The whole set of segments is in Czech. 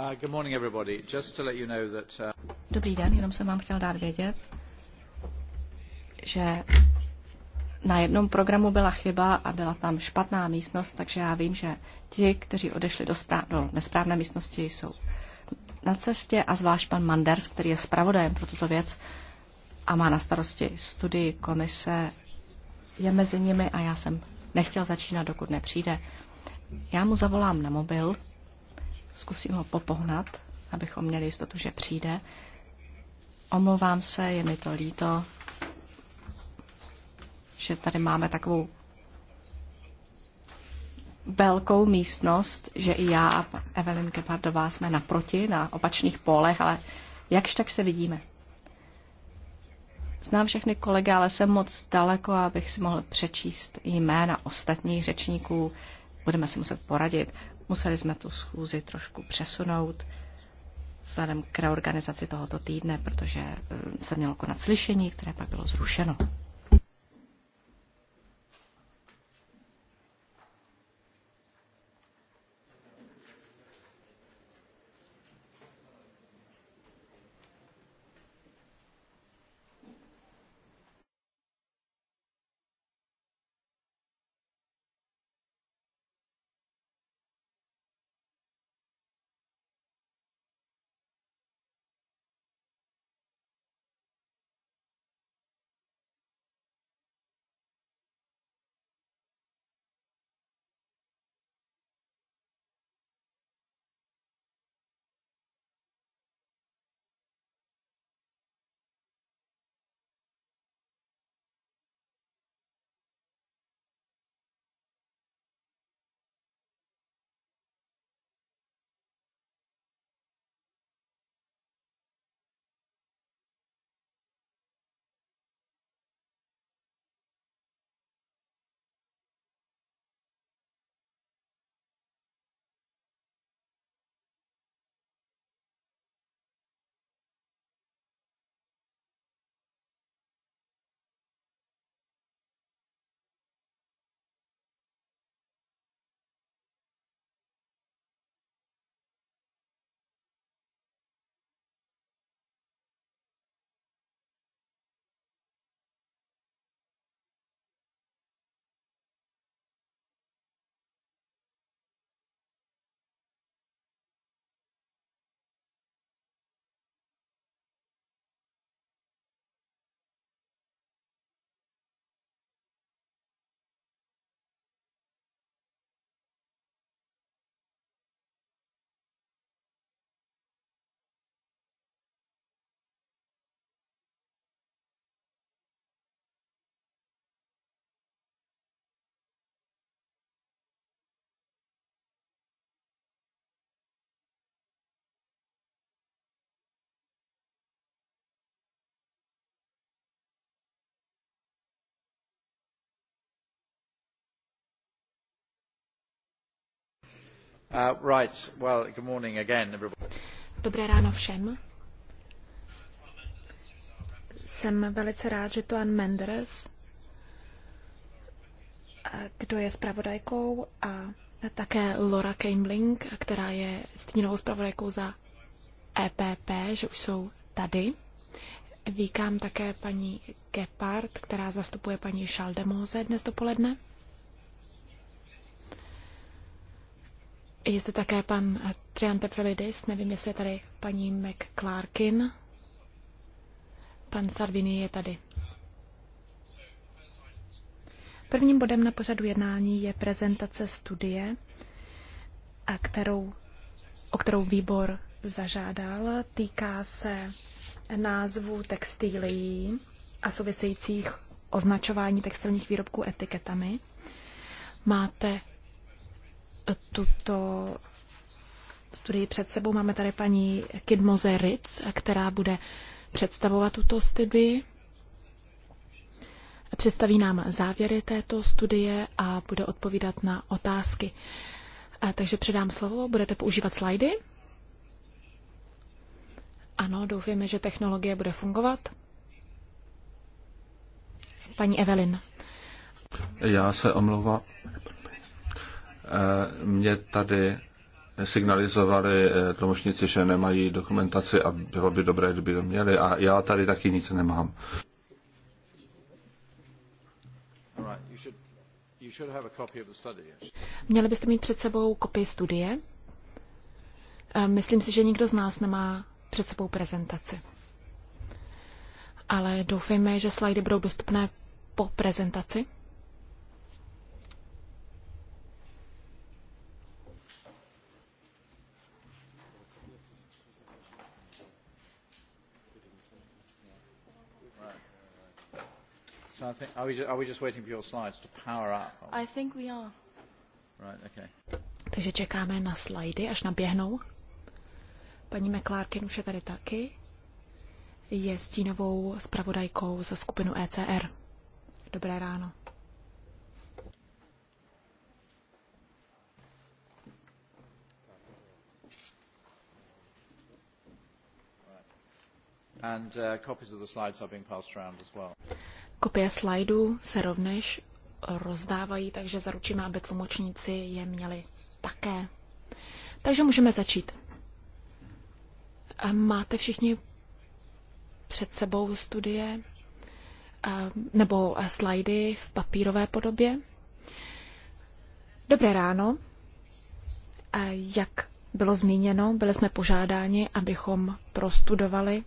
Uh, good morning, everybody. Just to let you know that, uh, Dobrý den, jenom jsem vám chtěl dát vědět, že na jednom programu byla chyba a byla tam špatná místnost, takže já vím, že ti, kteří odešli do, správ- do nesprávné místnosti, jsou na cestě a zvlášť pan Manders, který je zpravodajem pro tuto věc a má na starosti studii komise, je mezi nimi a já jsem nechtěl začínat, dokud nepřijde. Já mu zavolám na mobil Zkusím ho popohnat, abychom měli jistotu, že přijde. Omlouvám se, je mi to líto, že tady máme takovou velkou místnost, že i já a Evelyn Gebhardová jsme naproti, na opačných polech, ale jakž tak se vidíme. Znám všechny kolegy, ale jsem moc daleko, abych si mohl přečíst jména ostatních řečníků. Budeme si muset poradit. Museli jsme tu schůzi trošku přesunout vzhledem k reorganizaci tohoto týdne, protože eh, se mělo konat slyšení, které pak bylo zrušeno. Uh, Dobré ráno všem. Jsem velice rád, že Toan Menders, kdo je zpravodajkou, a také Laura Kaimling, která je stínovou zpravodajkou za EPP, že už jsou tady. Víkám také paní Gepard, která zastupuje paní Šaldemose dnes dopoledne. Je zde také pan Triantefrelidis, nevím, jestli je tady paní McClarkin. Pan Sarvini je tady. Prvním bodem na pořadu jednání je prezentace studie, a kterou, o kterou výbor zažádal. Týká se názvu textilií a souvisejících označování textilních výrobků etiketami. Máte tuto studii před sebou. Máme tady paní Kidmoze Ritz, která bude představovat tuto studii. Představí nám závěry této studie a bude odpovídat na otázky. Takže předám slovo, budete používat slajdy. Ano, Doufáme, že technologie bude fungovat. Paní Evelyn. Já se omlouvám. Eh, mě tady signalizovali eh, tlumočníci, že nemají dokumentaci a bylo by dobré, kdyby to měli a já tady taky nic nemám. Měli byste mít před sebou kopii studie. Eh, myslím si, že nikdo z nás nemá před sebou prezentaci. Ale doufejme, že slajdy budou dostupné po prezentaci. So I think, are we, just, are we just waiting for your slides to power up? I think we are. Right, okay. Takže čekáme na slajdy, až naběhnou. Paní McClarkin už je tady taky. Je stínovou zpravodajkou za skupinu ECR. Dobré ráno. And uh, copies of the slides are being passed around as well. Kopie slajdů se rovněž rozdávají, takže zaručíme, aby tlumočníci je měli také. Takže můžeme začít. Máte všichni před sebou studie nebo slajdy v papírové podobě? Dobré ráno. Jak bylo zmíněno, byli jsme požádáni, abychom prostudovali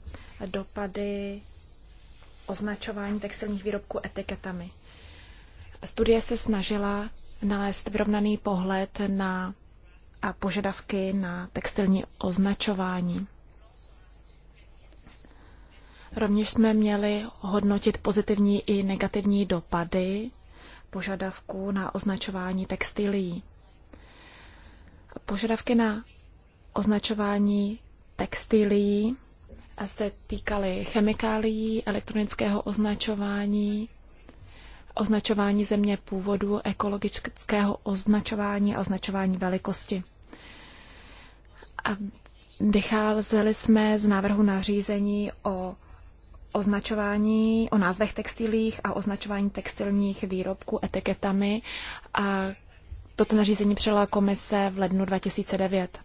dopady označování textilních výrobků etiketami. Studie se snažila nalézt vyrovnaný pohled na a požadavky na textilní označování. Rovněž jsme měli hodnotit pozitivní i negativní dopady požadavků na označování textilií. Požadavky na označování textilií se týkaly chemikálií, elektronického označování, označování země původu, ekologického označování a označování velikosti. A vycházeli jsme z návrhu nařízení o označování, o názvech textilích a označování textilních výrobků etiketami a toto nařízení přijala komise v lednu 2009.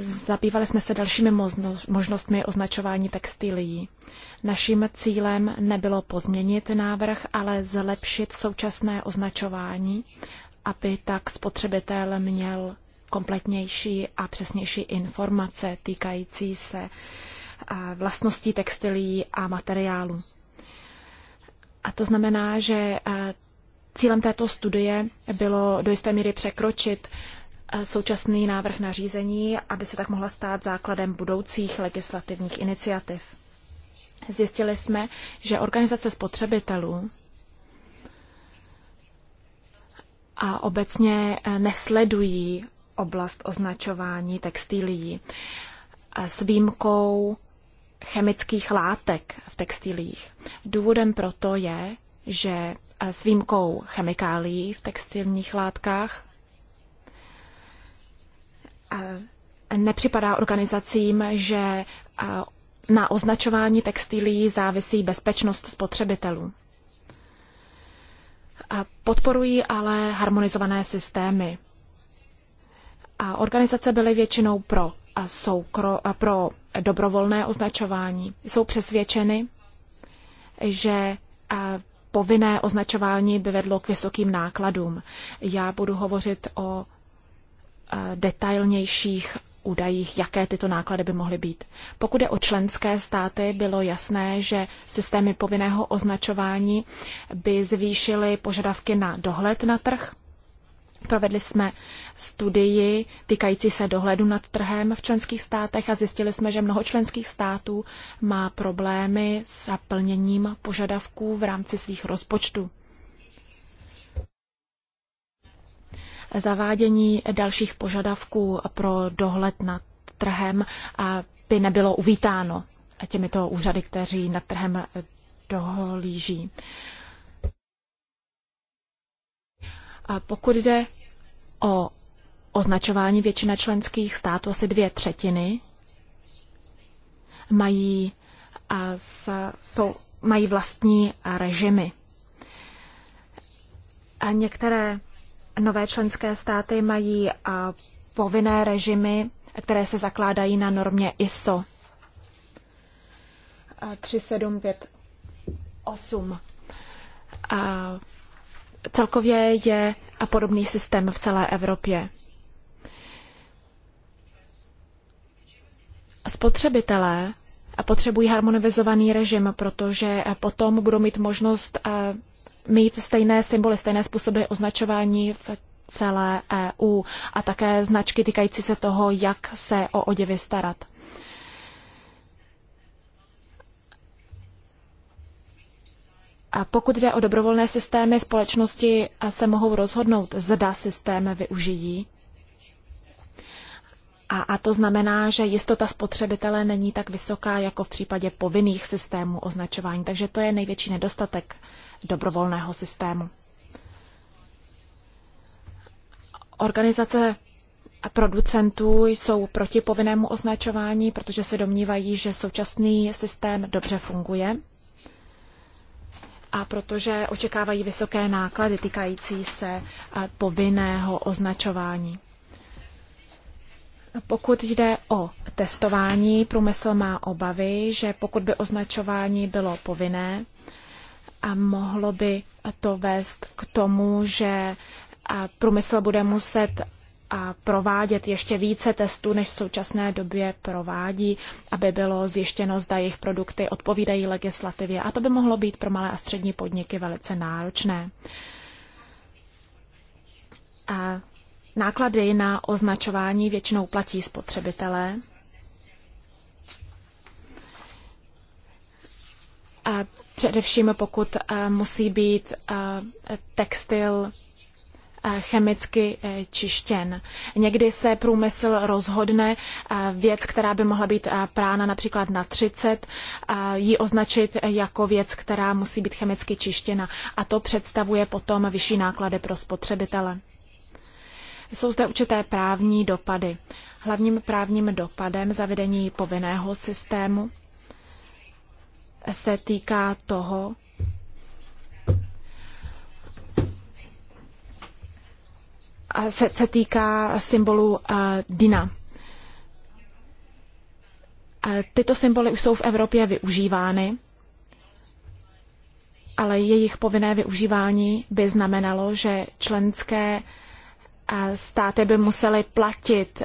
Zabývali jsme se dalšími možnostmi označování textilií. Naším cílem nebylo pozměnit návrh, ale zlepšit současné označování, aby tak spotřebitel měl kompletnější a přesnější informace týkající se vlastností textilií a materiálu. A to znamená, že cílem této studie bylo do jisté míry překročit současný návrh nařízení, aby se tak mohla stát základem budoucích legislativních iniciativ. Zjistili jsme, že organizace spotřebitelů a obecně eh, nesledují oblast označování textilií eh, s výjimkou chemických látek v textilích. Důvodem proto je, že eh, s výjimkou chemikálií v textilních látkách nepřipadá organizacím, že na označování textilí závisí bezpečnost spotřebitelů. Podporují ale harmonizované systémy. A organizace byly většinou pro, a kro, a pro dobrovolné označování. Jsou přesvědčeny, že povinné označování by vedlo k vysokým nákladům. Já budu hovořit o Eh, detailnějších údajích, jaké tyto náklady by mohly být. Pokud je o členské státy, bylo jasné, že systémy povinného označování by zvýšily požadavky na dohled na trh. Provedli jsme studii týkající se dohledu nad trhem v členských státech a zjistili jsme, že mnoho členských států má problémy s plněním požadavků v rámci svých rozpočtů. zavádění dalších požadavků pro dohled nad trhem by nebylo uvítáno těmito úřady, kteří nad trhem dohlíží. A pokud jde o označování většina členských států, asi dvě třetiny, mají, a s, jsou, mají vlastní režimy. A některé Nové členské státy mají povinné režimy, které se zakládají na normě ISO 3758. A celkově je podobný systém v celé Evropě. Spotřebitelé potřebují harmonizovaný režim, protože potom budou mít možnost mít stejné symboly, stejné způsoby označování v celé EU a také značky týkající se toho, jak se o oděvy starat. A pokud jde o dobrovolné systémy, společnosti se mohou rozhodnout, zda systém využijí. A, a to znamená, že jistota spotřebitele není tak vysoká jako v případě povinných systémů označování. Takže to je největší nedostatek dobrovolného systému. Organizace producentů jsou proti povinnému označování, protože se domnívají, že současný systém dobře funguje a protože očekávají vysoké náklady týkající se povinného označování. Pokud jde o testování, průmysl má obavy, že pokud by označování bylo povinné, a mohlo by to vést k tomu, že průmysl bude muset provádět ještě více testů, než v současné době provádí, aby bylo zjištěno, zda jejich produkty odpovídají legislativě. A to by mohlo být pro malé a střední podniky velice náročné. A náklady na označování většinou platí spotřebitelé. A Především pokud eh, musí být eh, textil eh, chemicky čištěn. Někdy se průmysl rozhodne věc, která by mohla být prána například na 30, ji označit jako věc, která musí být chemicky čištěna. A to představuje potom vyšší náklady pro spotřebitele. Jsou zde určité právní dopady. Hlavním právním dopadem zavedení povinného systému se týká toho, se, se týká symbolu eh, Dina. Eh, tyto symboly už jsou v Evropě využívány, ale jejich povinné využívání by znamenalo, že členské eh, státy by musely platit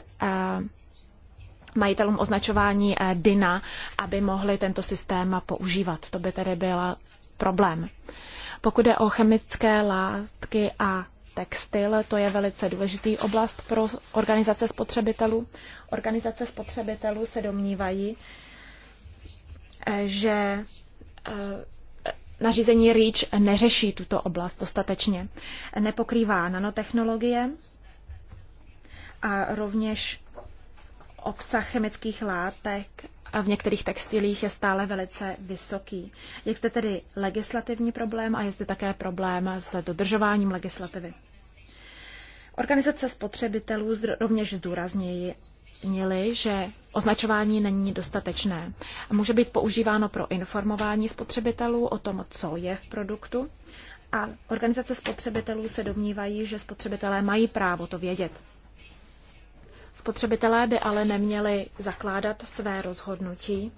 majitelům označování eh, DINA, aby mohli tento systém používat. To by tedy byl problém. Pokud je o chemické látky a textil, to je velice důležitý oblast pro organizace spotřebitelů. Organizace spotřebitelů se domnívají, eh, že eh, nařízení REACH neřeší tuto oblast dostatečně. Nepokrývá nanotechnologie a rovněž obsah chemických látek a v některých textilích je stále velice vysoký. Je zde tedy legislativní problém a je zde také problém s dodržováním legislativy. Organizace spotřebitelů rovněž zdůraznějí, měli, že označování není dostatečné. Může být používáno pro informování spotřebitelů o tom, co je v produktu a organizace spotřebitelů se domnívají, že spotřebitelé mají právo to vědět. Spotřebitelé by ale neměli zakládat své rozhodnutí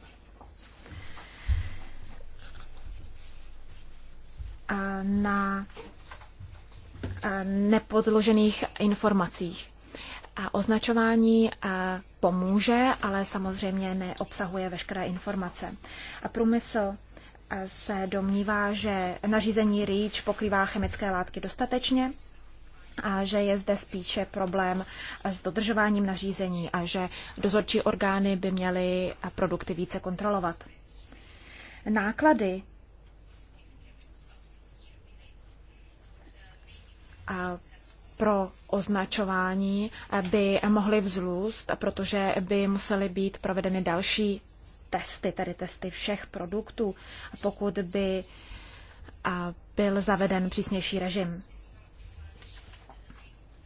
na nepodložených informacích. A označování pomůže, ale samozřejmě neobsahuje veškeré informace. A průmysl se domnívá, že nařízení REACH pokrývá chemické látky dostatečně a že je zde spíše problém s dodržováním nařízení a že dozorčí orgány by měly produkty více kontrolovat. Náklady a pro označování by mohly vzrůst, protože by musely být provedeny další testy, tedy testy všech produktů, pokud by byl zaveden přísnější režim.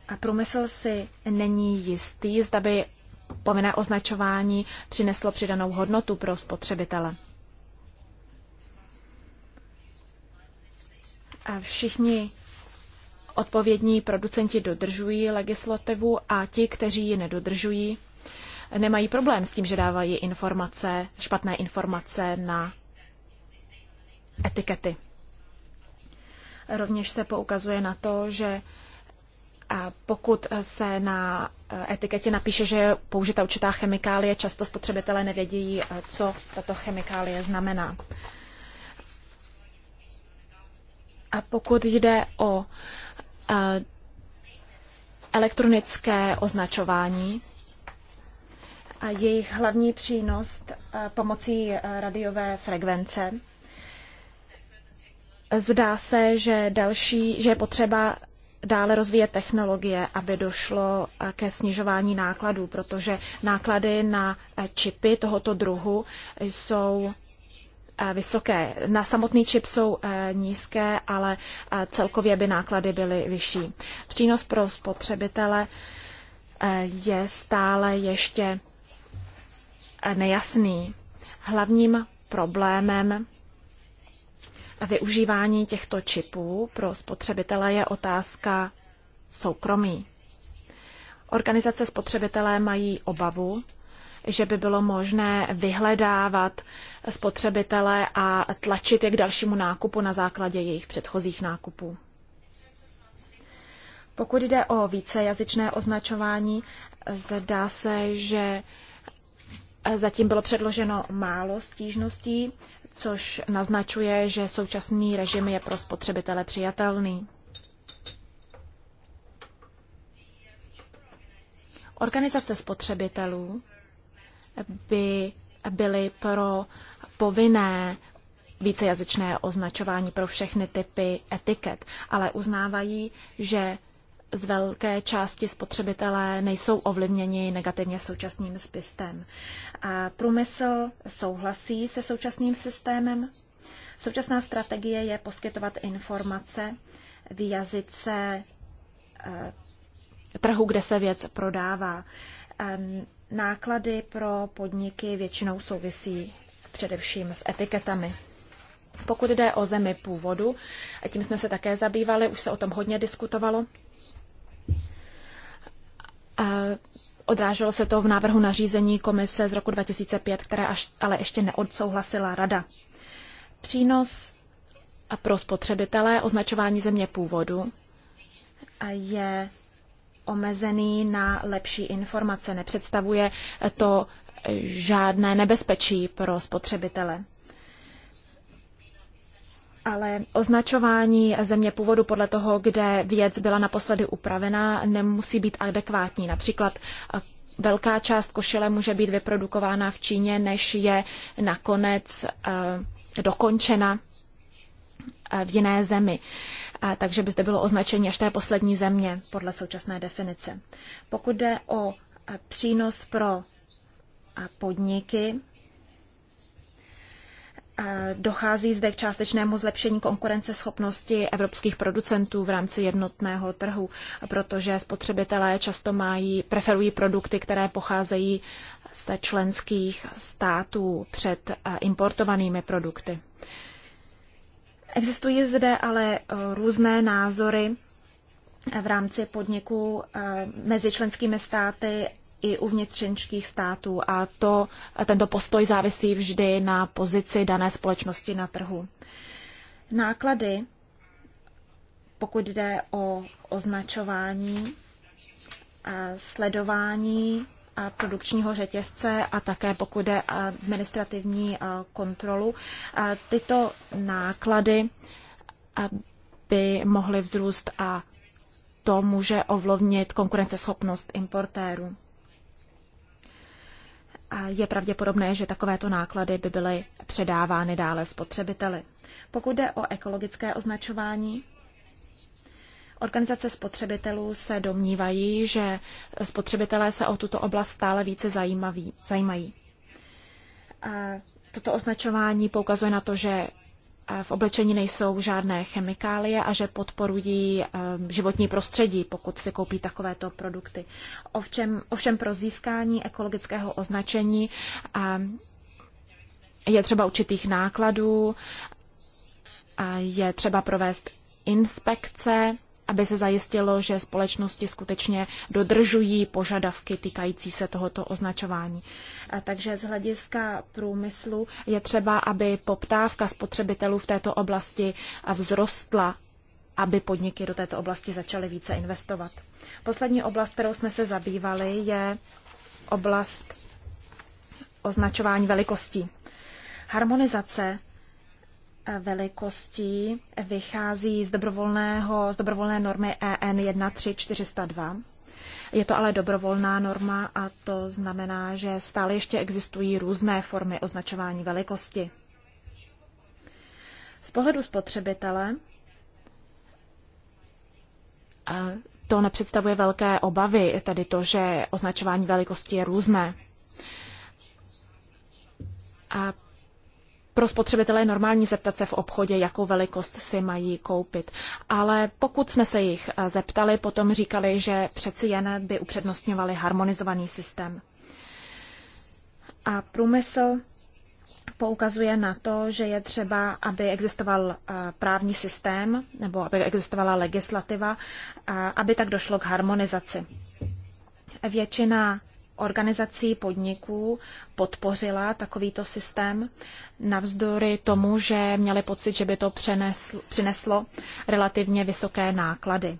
A Průmysl si není jistý, zda by povinné označování přineslo přidanou hodnotu pro spotřebitele. A všichni odpovědní producenti dodržují legislativu a ti, kteří ji nedodržují, nemají problém s tím, že dávají informace, špatné informace na etikety. Rovněž se poukazuje na to, že pokud se na etiketě napíše, že je použita určitá chemikálie, často spotřebitelé nevědí, co tato chemikálie znamená. A pokud jde o eh, elektronické označování, a jejich hlavní přínos eh, pomocí eh, radiové frekvence. Zdá se, že, další, že je potřeba dále rozvíjet technologie, aby došlo eh, ke snižování nákladů, protože náklady na eh, čipy tohoto druhu jsou eh, vysoké. Na samotný čip jsou nízké, ale celkově by náklady byly vyšší. Přínos pro spotřebitele je stále ještě nejasný. Hlavním problémem využívání těchto čipů pro spotřebitele je otázka soukromí. Organizace spotřebitelé mají obavu, že by bylo možné vyhledávat spotřebitele a tlačit je k dalšímu nákupu na základě jejich předchozích nákupů. Pokud jde o vícejazyčné označování, zdá se, že zatím bylo předloženo málo stížností což naznačuje, že současný režim je pro spotřebitele přijatelný. Organizace spotřebitelů by byly pro povinné vícejazyčné označování pro všechny typy etiket, ale uznávají, že z velké části spotřebitelé nejsou ovlivněni negativně současným spistem. A průmysl souhlasí se současným systémem. Současná strategie je poskytovat informace v jazyce eh, trhu, kde se věc prodává. Náklady pro podniky většinou souvisí především s etiketami. Pokud jde o zemi původu, a tím jsme se také zabývali, už se o tom hodně diskutovalo, eh, Odráželo se to v návrhu nařízení komise z roku 2005, které až, ale ještě neodsouhlasila rada. Přínos a pro spotřebitele označování země původu je omezený na lepší informace. Nepředstavuje to žádné nebezpečí pro spotřebitele. Ale označování země původu podle toho, kde věc byla naposledy upravená, nemusí být adekvátní. Například eh, velká část košile může být vyprodukována v Číně, než je nakonec eh, dokončena eh, v jiné zemi. Takže by zde bylo označení až té poslední země podle současné definice. Pokud jde o přínos pro podniky, Dochází zde k částečnému zlepšení konkurenceschopnosti evropských producentů v rámci jednotného trhu, protože spotřebitelé často mají, preferují produkty, které pocházejí ze členských států před eh, importovanými produkty. Existují zde ale eh, různé názory v rámci podniků eh, mezi členskými státy i uvnitř členských států a to, tento postoj závisí vždy na pozici dané společnosti na trhu. Náklady, pokud jde o označování, a sledování a produkčního řetězce a také pokud jde administrativní kontrolu, a tyto náklady by mohly vzrůst a to může ovlivnit konkurenceschopnost importérů je pravděpodobné, že takovéto náklady by byly předávány dále spotřebiteli. Pokud jde o ekologické označování, Organizace spotřebitelů se domnívají, že spotřebitelé se o tuto oblast stále více zajímaví, zajímají. A toto označování poukazuje na to, že v oblečení nejsou žádné chemikálie a že podporují ehm, životní prostředí, pokud si koupí takovéto produkty. Ovšem, ovšem pro získání ekologického označení ehm, je třeba určitých nákladů, je třeba provést inspekce aby se zajistilo, že společnosti skutečně dodržují požadavky týkající se tohoto označování. A takže z hlediska průmyslu je třeba, aby poptávka spotřebitelů v této oblasti vzrostla, aby podniky do této oblasti začaly více investovat. Poslední oblast, kterou jsme se zabývali, je oblast označování velikostí. Harmonizace velikostí vychází z, dobrovolného, z dobrovolné normy EN 13402. Je to ale dobrovolná norma a to znamená, že stále ještě existují různé formy označování velikosti. Z pohledu spotřebitele to nepředstavuje velké obavy, tedy to, že označování velikosti je různé. A pro spotřebitele je normální zeptat se v obchodě, jakou velikost si mají koupit. Ale pokud jsme se jich eh, zeptali, potom říkali, že přeci jen by upřednostňovali harmonizovaný systém. A průmysl poukazuje na to, že je třeba, aby existoval eh, právní systém nebo aby existovala legislativa, aby tak došlo k harmonizaci. Většina organizací podniků podpořila takovýto systém, navzdory tomu, že měli pocit, že by to přineslo, přineslo relativně vysoké náklady.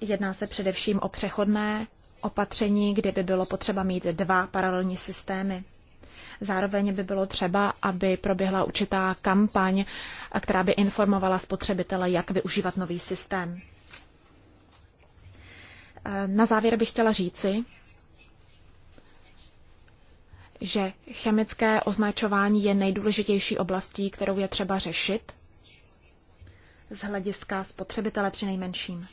Jedná se především o přechodné opatření, kdy by bylo potřeba mít dva paralelní systémy. Zároveň by bylo třeba, aby proběhla určitá kampaň, která by informovala spotřebitele, jak využívat nový systém. Na závěr bych chtěla říci, že chemické označování je nejdůležitější oblastí, kterou je třeba řešit z hlediska spotřebitele při nejmenším.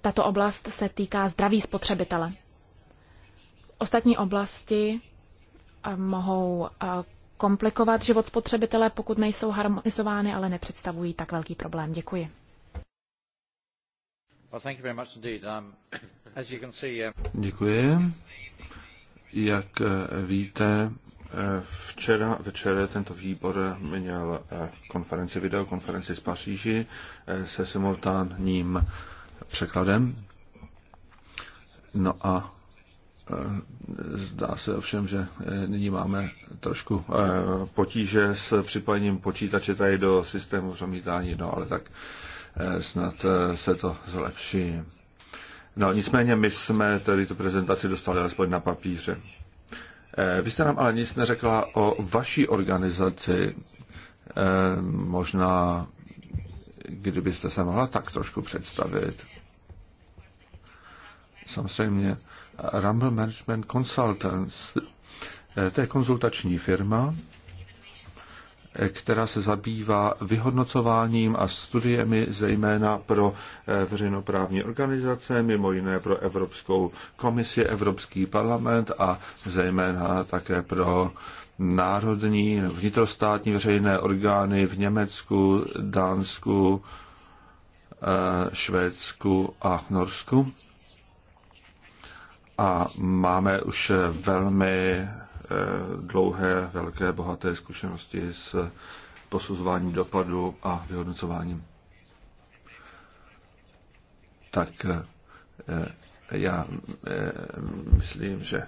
Tato oblast se týká zdraví spotřebitele. Ostatní oblasti eh, mohou eh, komplikovat život spotřebitele, pokud nejsou harmonizovány, ale nepředstavují tak velký problém. Děkuji. Um, um, Děkuji. Jak víte, Včera večer tento výbor měl eh, konferenci, videokonferenci z Paříži eh, se simultánním překladem. No a eh, zdá se ovšem, že nyní máme trošku potíže s připojením počítače tady do systému zamítání, no ale tak snad se to zlepší. No, nicméně my jsme tady tu prezentaci dostali alespoň na papíře. Eh, vy jste nám ale nic neřekla o vaší organizaci. Eh, možná, kdybyste se mohla tak trošku představit. Samozřejmě, Rumble Management Consultants, eh, to je konzultační firma, která se zabývá vyhodnocováním a studiemi zejména pro eh, veřejnoprávní organizace, mimo jiné pro Evropskou komisi, Evropský parlament a zejména také pro národní, vnitrostátní veřejné orgány v Německu, Dánsku, eh, Švédsku a Norsku a máme už velmi eh, dlouhé, velké, bohaté zkušenosti s posuzováním dopadu a vyhodnocováním. Tak eh, já eh, myslím, že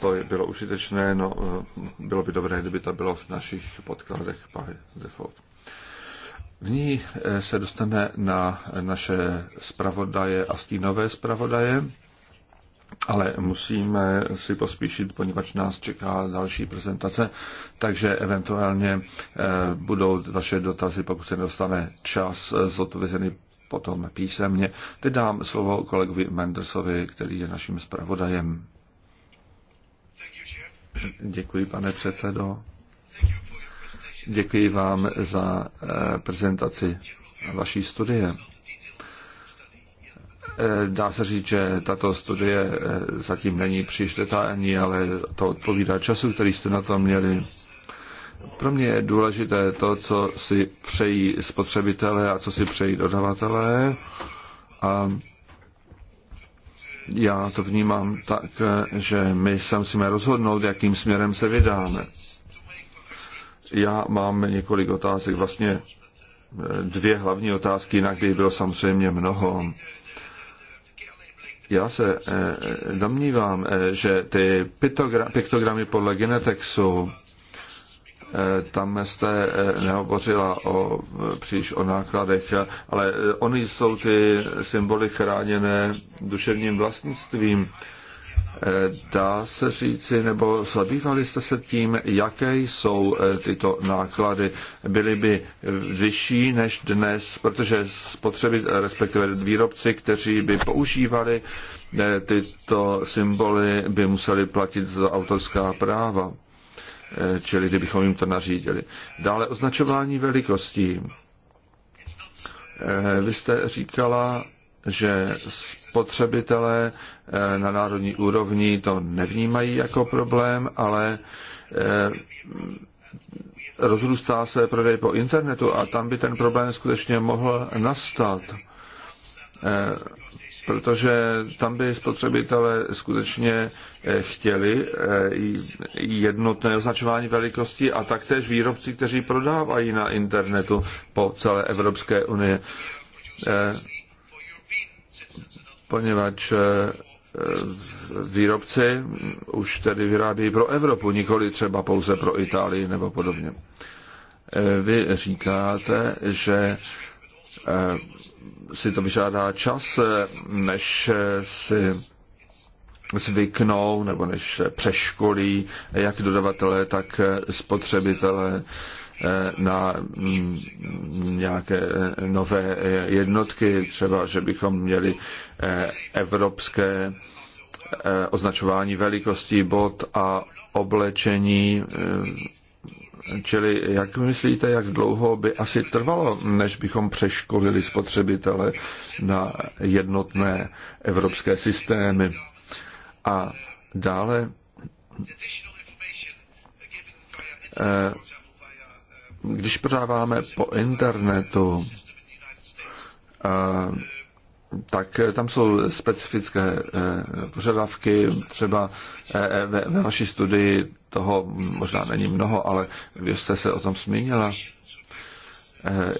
to bylo užitečné, no bylo by dobré, kdyby to bylo v našich podkladech by default. V ní se dostane na naše zpravodaje a stínové zpravodaje ale musíme si pospíšit, poněvadž nás čeká další prezentace, takže eventuálně eh, budou vaše dotazy, pokud se nedostane čas, eh, zodpovězeny potom písemně. Teď dám slovo kolegovi Mendersovi, který je naším zpravodajem. Děkuji, pane předsedo. Děkuji vám za eh, prezentaci vaší studie. Eh, dá se říct, že tato studie eh, zatím není příliš detailní, ale to odpovídá času, který jste na to měli. Pro mě je důležité to, co si přejí spotřebitelé a co si přejí dodavatelé. A já to vnímám tak, že my se musíme rozhodnout, jakým směrem se vydáme. Já mám několik otázek, vlastně eh, dvě hlavní otázky, jinak by bylo samozřejmě mnoho. Já se eh, domnívám, eh, že ty piktogramy podle Genetexu, eh, tam jste nehovořila o, příliš o nákladech, ale oni jsou ty symboly chráněné duševním vlastnictvím Eh, dá se říci, nebo zabývali jste se tím, jaké jsou eh, tyto náklady? Byly by eh, vyšší než dnes, protože spotřeby, respektive výrobci, kteří by používali tyto symboly, by museli platit za autorská práva, čili kdybychom jim to nařídili. Dále označování velikostí. Vy jste říkala, že spotřebitelé Eh, na národní úrovni to nevnímají jako problém, ale eh, rozrůstá se prodej po internetu a tam by ten problém skutečně mohl nastat, eh, protože tam by spotřebitelé skutečně chtěli jednotné označování velikosti a taktéž výrobci, kteří prodávají na internetu po celé Evropské unii. Poněvadž Eh, výrobci už tedy vyrábějí pro Evropu, nikoli třeba pouze pro Itálii nebo podobně. Eh, vy říkáte, že eh, si to vyžádá čas, než si zvyknou nebo než přeškolí jak dodavatelé, tak spotřebitelé. Eh, na mm, nějaké eh, nové eh, jednotky, třeba, že bychom měli evropské označování velikostí bod a oblečení. Čili jak myslíte, jak dlouho by asi trvalo, než bychom přeškolili spotřebitele na jednotné evropské systémy? A dále když prodáváme po internetu, tak tam jsou specifické e, požadavky, třeba e, e, ve vaší studii toho možná není mnoho, ale vy jste se o tom zmínila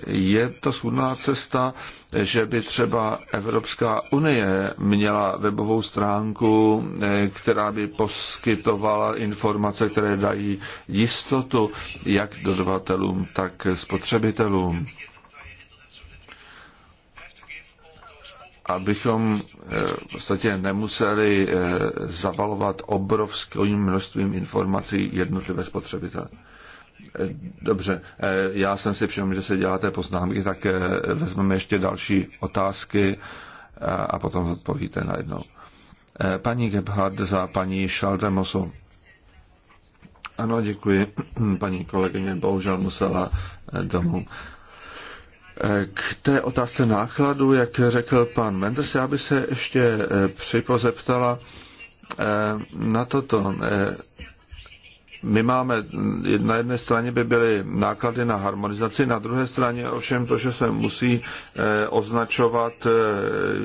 je to schudná cesta, že by třeba Evropská unie měla webovou stránku, eh, která by poskytovala informace, které dají jistotu jak dodavatelům, tak spotřebitelům. abychom eh, v podstatě nemuseli eh, zabalovat obrovským množstvím informací jednotlivé spotřebitele. Dobře, eh, já jsem si všiml, že se děláte poznámky, tak eh, vezmeme ještě další otázky eh, a potom odpovíte najednou. Paní Gebhard za paní Šaldemosu. Ano, děkuji. Paní kolegyně bohužel musela domů. K té otázce nákladu, jak řekl pan Mendes, já bych se ještě připozeptala na toto my máme, na jedné straně by byly náklady na harmonizaci, na druhé straně ovšem to, že se musí eh, označovat eh,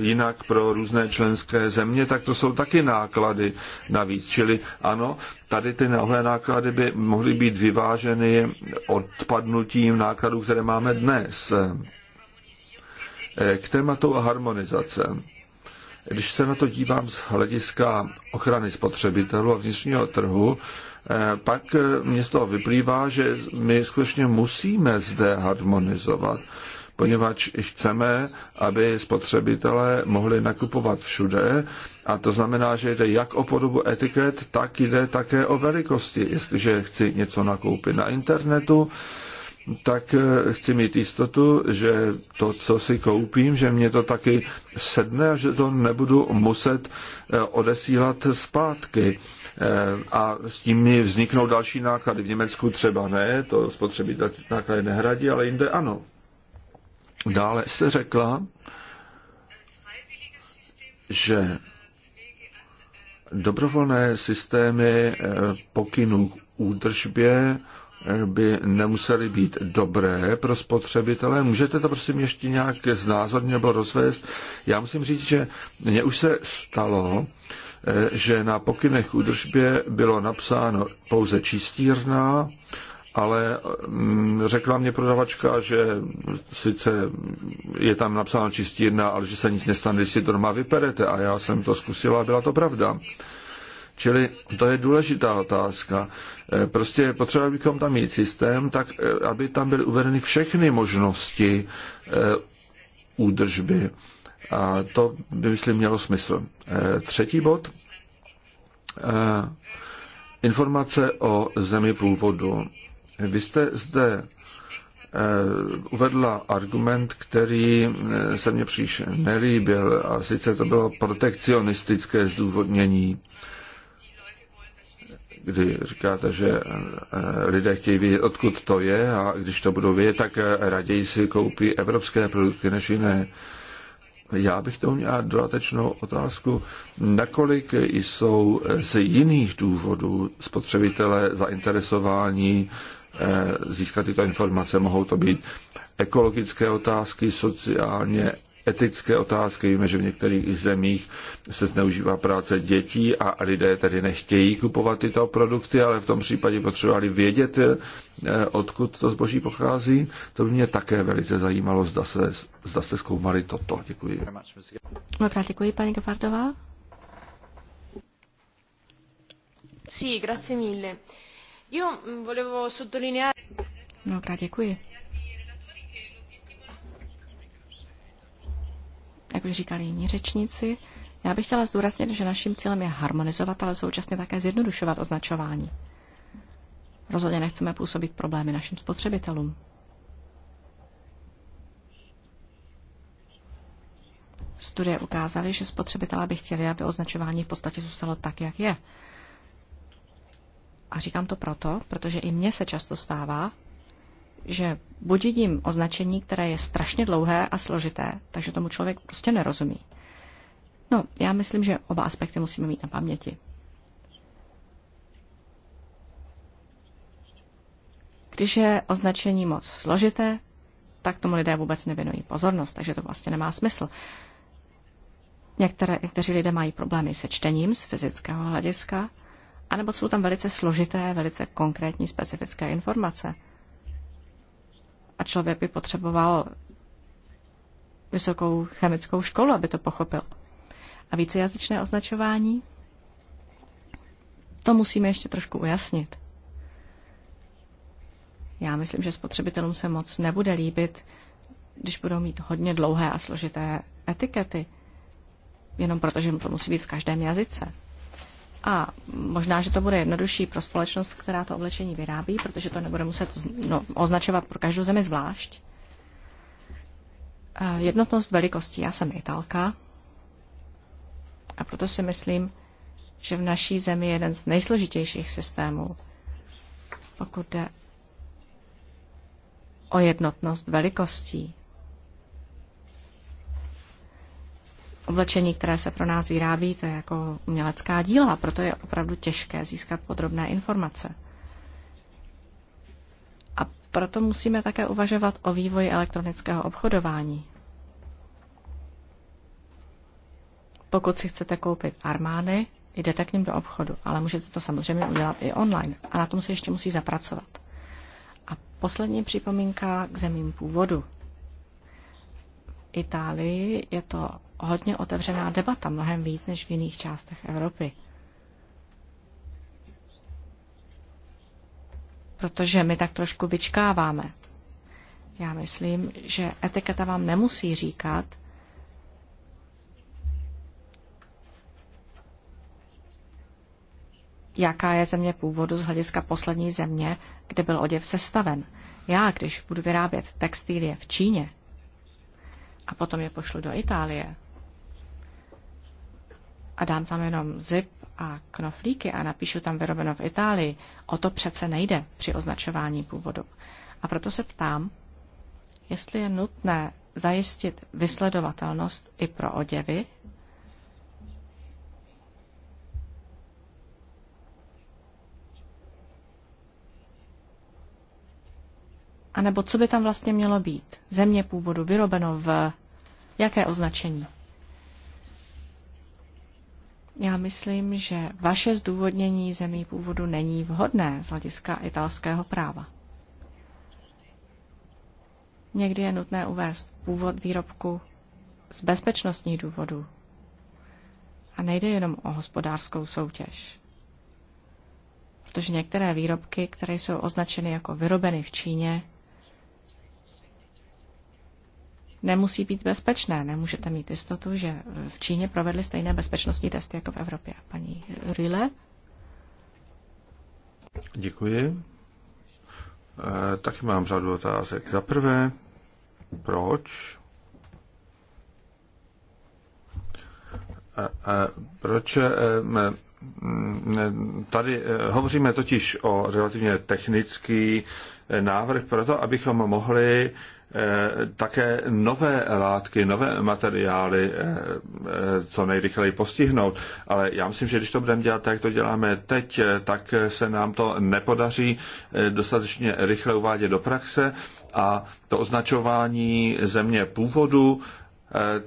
jinak pro různé členské země, tak to jsou taky náklady navíc. Čili ano, tady ty nové náklady by mohly být vyváženy odpadnutím nákladů, které máme dnes. Eh, k tématu harmonizace. Když se na to dívám z hlediska ochrany spotřebitelů a vnitřního trhu, Eh, pak eh, mě z toho vyplývá, že my skutečně musíme zde harmonizovat, poněvadž chceme, aby spotřebitelé mohli nakupovat všude a to znamená, že jde jak o podobu etiket, tak jde také o velikosti. Jestliže chci něco nakoupit na internetu, tak eh, chci mít jistotu, že to, co si koupím, že mě to taky sedne a že to nebudu muset odesílat zpátky. Eh, a s tím mi vzniknou další náklady. V Německu třeba ne, to spotřebitel náklady nehradí, ale jinde ano. Dále jste řekla, že dobrovolné systémy eh, pokynů k údržbě eh, by nemusely být dobré pro spotřebitele. Můžete to prosím ještě nějak znázorně nebo rozvést? Já musím říct, že mně už se stalo, Eh, že na pokynech k údržbě bylo napsáno pouze čistírna, ale mm, řekla mě prodavačka, že sice je tam napsáno čistírna, ale že se nic nestane, když si to doma vyperete. A já jsem to zkusila a byla to pravda. Čili to je důležitá otázka. Eh, prostě potřeba bychom tam mít systém, tak eh, aby tam byly uvedeny všechny možnosti údržby. A to by, myslím, mělo smysl. Eh, třetí bod. Eh, informace o zemi původu. Vy jste zde eh, uvedla argument, který se mně příliš nelíbil, a sice to bylo protekcionistické zdůvodnění, kdy říkáte, že lidé chtějí vědět, odkud to je a když to budou vědět, tak raději si koupí evropské produkty než jiné. Já bych tomu měl dodatečnou otázku, nakolik jsou z jiných důvodů spotřebitelé zainteresování eh, získat tyto informace. Mohou to být ekologické otázky, sociálně etické otázky. Víme, že v některých zemích se zneužívá práce dětí a lidé tedy nechtějí kupovat tyto produkty, ale v tom případě potřebovali vědět, eh, odkud to zboží pochází. To by mě také velice zajímalo, zda, se, zda jste zkoumali toto. Děkuji. Mnohokrát děkuji, paní Gavardová. Sì, grazie mille. Io mm, volevo sottolineare... grazie, qui. jak už říkali jiní řečníci. Já bych chtěla zdůraznit, že naším cílem je harmonizovat, ale současně také zjednodušovat označování. Rozhodně nechceme působit problémy našim spotřebitelům. Studie ukázaly, že spotřebitelé by chtěli, aby označování v podstatě zůstalo tak, jak je. A říkám to proto, protože i mně se často stává, že buď vidím označení, které je strašně dlouhé a složité, takže tomu člověk prostě nerozumí. No, já myslím, že oba aspekty musíme mít na paměti. Když je označení moc složité, tak tomu lidé vůbec nevěnují pozornost, takže to vlastně nemá smysl. Některé, někteří lidé mají problémy se čtením z fyzického hlediska, anebo jsou tam velice složité, velice konkrétní, specifické informace a člověk by potřeboval vysokou chemickou školu, aby to pochopil. A vícejazyčné označování? To musíme ještě trošku ujasnit. Já myslím, že spotřebitelům se moc nebude líbit, když budou mít hodně dlouhé a složité etikety, jenom protože to musí být v každém jazyce. A možná, že to bude jednodušší pro společnost, která to oblečení vyrábí, protože to nebude muset no, označovat pro každou zemi zvlášť. Jednotnost velikosti. Já jsem Italka a proto si myslím, že v naší zemi je jeden z nejsložitějších systémů, pokud jde o jednotnost velikostí. Oblečení, které se pro nás vyrábí, to je jako umělecká díla, proto je opravdu těžké získat podrobné informace. A proto musíme také uvažovat o vývoji elektronického obchodování. Pokud si chcete koupit armády, jdete k ním do obchodu, ale můžete to samozřejmě udělat i online a na tom se ještě musí zapracovat. A poslední připomínka k zemím původu. V Itálii je to hodně otevřená debata, mnohem víc než v jiných částech Evropy. Protože my tak trošku vyčkáváme. Já myslím, že etiketa vám nemusí říkat, jaká je země původu z hlediska poslední země, kde byl oděv sestaven. Já, když budu vyrábět textilie v Číně a potom je pošlu do Itálie, a dám tam jenom zip a knoflíky a napíšu tam vyrobeno v Itálii, o to přece nejde při označování původu. A proto se ptám, jestli je nutné zajistit vysledovatelnost i pro oděvy, A nebo co by tam vlastně mělo být? Země původu, vyrobeno v jaké označení? Já myslím, že vaše zdůvodnění zemí původu není vhodné z hlediska italského práva. Někdy je nutné uvést původ výrobku z bezpečnostních důvodů. A nejde jenom o hospodářskou soutěž. Protože některé výrobky, které jsou označeny jako vyrobeny v Číně, nemusí být bezpečné. Nemůžete mít jistotu, že v Číně provedli stejné bezpečnostní testy jako v Evropě. Paní Rille? Děkuji. E, taky mám řadu otázek. Za prvé, proč? E, e, proč e, Tady e, hovoříme totiž o relativně technický e, návrh pro to, abychom mohli Eh, také nové látky, nové materiály eh, eh, co nejrychleji postihnout. Ale já myslím, že když to budeme dělat tak, jak to děláme teď, tak se nám to nepodaří dostatečně rychle uvádět do praxe a to označování země původu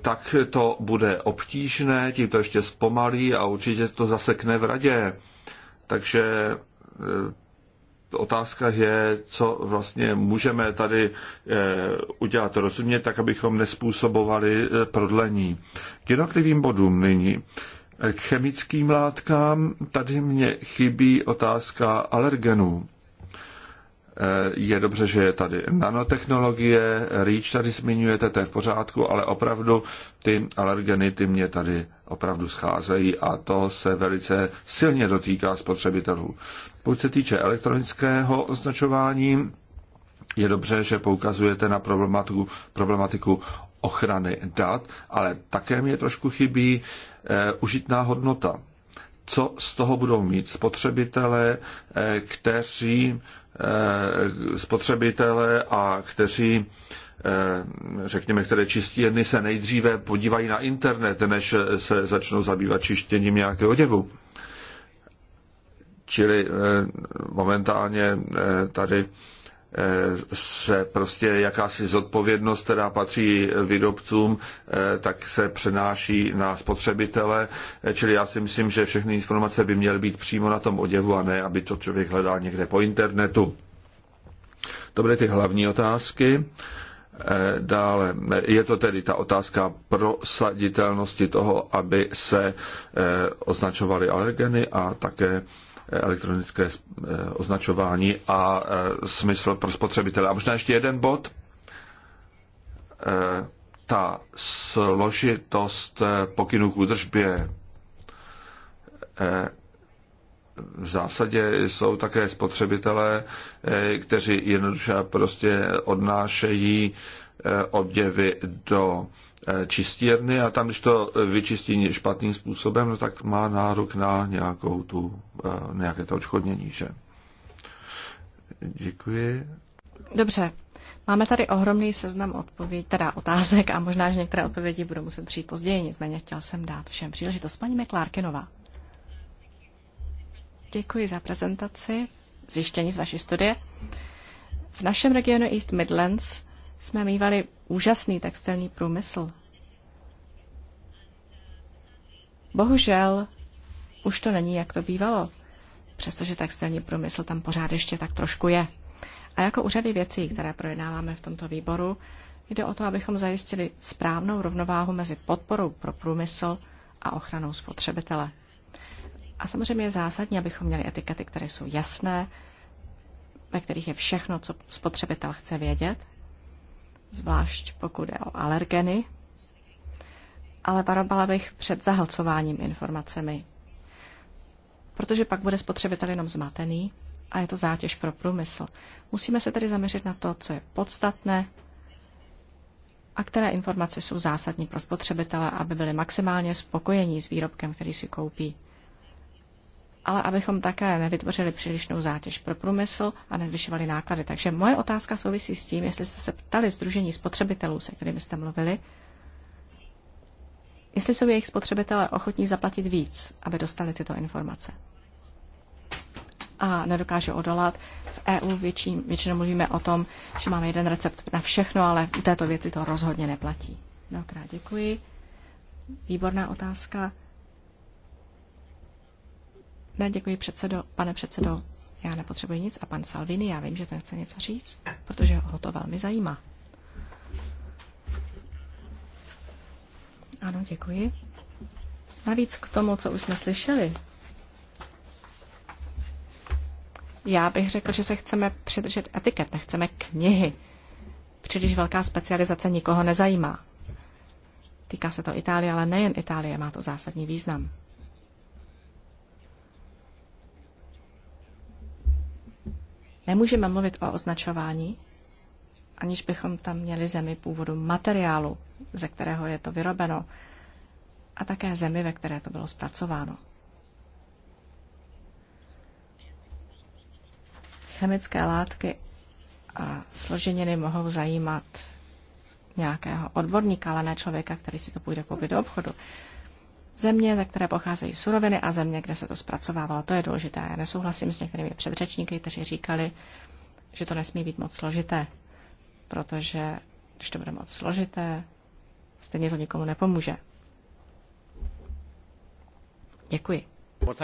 tak to bude obtížné, tím to ještě zpomalí a určitě to zasekne v radě. Takže otázka je, co vlastně můžeme tady eh, udělat rozumně, tak abychom nespůsobovali eh, prodlení. K jednotlivým bodům nyní. K chemickým látkám tady mě chybí otázka alergenů je dobře, že je tady nanotechnologie, REACH tady zmiňujete, to je v pořádku, ale opravdu ty alergeny, ty mě tady opravdu scházejí a to se velice silně dotýká spotřebitelů. Pokud se týče elektronického označování, je dobře, že poukazujete na problematiku, problematiku ochrany dat, ale také mě trošku chybí e, užitná hodnota. Co z toho budou mít spotřebitelé, e, kteří Eh, spotřebitele a kteří eh, řekněme, které čistírny se nejdříve podívají na internet, než se začnou zabývat čištěním nějakého oděvu. Čili eh, momentálně tady se prostě jakási zodpovědnost, která patří výrobcům, eh, tak se přenáší na spotřebitele. Eh, čili já si myslím, že všechny informace by měly být přímo na tom oděvu a ne, aby to člověk hledal někde po internetu. To byly ty hlavní otázky. Eh, dále je to tedy ta otázka prosaditelnosti toho, aby se označovaly alergeny a také elektronické eh, označování a eh, smysl pro spotřebitele. A možná ještě jeden bod. Eh, ta složitost pokynů k údržbě v zásadě jsou také spotřebitelé, kteří jednoduše prostě odnášejí oděvy do Eh, čistírny a tam, když to vyčistí špatným způsobem, no tak má nárok na nějakou tu, eh, nějaké to odškodnění, že? Děkuji. Dobře. Máme tady ohromný seznam odpovědí, teda otázek a možná, že některé odpovědi budou muset přijít později, nicméně chtěl jsem dát všem příležitost. Paní Meklárkinová. Děkuji za prezentaci, zjištění z vaší studie. V našem regionu East Midlands jsme mývali úžasný textilní průmysl. Bohužel už to není, jak to bývalo, přestože textilní průmysl tam pořád ještě tak trošku je. A jako u řady věcí, které projednáváme v tomto výboru, jde o to, abychom zajistili správnou rovnováhu mezi podporou pro průmysl a ochranou spotřebitele. A samozřejmě je zásadní, abychom měli etikety, které jsou jasné, ve kterých je všechno, co spotřebitel chce vědět, zvlášť pokud je o alergeny, ale varovala bych před zahlcováním informacemi, protože pak bude spotřebitel jenom zmatený a je to zátěž pro průmysl. Musíme se tedy zaměřit na to, co je podstatné a které informace jsou zásadní pro spotřebitele, aby byli maximálně spokojení s výrobkem, který si koupí ale abychom také nevytvořili přílišnou zátěž pro průmysl a nezvyšovali náklady. Takže moje otázka souvisí s tím, jestli jste se ptali Združení spotřebitelů, se kterými jste mluvili, jestli jsou jejich spotřebitelé ochotní zaplatit víc, aby dostali tyto informace. A nedokáže odolat. V EU větší, většinou mluvíme o tom, že máme jeden recept na všechno, ale u této věci to rozhodně neplatí. Mnohokrát děkuji. Výborná otázka. Ne, děkuji předsedo, pane předsedo, já nepotřebuji nic a pan Salvini, já vím, že ten chce něco říct, protože ho to velmi zajímá. Ano, děkuji. Navíc k tomu, co už jsme slyšeli, já bych řekl, že se chceme přidržet etiket, nechceme knihy. Příliš velká specializace nikoho nezajímá. Týká se to Itálie, ale nejen Itálie, má to zásadní význam. Nemůžeme mluvit o označování, aniž bychom tam měli zemi původu materiálu, ze kterého je to vyrobeno, a také zemi, ve které to bylo zpracováno. Chemické látky a složeniny mohou zajímat nějakého odborníka, ale ne člověka, který si to půjde koupit do obchodu země, ze které pocházejí suroviny a země, kde se to zpracovávalo. To je důležité. Já nesouhlasím s některými předřečníky, kteří říkali, že to nesmí být moc složité, protože když to bude moc složité, stejně to nikomu nepomůže. Děkuji. Uh,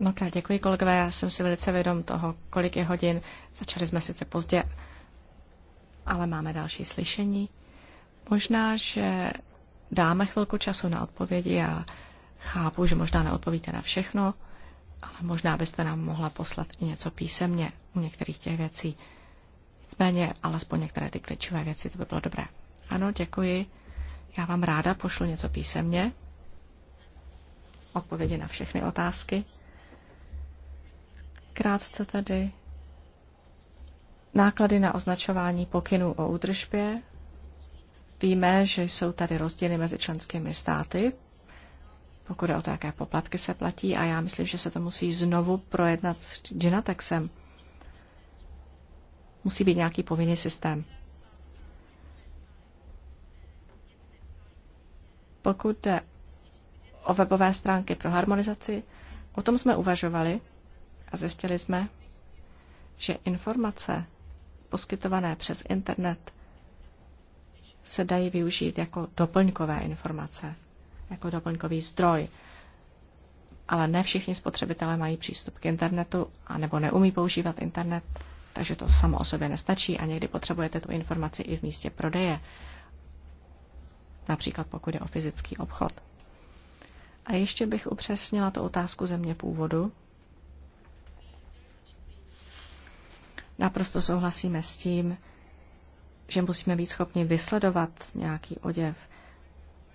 no krát děkuji, kolegové. Já jsem si velice vědom toho, kolik je hodin. Začali jsme sice pozdě, ale máme další slyšení. Možná, že dáme chvilku času na odpovědi a chápu, že možná neodpovíte na všechno, ale možná byste nám mohla poslat i něco písemně u některých těch věcí. Nicméně, alespoň některé ty klíčové věci, to by bylo dobré. Ano, děkuji. Já vám ráda pošlu něco písemně. Odpovědi na všechny otázky. Krátce tedy. Náklady na označování pokynů o údržbě Víme, že jsou tady rozdíly mezi členskými státy, pokud je o to, jaké poplatky se platí a já myslím, že se to musí znovu projednat s Genatexem. Musí být nějaký povinný systém. Pokud jde o webové stránky pro harmonizaci, o tom jsme uvažovali a zjistili jsme, že informace poskytované přes internet se dají využít jako doplňkové informace, jako doplňkový zdroj. Ale ne všichni spotřebitelé mají přístup k internetu a nebo neumí používat internet, takže to samo o sobě nestačí a někdy potřebujete tu informaci i v místě prodeje, například pokud je o fyzický obchod. A ještě bych upřesnila tu otázku země původu. Naprosto souhlasíme s tím, že musíme být schopni vysledovat nějaký oděv.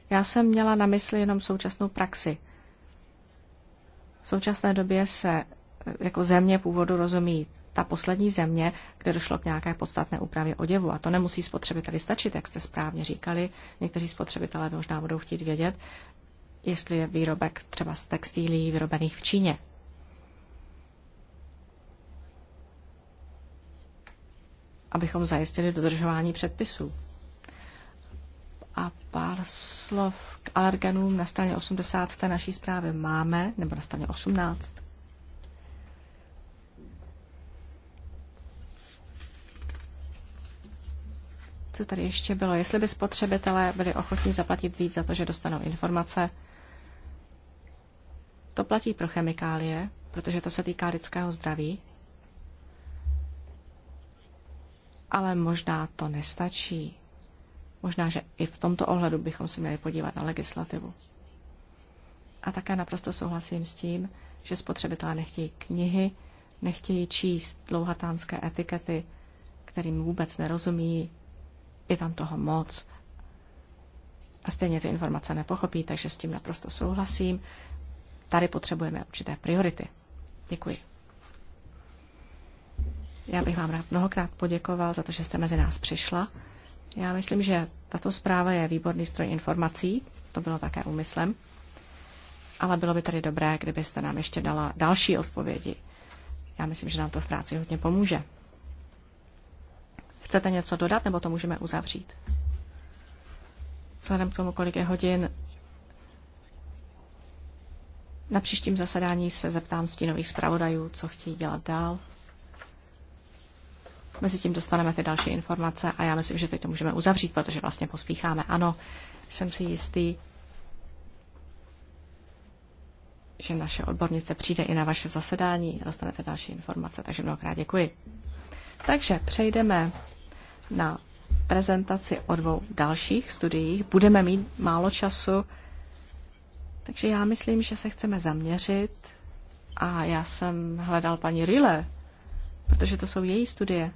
Já jsem měla na mysli jenom současnou praxi. V současné době se eh, jako země původu rozumí ta poslední země, kde došlo k nějaké podstatné úpravě oděvu. A to nemusí spotřebiteli stačit, jak jste správně říkali. Někteří spotřebitelé možná budou chtít vědět, jestli je výrobek třeba z textilí vyrobených v Číně. abychom zajistili dodržování předpisů. A pár slov k alergenům na straně 80 té naší zprávě máme, nebo na straně 18. Co tady ještě bylo? Jestli by spotřebitelé byli ochotní zaplatit víc za to, že dostanou informace, to platí pro chemikálie, protože to se týká lidského zdraví ale možná to nestačí. Možná, že i v tomto ohledu bychom se měli podívat na legislativu. A také naprosto souhlasím s tím, že spotřebitelé nechtějí knihy, nechtějí číst dlouhatánské etikety, kterým vůbec nerozumí, je tam toho moc a stejně ty informace nepochopí, takže s tím naprosto souhlasím. Tady potřebujeme určité priority. Děkuji. Já bych vám rád mnohokrát poděkoval za to, že jste mezi nás přišla. Já myslím, že tato zpráva je výborný stroj informací, to bylo také úmyslem, ale bylo by tady dobré, kdybyste nám ještě dala další odpovědi. Já myslím, že nám to v práci hodně pomůže. Chcete něco dodat, nebo to můžeme uzavřít? Vzhledem k tomu, kolik je hodin, na příštím zasedání se zeptám stínových zpravodajů, co chtějí dělat dál. Mezi tím dostaneme ty další informace a já myslím, že teď to můžeme uzavřít, protože vlastně pospícháme. Ano, jsem si jistý, že naše odbornice přijde i na vaše zasedání a dostanete další informace, takže mnohokrát děkuji. Takže přejdeme na prezentaci o dvou dalších studiích. Budeme mít málo času, takže já myslím, že se chceme zaměřit a já jsem hledal paní Rile, protože to jsou její studie.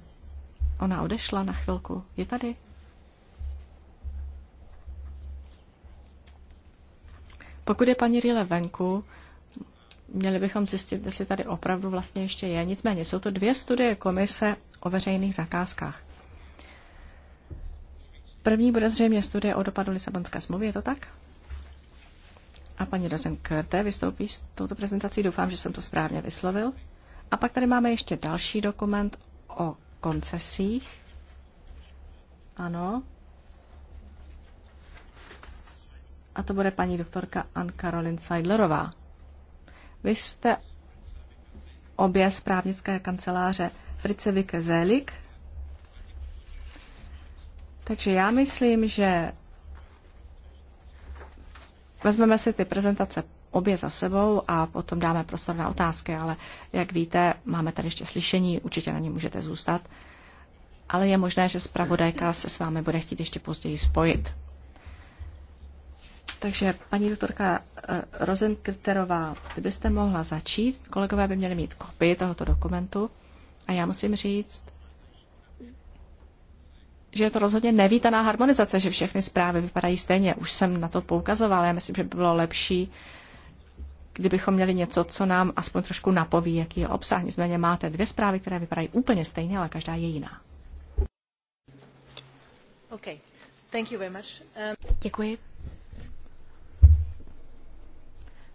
Ona odešla na chvilku. Je tady? Pokud je paní Rýle venku, měli bychom zjistit, jestli tady opravdu vlastně ještě je. Nicméně jsou to dvě studie komise o veřejných zakázkách. První bude zřejmě studie o dopadu Lisabonské smlouvy, je to tak? A paní Rosenkerte vystoupí s touto prezentací, doufám, že jsem to správně vyslovil. A pak tady máme ještě další dokument o koncesích. Ano. A to bude paní doktorka Ann Karolin Seidlerová. Vy jste obě z právnické kanceláře Frice Vike Takže já myslím, že vezmeme si ty prezentace obě za sebou a potom dáme prostor na otázky, ale jak víte, máme tady ještě slyšení, určitě na ní můžete zůstat, ale je možné, že zpravodajka se s vámi bude chtít ještě později spojit. Takže paní doktorka eh, Rosenkriterová, kdybyste mohla začít, kolegové by měli mít kopii tohoto dokumentu a já musím říct, že je to rozhodně nevítaná harmonizace, že všechny zprávy vypadají stejně. Už jsem na to poukazovala, já myslím, že by bylo lepší, kdybychom měli něco, co nám aspoň trošku napoví, jaký je obsah. Nicméně máte dvě zprávy, které vypadají úplně stejně, ale každá je jiná. Okay. Thank you very much. Um... Děkuji.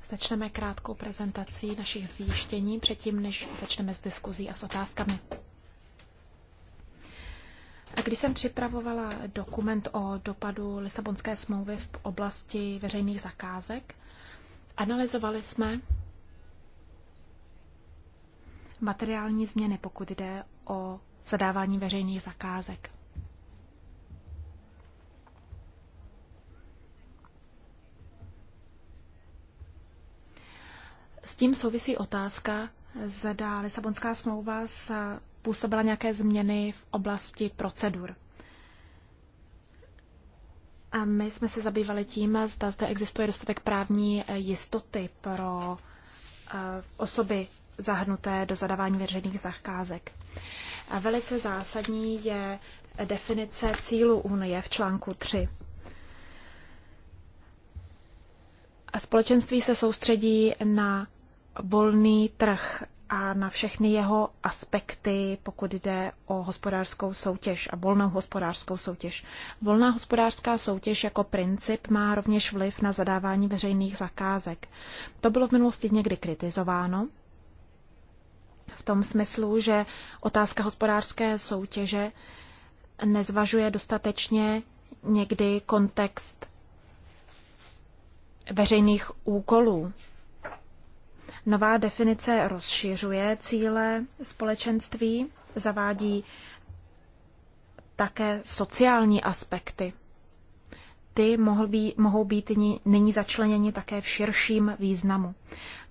Začneme krátkou prezentací našich zjištění předtím, než začneme s diskuzí a s otázkami. A když jsem připravovala dokument o dopadu Lisabonské smlouvy v oblasti veřejných zakázek, Analyzovali jsme materiální změny, pokud jde o zadávání veřejných zakázek. S tím souvisí otázka, zda Lisabonská smlouva působila nějaké změny v oblasti procedur. A my jsme se zabývali tím, zda zde existuje dostatek právní eh, jistoty pro eh, osoby zahrnuté do zadávání veřejných zakázek. A velice zásadní je definice cílu Unie v článku 3. A společenství se soustředí na volný trh a na všechny jeho aspekty, pokud jde o hospodářskou soutěž a volnou hospodářskou soutěž. Volná hospodářská soutěž jako princip má rovněž vliv na zadávání veřejných zakázek. To bylo v minulosti někdy kritizováno, v tom smyslu, že otázka hospodářské soutěže nezvažuje dostatečně někdy kontext veřejných úkolů Nová definice rozšiřuje cíle společenství, zavádí také sociální aspekty. Ty mohl být, mohou být nyní začleněni také v širším významu.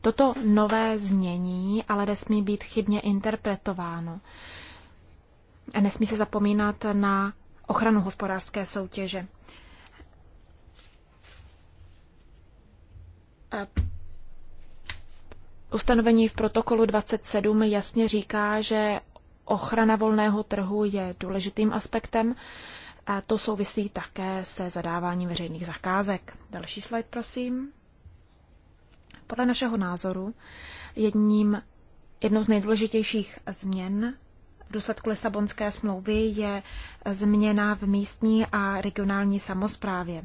Toto nové znění ale nesmí být chybně interpretováno. Nesmí se zapomínat na ochranu hospodářské soutěže. Ustanovení v protokolu 27 jasně říká, že ochrana volného trhu je důležitým aspektem a to souvisí také se zadáváním veřejných zakázek. Další slide, prosím. Podle našeho názoru jedním, jednou z nejdůležitějších změn v důsledku Lisabonské smlouvy je změna v místní a regionální samozprávě.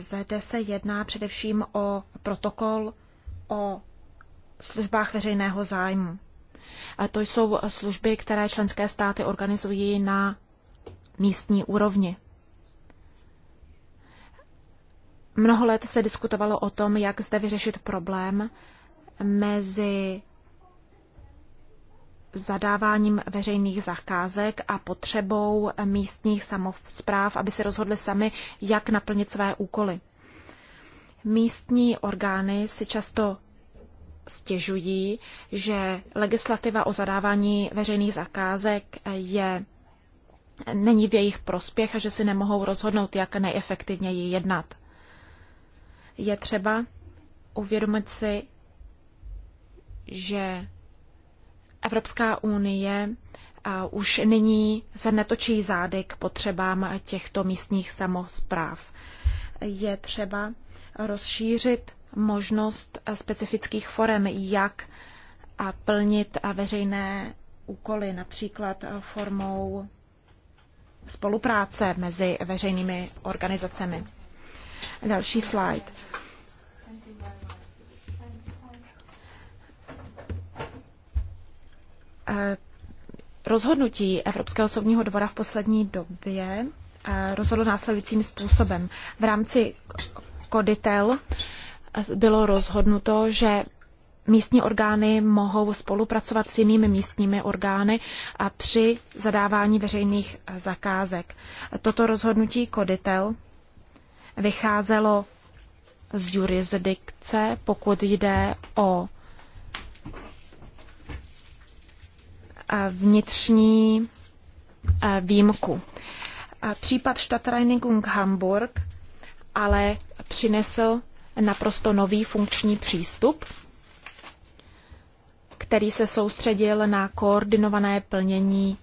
Zde se jedná především o protokol o službách veřejného zájmu. A to jsou služby, které členské státy organizují na místní úrovni. Mnoho let se diskutovalo o tom, jak zde vyřešit problém mezi zadáváním veřejných zakázek a potřebou místních samozpráv, aby se rozhodli sami, jak naplnit své úkoly. Místní orgány si často stěžují, že legislativa o zadávání veřejných zakázek je není v jejich prospěch a že si nemohou rozhodnout, jak nejefektivněji jednat. Je třeba uvědomit si, že Evropská unie už nyní se netočí zády k potřebám těchto místních samozpráv. Je třeba rozšířit možnost specifických forem, jak a plnit veřejné úkoly, například formou spolupráce mezi veřejnými organizacemi. Další slide. Eh, rozhodnutí Evropského soudního dvora v poslední době eh, rozhodlo následujícím způsobem. V rámci koditel bylo rozhodnuto, že místní orgány mohou spolupracovat s jinými místními orgány a při zadávání veřejných zakázek. Toto rozhodnutí Koditel vycházelo z jurisdikce, pokud jde o vnitřní výjimku. Případ Stadtreinigung Hamburg ale přinesl naprosto nový funkční přístup, který se soustředil na koordinované plnění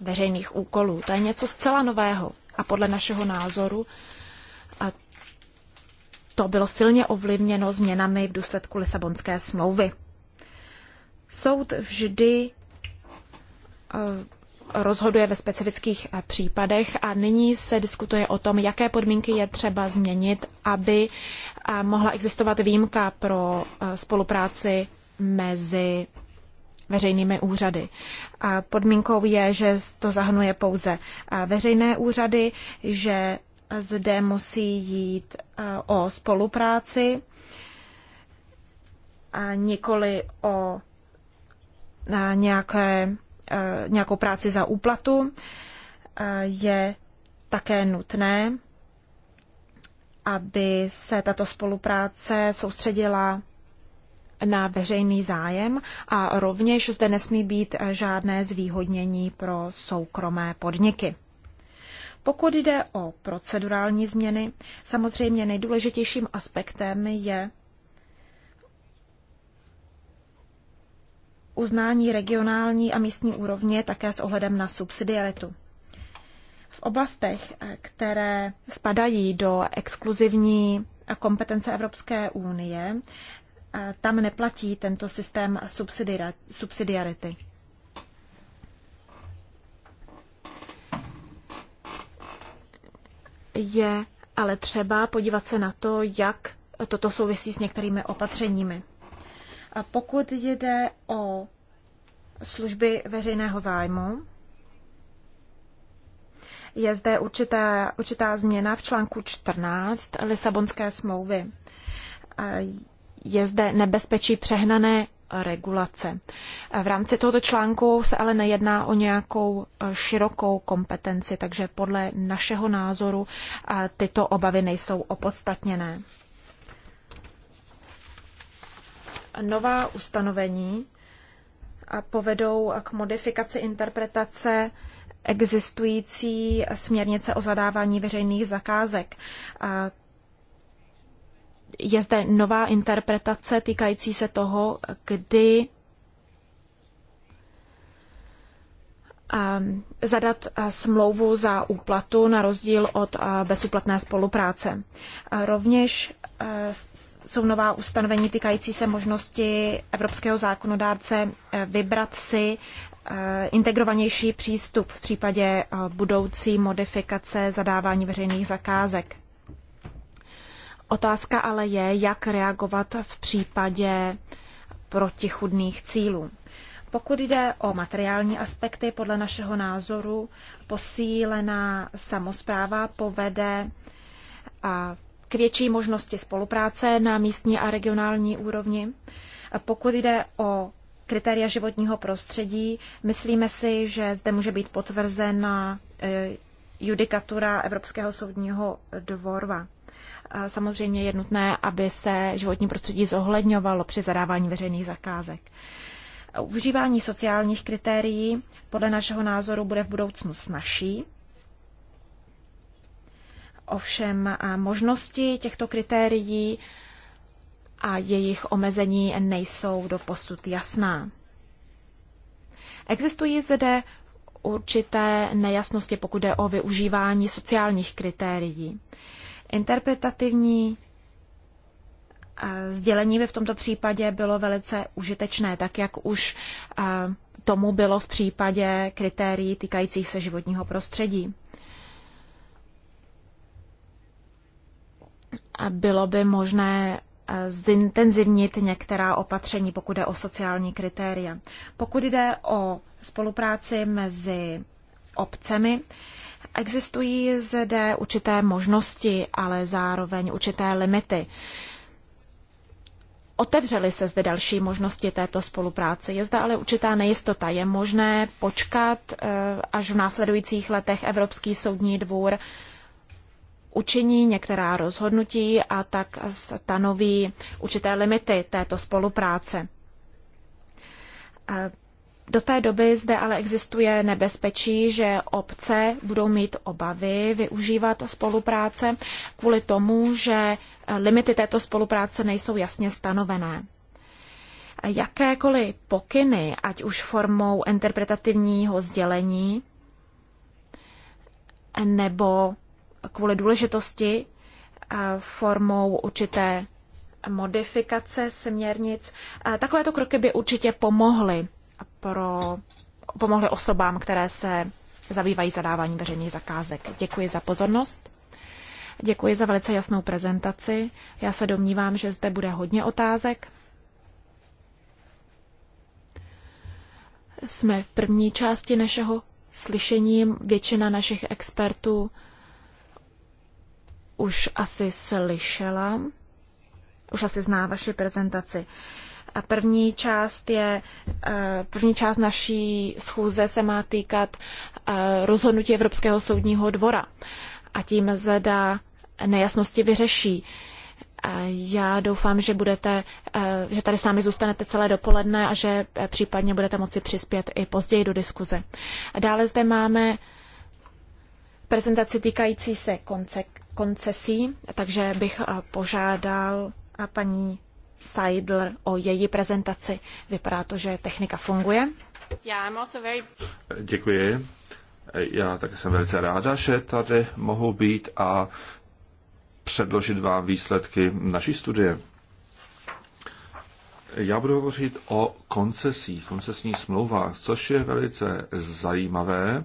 veřejných úkolů. To je něco zcela nového a podle našeho názoru to bylo silně ovlivněno změnami v důsledku Lisabonské smlouvy. Soud vždy eh, rozhoduje ve specifických eh, případech a nyní se diskutuje o tom, jaké podmínky je třeba změnit, aby eh, mohla existovat výjimka pro eh, spolupráci mezi veřejnými úřady. A podmínkou je, že to zahrnuje pouze veřejné úřady, že zde musí jít o spolupráci, a nikoli o nějaké Eh, nějakou práci za úplatu, eh, je také nutné, aby se tato spolupráce soustředila na veřejný zájem a rovněž zde nesmí být eh, žádné zvýhodnění pro soukromé podniky. Pokud jde o procedurální změny, samozřejmě nejdůležitějším aspektem je uznání regionální a místní úrovně také s ohledem na subsidiaritu. V oblastech, které spadají do exkluzivní kompetence Evropské unie, tam neplatí tento systém subsidiarity. Je ale třeba podívat se na to, jak toto souvisí s některými opatřeními pokud jde o služby veřejného zájmu, je zde určitá, určitá změna v článku 14 Lisabonské smlouvy. Je zde nebezpečí přehnané regulace. V rámci tohoto článku se ale nejedná o nějakou e, širokou kompetenci, takže podle našeho názoru tyto obavy nejsou opodstatněné. nová ustanovení a povedou k modifikaci interpretace existující směrnice o zadávání veřejných zakázek. je zde nová interpretace týkající se toho, kdy ehm, zadat eh, smlouvu za úplatu na rozdíl od eh, bezúplatné spolupráce. rovněž Eh, jsou nová ustanovení týkající se možnosti evropského zákonodárce eh, vybrat si eh, integrovanější přístup v případě budoucí modifikace zadávání veřejných zakázek. Otázka ale je, jak reagovat v případě protichudných cílů. Pokud jde o materiální aspekty, podle našeho názoru posílená samozpráva povede k větší možnosti spolupráce na místní a regionální úrovni. A pokud jde o kritéria životního prostředí, myslíme si, že zde může být potvrzena e, judikatura Evropského soudního dvorva. Samozřejmě je nutné, aby se životní prostředí zohledňovalo při zadávání veřejných zakázek. Užívání sociálních kritérií podle našeho názoru bude v budoucnu snažší, Ovšem možnosti těchto kritérií a jejich omezení nejsou do posud jasná. Existují zde určité nejasnosti, pokud jde o využívání sociálních kritérií. Interpretativní sdělení by v tomto případě bylo velice užitečné, tak jak už tomu bylo v případě kritérií týkajících se životního prostředí. bylo by možné eh, zintenzivnit některá opatření, pokud jde o sociální kritéria. Pokud jde o spolupráci mezi obcemi, existují zde určité možnosti, ale zároveň určité limity. Otevřely se zde další možnosti této spolupráce. Je zde ale určitá nejistota. Je možné počkat, eh, až v následujících letech Evropský soudní dvůr učiní některá rozhodnutí a tak stanoví určité limity této spolupráce. Eh, do té doby zde ale existuje nebezpečí, že obce budou mít obavy využívat spolupráce kvůli tomu, že limity této spolupráce nejsou jasně stanovené. Jakékoliv pokyny, ať už formou interpretativního sdělení nebo kvůli důležitosti eh, formou určité modifikace směrnic. Takovéto kroky by určitě pomohly pro pomohly osobám, které se zabývají zadáváním veřejných zakázek. Děkuji za pozornost. Děkuji za velice jasnou prezentaci. Já se domnívám, že zde bude hodně otázek. Jsme v první části našeho slyšení. Většina našich expertů už asi slyšela, už asi zná vaši prezentaci. A první část je, eh, první část naší schůze se má týkat eh, rozhodnutí Evropského soudního dvora a tím zda nejasnosti vyřeší. Já doufám, že budete, eh, že tady s námi zůstanete celé dopoledne a že případně budete moci přispět i později do diskuze. Dále zde máme prezentaci týkající se konce, koncesí, takže bych eh, požádal eh, paní Seidler o její prezentaci. Vypadá to, že technika funguje. Děkuji. Já také jsem velice ráda, že tady mohu být a předložit vám výsledky naší studie. Já budu hovořit o koncesích, koncesních smlouvách, což je velice zajímavé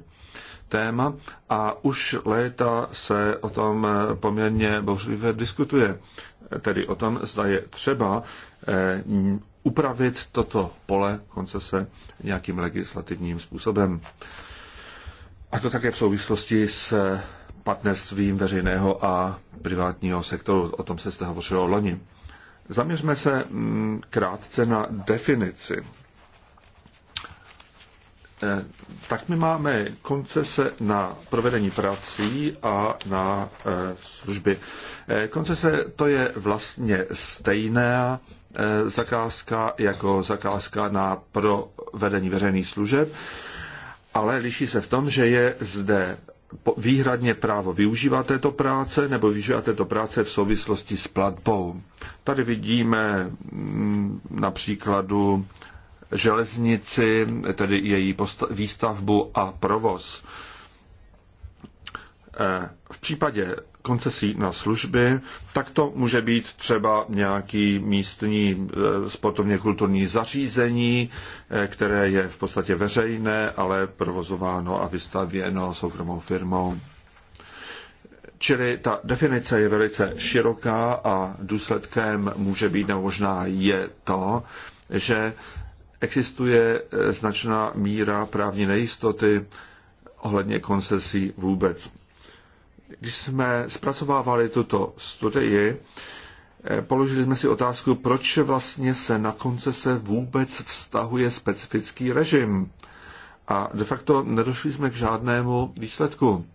téma a už léta se o tom poměrně bouřlivě diskutuje. Tedy o tom, zda je třeba eh, upravit toto pole koncese nějakým legislativním způsobem. A to také v souvislosti s partnerstvím veřejného a privátního sektoru. O tom se jste hovořilo loni. Zaměřme se mm, krátce na definici Eh, tak my máme koncese na provedení prací a na eh, služby. Eh, koncese to je vlastně stejná zakázka jako zakázka na provedení veřejných služeb, ale liší se v tom, že je zde výhradně právo využívat této práce nebo využívat této práce v souvislosti s platbou. Tady vidíme mm, na příkladu železnici, tedy její výstavbu a provoz. E, v případě koncesí na služby, tak to může být třeba nějaký místní e, sportovně kulturní zařízení, e, které je v podstatě veřejné, ale provozováno a vystavěno soukromou firmou. Čili ta definice je velice široká a důsledkem může být, nebo možná je to, že existuje e, značná míra právní nejistoty ohledně koncesí vůbec. Když jsme zpracovávali tuto studii, e, položili jsme si otázku, proč vlastně se na koncese vůbec vztahuje specifický režim. A de facto nedošli jsme k žádnému výsledku.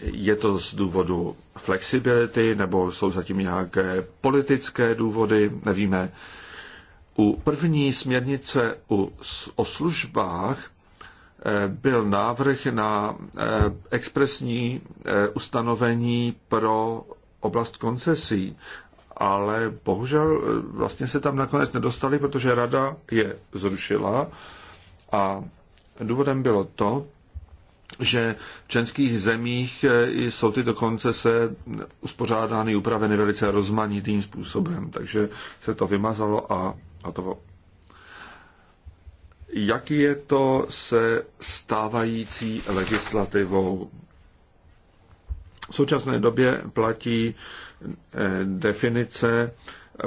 Je to z důvodu flexibility, nebo jsou zatím nějaké politické důvody, nevíme. U první směrnice o službách eh, byl návrh na eh, expresní eh, ustanovení pro oblast koncesí, ale bohužel vlastně se tam nakonec nedostali, protože rada je zrušila a důvodem bylo to, že v českých zemích jsou tyto koncese uspořádány, upraveny velice rozmanitým způsobem, takže se to vymazalo a hotovo. Jak je to se stávající legislativou? V současné době platí eh, definice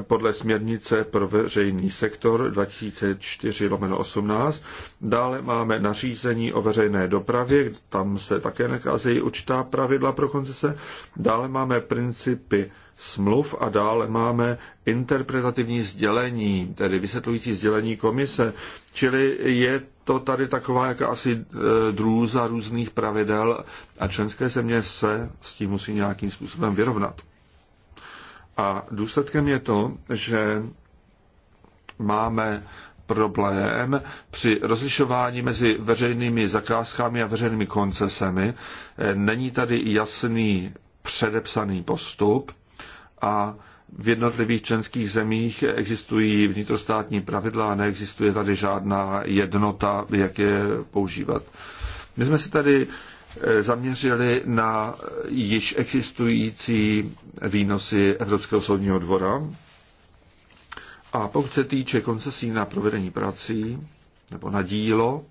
podle směrnice pro veřejný sektor 2004-18. Dále máme nařízení o veřejné dopravě, tam se také nacházejí určitá pravidla pro koncese. Dále máme principy smluv a dále máme interpretativní sdělení, tedy vysvětlující sdělení komise. Čili je to tady taková jaká asi e, drůza různých pravidel a členské země se s tím musí nějakým způsobem vyrovnat. A důsledkem je to, že máme problém při rozlišování mezi veřejnými zakázkami a veřejnými koncesemi. Není tady jasný předepsaný postup a v jednotlivých členských zemích existují vnitrostátní pravidla a neexistuje tady žádná jednota, jak je používat. My jsme si tady zaměřili na již existující výnosy Evropského soudního dvora. A pokud se týče koncesí na provedení prací nebo na dílo,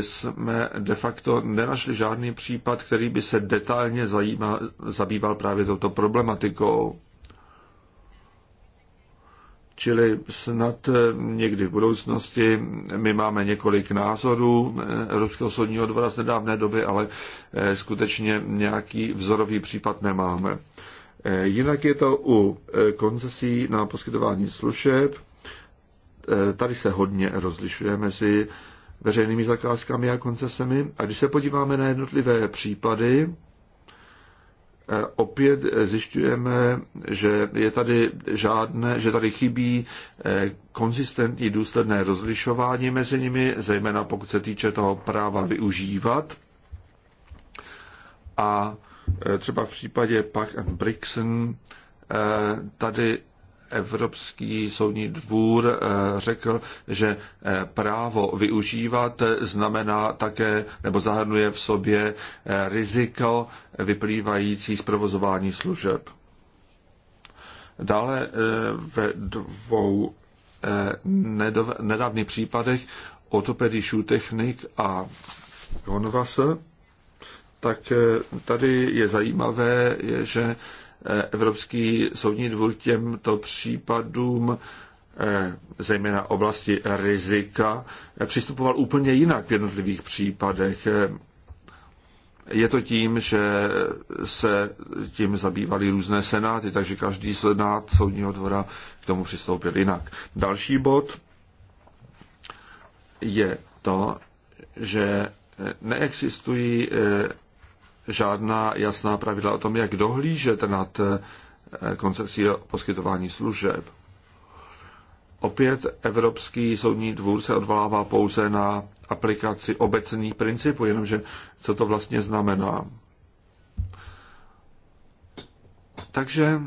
jsme de facto nenašli žádný případ, který by se detailně zajímal, zabýval právě touto problematikou. Čili snad eh, někdy v budoucnosti my máme několik názorů Evropského eh, soudního dvora z nedávné doby, ale eh, skutečně nějaký vzorový případ nemáme. Jinak je to u koncesí na poskytování služeb. Tady se hodně rozlišuje mezi veřejnými zakázkami a koncesemi. A když se podíváme na jednotlivé případy, opět zjišťujeme, že je tady žádné, že tady chybí eh, konzistentní důsledné rozlišování mezi nimi, zejména pokud se týče toho práva využívat. A eh, třeba v případě Pach and Brixen eh, tady Evropský soudní dvůr eh, řekl, že eh, právo využívat znamená také nebo zahrnuje v sobě eh, riziko vyplývající z provozování služeb. Dále ve dvou nedávných případech ortopedy technik a Konvase, tak tady je zajímavé, že Evropský soudní dvůr těmto případům eh, zejména oblasti rizika, eh, přistupoval úplně jinak v jednotlivých případech. Eh, je to tím, že se tím zabývaly různé senáty, takže každý senát soudního dvora k tomu přistoupil jinak. Další bod je to, že neexistují žádná jasná pravidla o tom, jak dohlížet nad eh, koncepcí poskytování služeb. Opět Evropský soudní dvůr se odvolává pouze na aplikaci obecných principů, jenomže co to vlastně znamená. Takže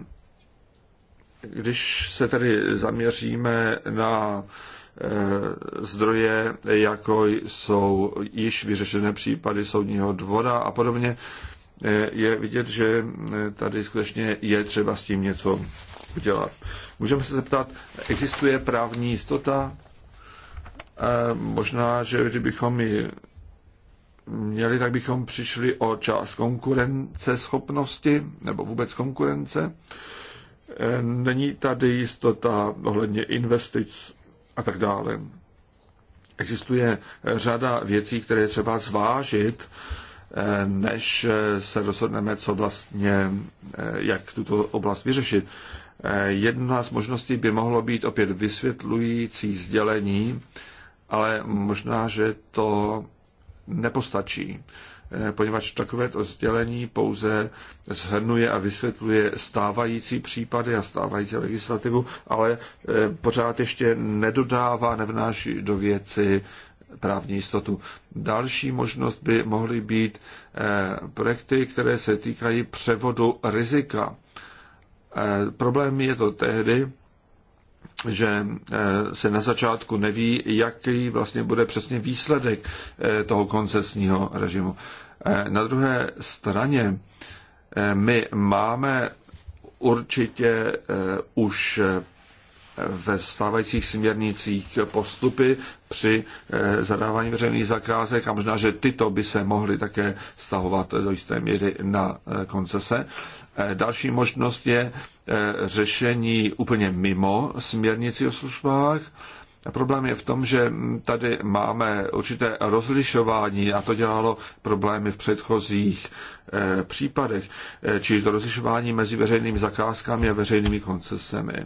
když se tedy zaměříme na Eh, zdroje, jako jsou již vyřešené případy soudního dvora a podobně, eh, je vidět, že eh, tady skutečně je třeba s tím něco udělat. Můžeme se zeptat, existuje právní jistota? Možná, že kdybychom ji měli, tak bychom přišli o část konkurence schopnosti nebo vůbec konkurence. Není tady jistota ohledně investic a tak dále. Existuje eh, řada věcí, které je třeba zvážit, eh, než eh, se rozhodneme, co vlastně, jak tuto oblast vyřešit. Jedna z možností by mohlo být opět vysvětlující sdělení, ale možná, že to nepostačí. Eh, poněvadž to sdělení pouze shrnuje a vysvětluje stávající případy a stávající legislativu, ale eh, pořád ještě nedodává, nevnáší do věci právní jistotu. Další možnost by mohly být eh, projekty, které se týkají převodu rizika. Problém je to tehdy, že eh, se na začátku neví, jaký vlastně bude přesně výsledek eh, toho koncesního režimu. Eh, na druhé straně my máme určitě už ve stávajících směrnicích postupy při zadávání veřejných zakázek a možná, že tyto by se mohly také stahovat do jisté míry na koncese. Eh, další možnost je eh, řešení úplně mimo směrnici o službách. Problém je v tom, že hm, tady máme určité rozlišování a to dělalo problémy v předchozích eh, případech, čili to rozlišování mezi veřejnými zakázkami a veřejnými koncesemi.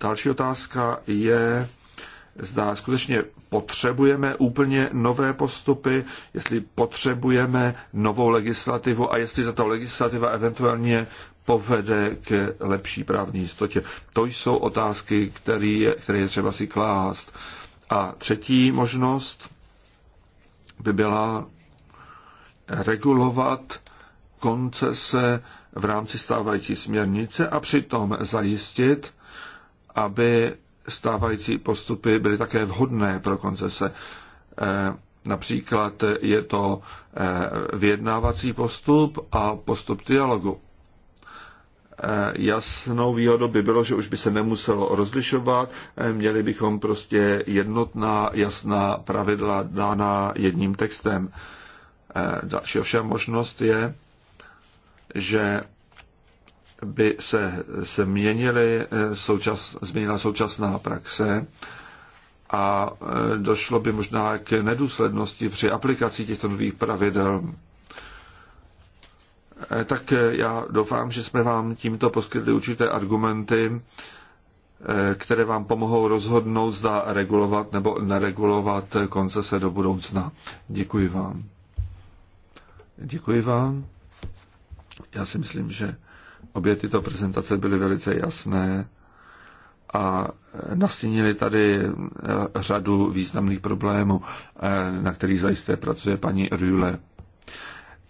Další otázka je zda skutečně potřebujeme úplně nové postupy, jestli potřebujeme novou legislativu a jestli tato legislativa eventuálně povede k lepší právní jistotě. To jsou otázky, které je, které je třeba si klást. A třetí možnost by byla regulovat koncese v rámci stávající směrnice a přitom zajistit, aby stávající postupy byly také vhodné pro koncese. Eh, například je to eh, vyjednávací postup a postup dialogu. Eh, jasnou výhodou by bylo, že už by se nemuselo rozlišovat, měli bychom prostě jednotná, jasná pravidla dána jedním textem. Další ovšem možnost je, že by se změnily, eh, součas, změnila současná praxe a eh, došlo by možná k nedůslednosti při aplikaci těchto nových pravidel. Eh, tak já doufám, že jsme vám tímto poskytli určité argumenty, které vám pomohou rozhodnout, zda regulovat nebo neregulovat koncese do budoucna. Děkuji vám. Děkuji vám. Já si myslím, že Obě tyto prezentace byly velice jasné a nastínili tady eh, řadu významných problémů, eh, na kterých zajisté pracuje paní Rühle.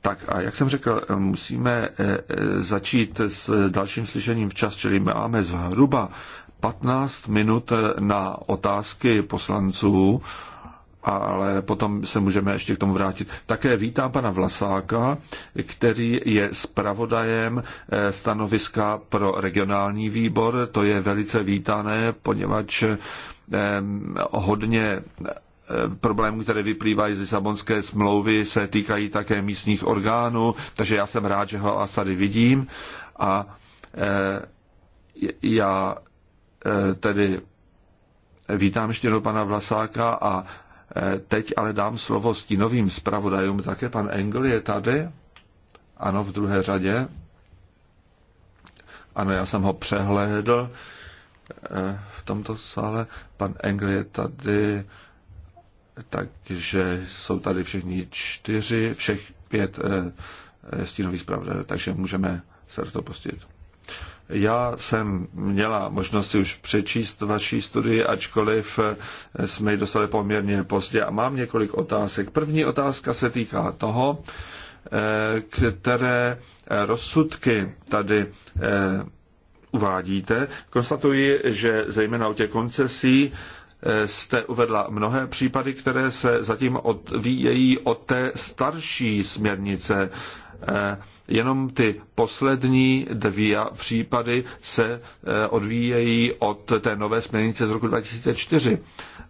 Tak a jak jsem řekl, musíme eh, začít s dalším slyšením včas, čili máme zhruba 15 minut na otázky poslanců ale potom se můžeme ještě k tomu vrátit. Také vítám pana Vlasáka, který je zpravodajem eh, stanoviska pro regionální výbor. To je velice vítané, poněvadž eh, hodně eh, problémů, které vyplývají z Lisabonské smlouvy, se týkají také místních orgánů, takže já jsem rád, že ho a tady vidím a já tedy vítám ještě do pana Vlasáka a Eh, teď ale dám slovo stínovým zpravodajům. Také pan Engel je tady. Ano, v druhé řadě. Ano, já jsem ho přehlédl eh, v tomto sále. Pan Engel je tady, takže jsou tady všichni čtyři, všech pět eh, stínových zpravodajů, takže můžeme se do toho pustit. Já jsem měla možnost už přečíst vaší studii, ačkoliv jsme ji dostali poměrně pozdě a mám několik otázek. První otázka se týká toho, eh, které rozsudky tady eh, uvádíte. Konstatuji, že zejména u těch koncesí eh, jste uvedla mnohé případy, které se zatím odvíjejí od té starší směrnice Eh, jenom ty poslední dvě případy se eh, odvíjejí od té nové směrnice z roku 2004,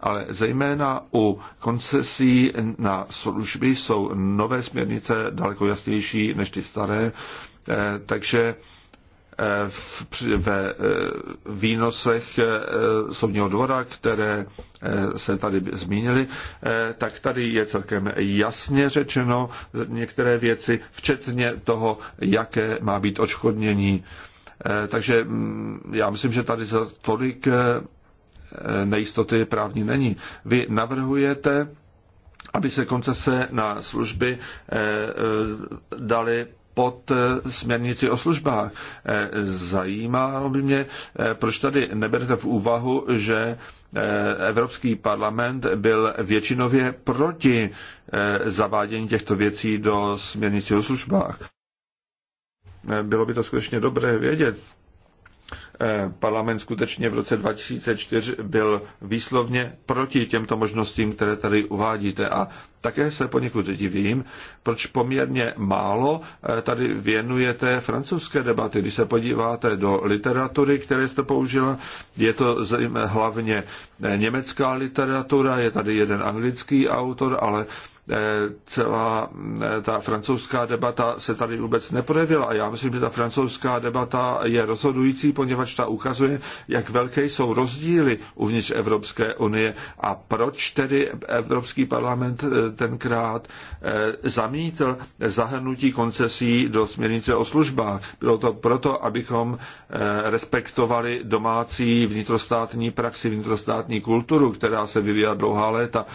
ale zejména u koncesí na služby jsou nové směrnice daleko jasnější než ty staré, eh, takže ve eh, výnosech eh, soudního dvora, které eh, se tady zmínili, tak tady je celkem jasně řečeno některé věci, včetně toho, jaké má být odškodnění. Takže mm, já myslím, že tady za tolik nejistoty právní není. Vy navrhujete, aby se koncese na služby dali pod eh, směrnici o službách. Eh, zajímalo by mě, eh, proč tady neberete v úvahu, že Evropský parlament byl většinově proti zavádění těchto věcí do směrnici o službách. Bylo by to skutečně dobré vědět. Parlament skutečně v roce 2004 byl výslovně proti těmto možnostím, které tady uvádíte a také se poněkud divím, proč poměrně málo eh, tady věnujete francouzské debaty. Když se podíváte do literatury, které jste použila, je to hlavně eh, německá literatura, je tady jeden anglický autor, ale eh, celá ta francouzská debata se tady vůbec neprojevila. A já myslím, že ta francouzská debata je rozhodující, poněvadž ta ukazuje, jak velké jsou rozdíly uvnitř Evropské unie a proč tedy Evropský parlament tenkrát eh, zamítl zahrnutí koncesí do směrnice o službách. Bylo to proto, abychom eh, respektovali domácí vnitrostátní praxi, vnitrostátní kulturu, která se vyvíjela dlouhá léta.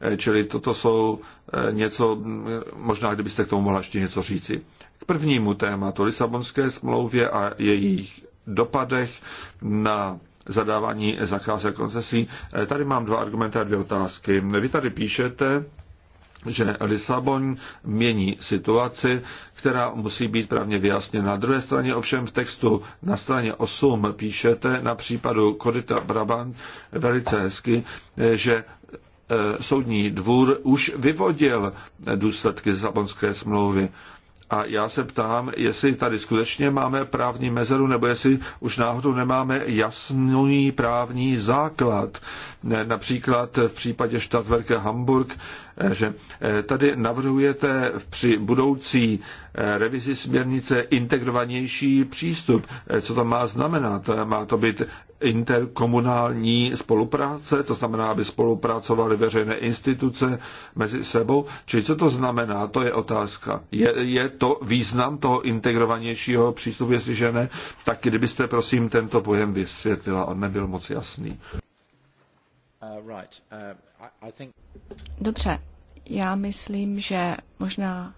Eh, čili toto jsou něco, mm, možná kdybyste k tomu mohla ještě něco říci. K prvnímu tématu Lisabonské smlouvě a jejich dopadech na zadávání zakázek koncesí. Tady mám dva argumenty a dvě otázky. Vy tady píšete, že Lisabon mění situaci, která musí být právně vyjasněna. Na druhé straně ovšem v textu na straně 8 píšete na případu Kodita Brabant velice hezky, že e, soudní dvůr už vyvodil důsledky Lisabonské smlouvy. A já se ptám, jestli tady skutečně máme právní mezeru, nebo jestli už náhodou nemáme jasný právní základ. Například v případě Stadtwerke Hamburg, eh, že eh, tady navrhujete při budoucí eh, revizi směrnice integrovanější přístup. Co to má znamenat? Má to být interkomunální spolupráce, to znamená, aby spolupracovaly veřejné instituce mezi sebou. Čili co to znamená, to je otázka. Je, je to význam toho integrovanějšího přístupu, jestliže ne, tak kdybyste prosím tento pojem vysvětlila, on nebyl moc jasný. Uh, uh, Dobře, já myslím, že možná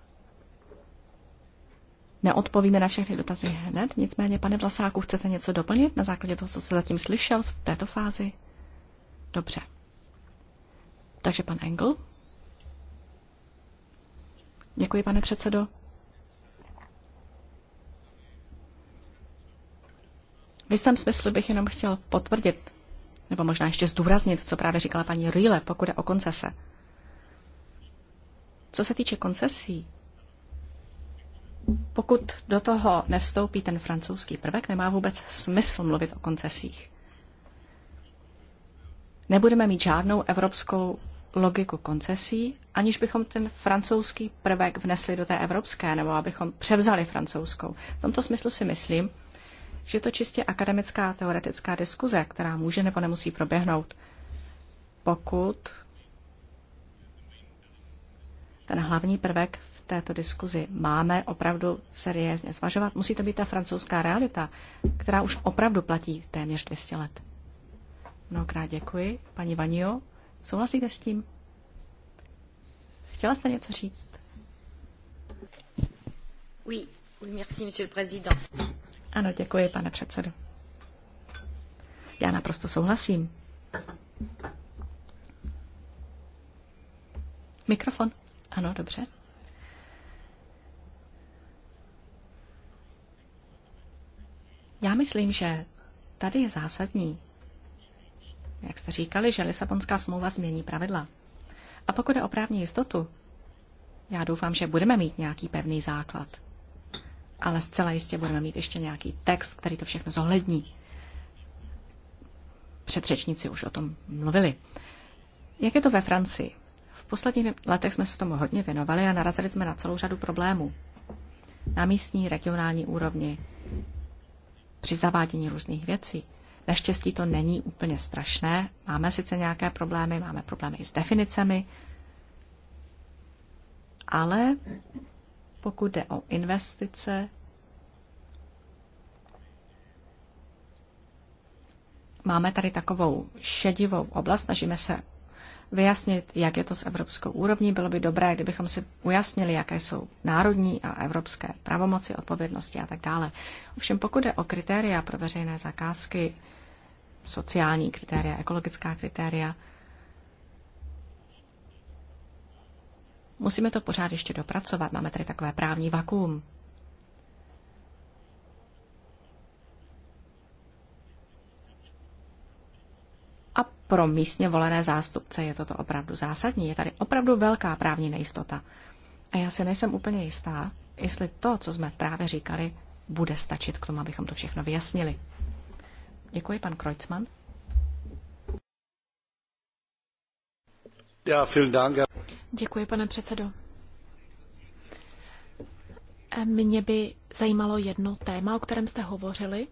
Neodpovíme na všechny dotazy hned, nicméně, pane Vlasáku, chcete něco doplnit na základě toho, co se zatím slyšel v této fázi? Dobře. Takže pan Engel. Děkuji, pane předsedo. V jistém smyslu bych jenom chtěl potvrdit, nebo možná ještě zdůraznit, co právě říkala paní Rýle, pokud je o koncese. Co se týče koncesí, pokud do toho nevstoupí ten francouzský prvek, nemá vůbec smysl mluvit o koncesích. Nebudeme mít žádnou evropskou logiku koncesí, aniž bychom ten francouzský prvek vnesli do té evropské, nebo abychom převzali francouzskou. V tomto smyslu si myslím, že je to čistě akademická teoretická diskuze, která může nebo nemusí proběhnout, pokud ten hlavní prvek této diskuzi. Máme opravdu seriózně zvažovat. Musí to být ta francouzská realita, která už opravdu platí téměř 200 let. Mnohokrát děkuji. Paní Vanio, souhlasíte s tím? Chtěla jste něco říct? Oui, oui merci, monsieur le président. Ano, děkuji, pane předsedo. Já naprosto souhlasím. Mikrofon. Ano, dobře. Já myslím, že tady je zásadní, jak jste říkali, že Lisabonská smlouva změní pravidla. A pokud je o právní jistotu, já doufám, že budeme mít nějaký pevný základ. Ale zcela jistě budeme mít ještě nějaký text, který to všechno zohlední. Předřečníci už o tom mluvili. Jak je to ve Francii? V posledních letech jsme se tomu hodně věnovali a narazili jsme na celou řadu problémů. Na místní, regionální úrovni, při zavádění různých věcí. Naštěstí to není úplně strašné. Máme sice nějaké problémy, máme problémy i s definicemi, ale pokud jde o investice, máme tady takovou šedivou oblast, snažíme se vyjasnit, jak je to s evropskou úrovní. Bylo by dobré, kdybychom si ujasnili, jaké jsou národní a evropské pravomoci, odpovědnosti a tak dále. Ovšem pokud je o kritéria pro veřejné zakázky, sociální kritéria, ekologická kritéria, musíme to pořád ještě dopracovat. Máme tady takové právní vakuum. a pro místně volené zástupce je toto opravdu zásadní. Je tady opravdu velká právní nejistota. A já si nejsem úplně jistá, jestli to, co jsme právě říkali, bude stačit k tomu, abychom to všechno vyjasnili. Děkuji, pan Kreutzmann. Ja, vielen Dank. Děkuji, pane předsedo. Mě by zajímalo jedno téma, o kterém jste hovořili,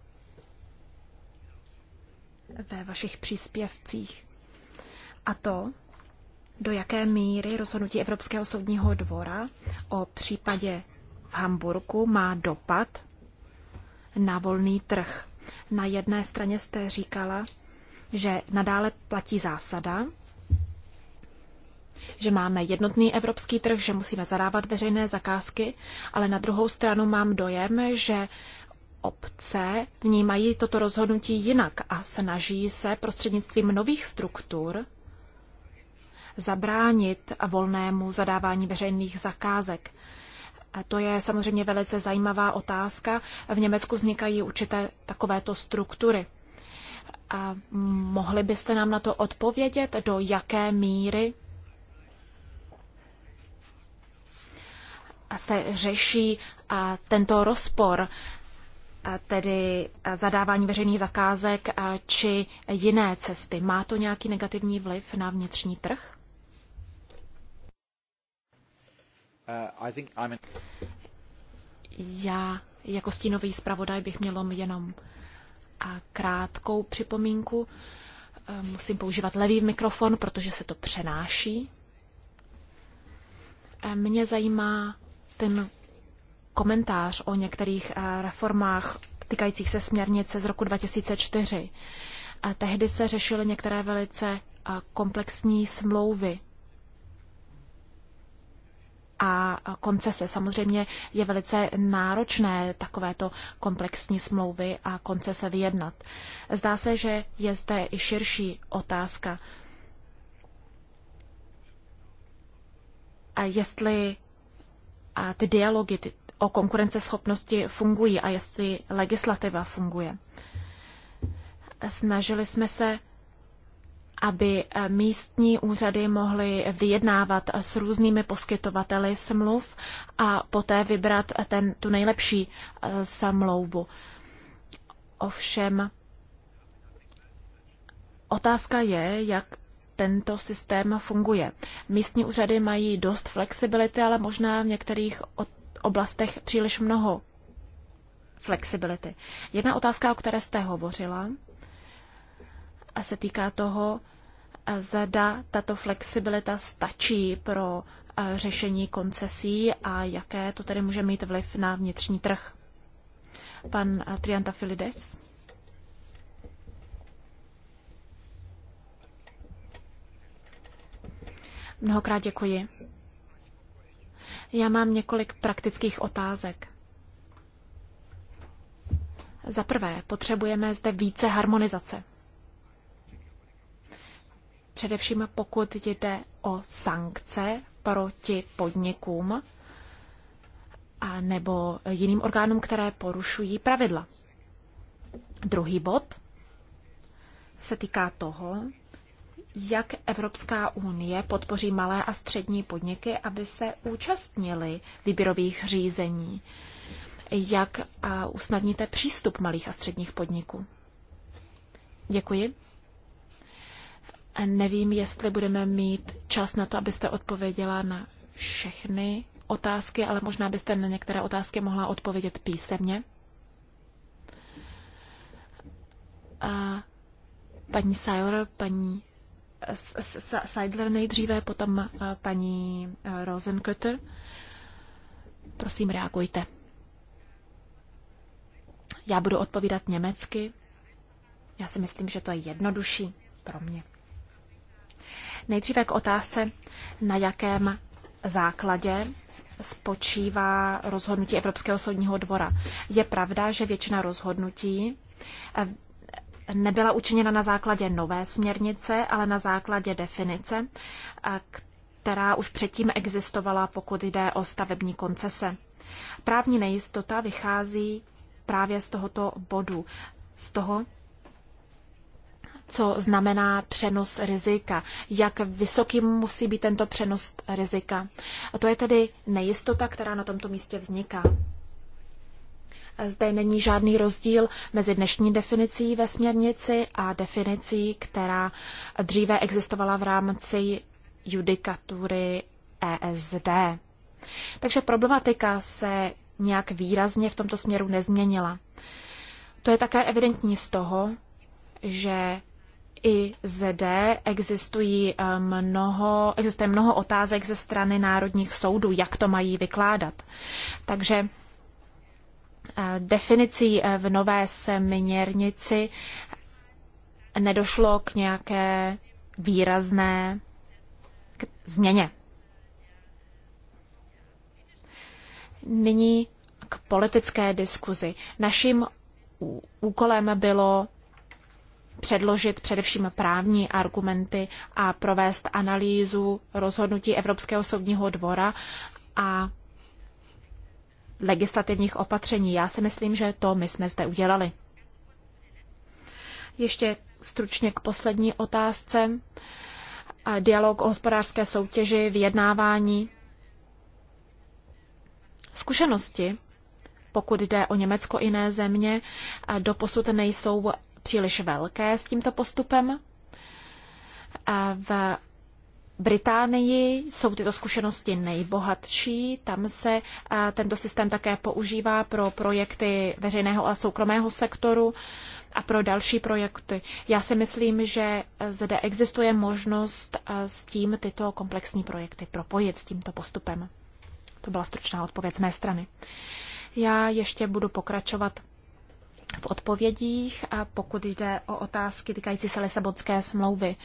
ve vašich příspěvcích. A to, do jaké míry rozhodnutí Evropského soudního dvora o případě v Hamburku má dopad na volný trh. Na jedné straně jste říkala, že nadále platí zásada, že máme jednotný evropský trh, že musíme zadávat veřejné zakázky, ale na druhou stranu mám dojem, že obce vnímají toto rozhodnutí jinak a snaží se prostřednictvím nových struktur zabránit volnému zadávání veřejných zakázek. A to je samozřejmě velice zajímavá otázka. V Německu vznikají určité takovéto struktury. A mohli byste nám na to odpovědět, do jaké míry se řeší tento rozpor tedy zadávání veřejných zakázek či jiné cesty. Má to nějaký negativní vliv na vnitřní trh? Uh, Já jako stínový zpravodaj bych měl jenom a krátkou připomínku. Eh, musím používat levý mikrofon, protože se to přenáší. Eh, mě zajímá ten komentář o některých eh, reformách týkajících se směrnice z roku 2004. A tehdy se řešily některé velice eh, komplexní smlouvy a eh, koncese. Samozřejmě je velice náročné takovéto komplexní smlouvy a koncese vyjednat. Zdá se, že je zde i širší otázka. A jestli a ty dialogy, ty o konkurenceschopnosti fungují a jestli legislativa funguje. Snažili jsme se, aby eh, místní úřady mohly vyjednávat s různými poskytovateli smluv a poté vybrat ten, tu nejlepší eh, smlouvu. Ovšem, otázka je, jak tento systém funguje. Místní úřady mají dost flexibility, ale možná v některých oblastech příliš mnoho flexibility. Jedna otázka, o které jste hovořila, a se týká toho, zda tato flexibilita stačí pro řešení koncesí a jaké to tedy může mít vliv na vnitřní trh. Pan Trianta Filides. Mnohokrát děkuji. Já mám několik praktických otázek. Za prvé, potřebujeme zde více harmonizace. Především pokud jde o sankce proti podnikům a nebo jiným orgánům, které porušují pravidla. Druhý bod se týká toho, jak Evropská unie podpoří malé a střední podniky, aby se účastnili výběrových řízení? Jak usnadníte přístup malých a středních podniků? Děkuji. Nevím, jestli budeme mít čas na to, abyste odpověděla na všechny otázky, ale možná byste na některé otázky mohla odpovědět písemně. A paní Sajor, paní Seidler nejdříve, potom eh, paní eh, Rosenkötter. Prosím, reagujte. Já budu odpovídat německy. Já si myslím, že to je jednodušší pro mě. Nejdříve k otázce, na jakém základě spočívá rozhodnutí Evropského soudního dvora. Je pravda, že většina rozhodnutí eh, nebyla učiněna na základě nové směrnice, ale na základě definice, která už předtím existovala, pokud jde o stavební koncese. Právní nejistota vychází právě z tohoto bodu, z toho, co znamená přenos rizika, jak vysoký musí být tento přenos rizika. A to je tedy nejistota, která na tomto místě vzniká. Zde není žádný rozdíl mezi dnešní definicí ve směrnici a definicí, která dříve existovala v rámci judikatury ESD. Takže problematika se nějak výrazně v tomto směru nezměnila. To je také evidentní z toho, že i zde existují eh, mnoho, existuje mnoho otázek ze strany národních soudů, jak to mají vykládat. Takže Eh, definicí eh, v nové směrnici nedošlo k nějaké výrazné změně. Nyní k politické diskuzi. Naším úkolem bylo předložit především právní argumenty a provést analýzu rozhodnutí Evropského soudního dvora a legislativních opatření. Já si myslím, že to my jsme zde udělali. Ještě stručně k poslední otázce. Dialog o hospodářské soutěži, vyjednávání. Zkušenosti, pokud jde o Německo i jiné země, doposud nejsou příliš velké s tímto postupem. V Británii jsou tyto zkušenosti nejbohatší. Tam se tento systém také používá pro projekty veřejného a soukromého sektoru a pro další projekty. Já si myslím, že zde existuje možnost s tím tyto komplexní projekty propojit s tímto postupem. To byla stručná odpověď z mé strany. Já ještě budu pokračovat v odpovědích a pokud jde o otázky týkající se Lisabonské smlouvy.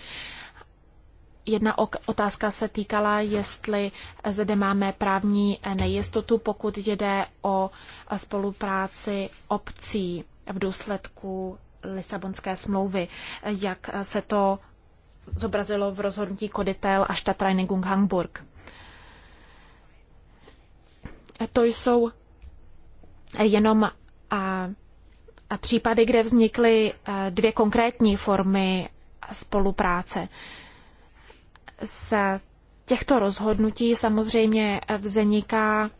Jedna otázka se týkala, jestli zde máme právní nejistotu, pokud jde o spolupráci obcí v důsledku Lisabonské smlouvy, jak se to zobrazilo v rozhodnutí Koditel a Stadtreinigung Hamburg. To jsou jenom a, a případy, kde vznikly dvě konkrétní formy spolupráce se těchto rozhodnutí samozřejmě vzniká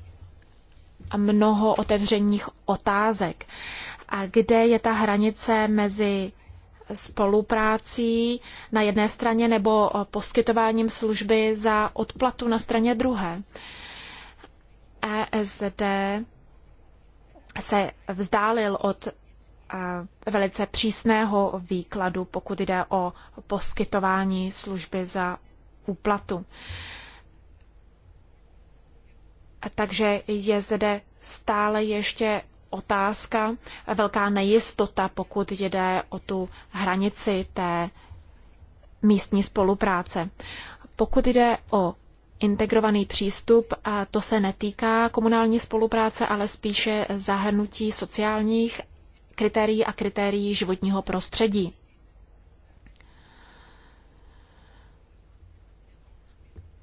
mnoho otevřených otázek. A kde je ta hranice mezi spoluprácí na jedné straně nebo poskytováním služby za odplatu na straně druhé. ESD se vzdálil od e, velice přísného výkladu, pokud jde o poskytování služby za úplatu. Takže je zde stále ještě otázka, velká nejistota, pokud jde o tu hranici té místní spolupráce. Pokud jde o integrovaný přístup, a to se netýká komunální spolupráce, ale spíše zahrnutí sociálních kritérií a kritérií životního prostředí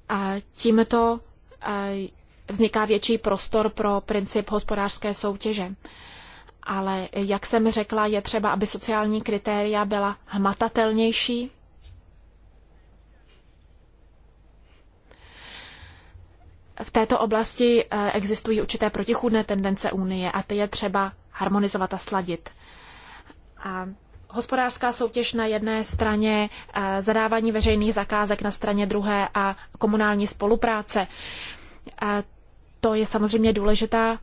A tímto vzniká větší prostor pro princip hospodářské soutěže. Ale jak jsem řekla, je třeba, aby sociální kritéria byla hmatatelnější. V této oblasti e, existují určité protichůdné tendence Unie a ty je třeba harmonizovat a sladit. A hospodářská soutěž na jedné straně, eh, zadávání veřejných zakázek na straně druhé a komunální spolupráce. Eh, to je samozřejmě důležitá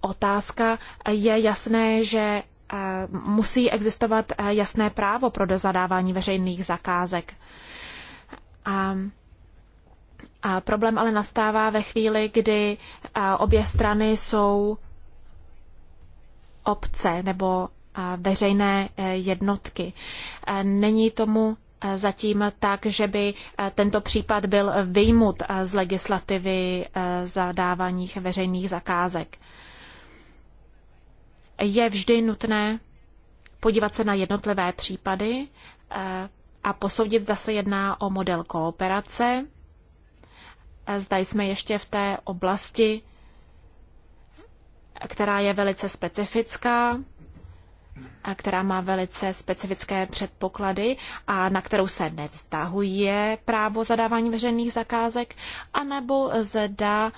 otázka. Je jasné, že eh, musí existovat jasné právo pro dozadávání veřejných zakázek. A a problém ale nastává ve chvíli, kdy obě strany jsou obce nebo veřejné eh, jednotky. Eh, není tomu eh, zatím tak, že by tento případ byl vyjmut z legislativy zadávaných veřejných zakázek. Je vždy nutné podívat se na jednotlivé případy a posoudit, zda se jedná o model kooperace. Zda jsme ještě v té oblasti, která je velice specifická která má velice specifické předpoklady a na kterou se nevztahuje právo zadávání veřejných zakázek, anebo zda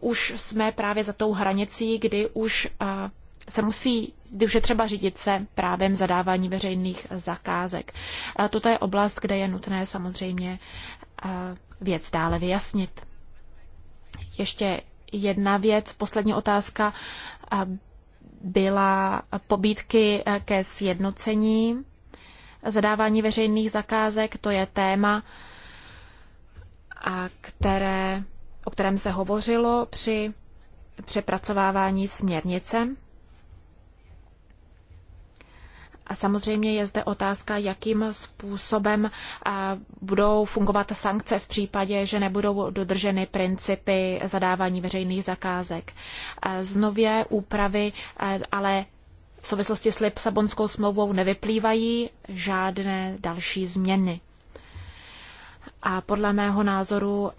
už jsme právě za tou hranicí, kdy už se musí, už je třeba řídit se právem zadávání veřejných zakázek. A toto je oblast, kde je nutné samozřejmě věc dále vyjasnit. Ještě jedna věc, poslední otázka byla pobídky eh, ke sjednocení, zadávání veřejných zakázek, to je téma, a které, o kterém se hovořilo při přepracovávání směrnice. A samozřejmě je zde otázka, jakým způsobem budou fungovat sankce v případě, že nebudou dodrženy principy zadávání veřejných zakázek. Z nově úpravy ale v souvislosti s Lipsabonskou smlouvou nevyplývají žádné další změny. A podle mého názoru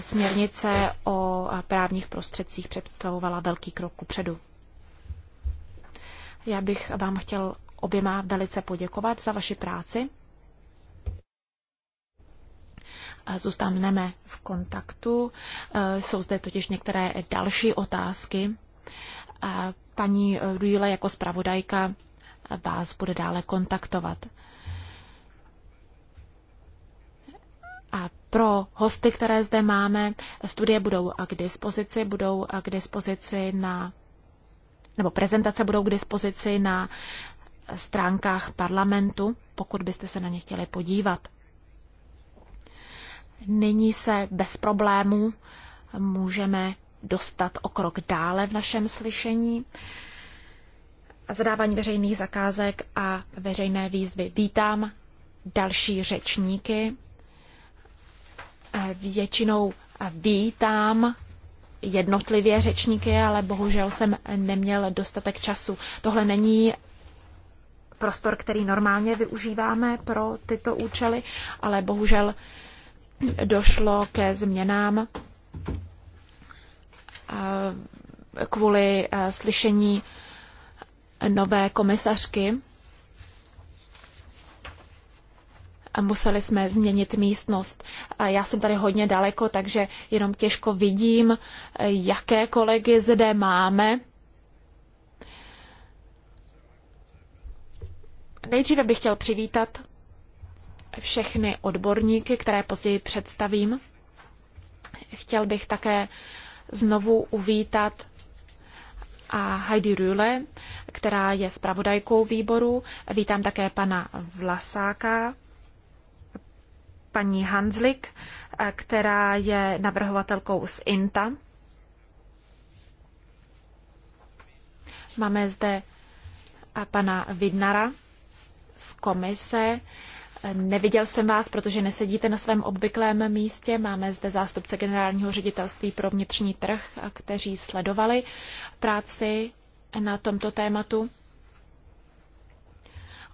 směrnice o právních prostředcích představovala velký krok kupředu. Já bych vám chtěl oběma velice poděkovat za vaši práci. Zůstaneme v kontaktu. E, jsou zde totiž některé další otázky. Paní Rujle jako zpravodajka vás bude dále kontaktovat. A pro hosty, které zde máme, studie budou k dispozici, budou k dispozici na nebo prezentace budou k dispozici na stránkách parlamentu, pokud byste se na ně chtěli podívat. Nyní se bez problémů můžeme dostat o krok dále v našem slyšení. Zadávání veřejných zakázek a veřejné výzvy. Vítám další řečníky. Většinou vítám jednotlivě řečníky, ale bohužel jsem neměl dostatek času. Tohle není prostor, který normálně využíváme pro tyto účely, ale bohužel došlo ke změnám eh, kvůli eh, slyšení nové komisařky. Museli jsme změnit místnost. Já jsem tady hodně daleko, takže jenom těžko vidím, eh, jaké kolegy zde máme. Nejdříve bych chtěl přivítat všechny odborníky, které později představím. Chtěl bych také znovu uvítat a Heidi Rühle, která je zpravodajkou výboru. Vítám také pana Vlasáka, paní Hanzlik, která je navrhovatelkou z INTA. Máme zde pana Vidnara, z komise. Neviděl jsem vás, protože nesedíte na svém obvyklém místě. Máme zde zástupce generálního ředitelství pro vnitřní trh, kteří sledovali práci na tomto tématu.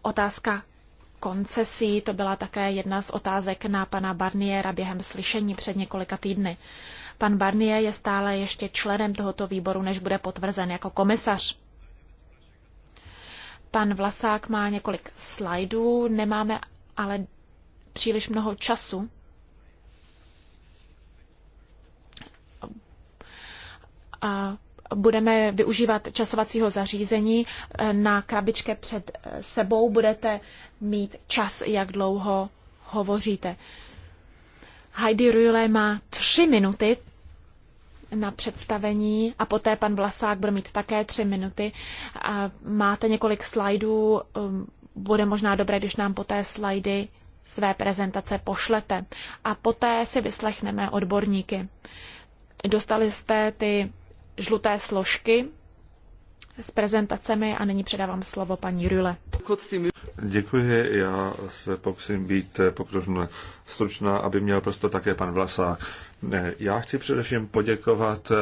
Otázka koncesí, to byla také jedna z otázek na pana Barniera během slyšení před několika týdny. Pan Barnier je stále ještě členem tohoto výboru, než bude potvrzen jako komisař. Pan Vlasák má několik slajdů, nemáme ale příliš mnoho času. A budeme využívat časovacího zařízení. Na krabičce před sebou budete mít čas, jak dlouho hovoříte. Heidi Rühle má tři minuty, na představení a poté pan Vlasák bude mít také tři minuty. A máte několik slajdů, um, bude možná dobré, když nám poté slajdy své prezentace pošlete. A poté si vyslechneme odborníky. Dostali jste ty žluté složky s prezentacemi a nyní předávám slovo paní Rüle. Děkuji, já se pokusím být eh, pokrožně eh, stručná, aby měl prostě také pan Vlasák. Eh, já chci především poděkovat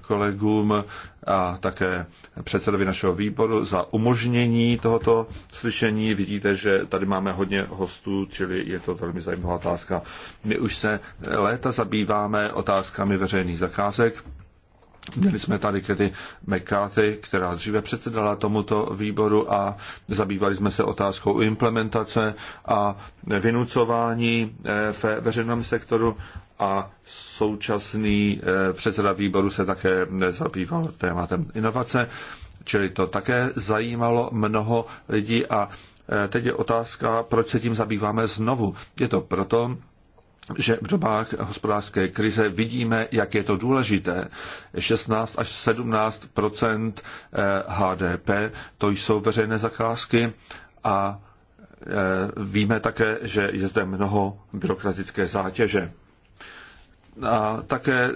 kolegům a také předsedovi našeho výboru za umožnění tohoto slyšení. Vidíte, že tady máme hodně hostů, čili je to velmi zajímavá otázka. My už se léta zabýváme otázkami veřejných zakázek Měli jsme tady Kety McCarthy, která dříve předsedala tomuto výboru a zabývali jsme se otázkou implementace a vynucování eh, v veřejném sektoru a současný eh, předseda výboru se také zabýval tématem inovace, čili to také zajímalo mnoho lidí a eh, teď je otázka, proč se tím zabýváme znovu. Je to proto, že v dobách hospodářské krize vidíme, jak je to důležité. 16 až 17 eh, HDP, to jsou veřejné zakázky a eh, víme také, že je zde mnoho byrokratické zátěže. A také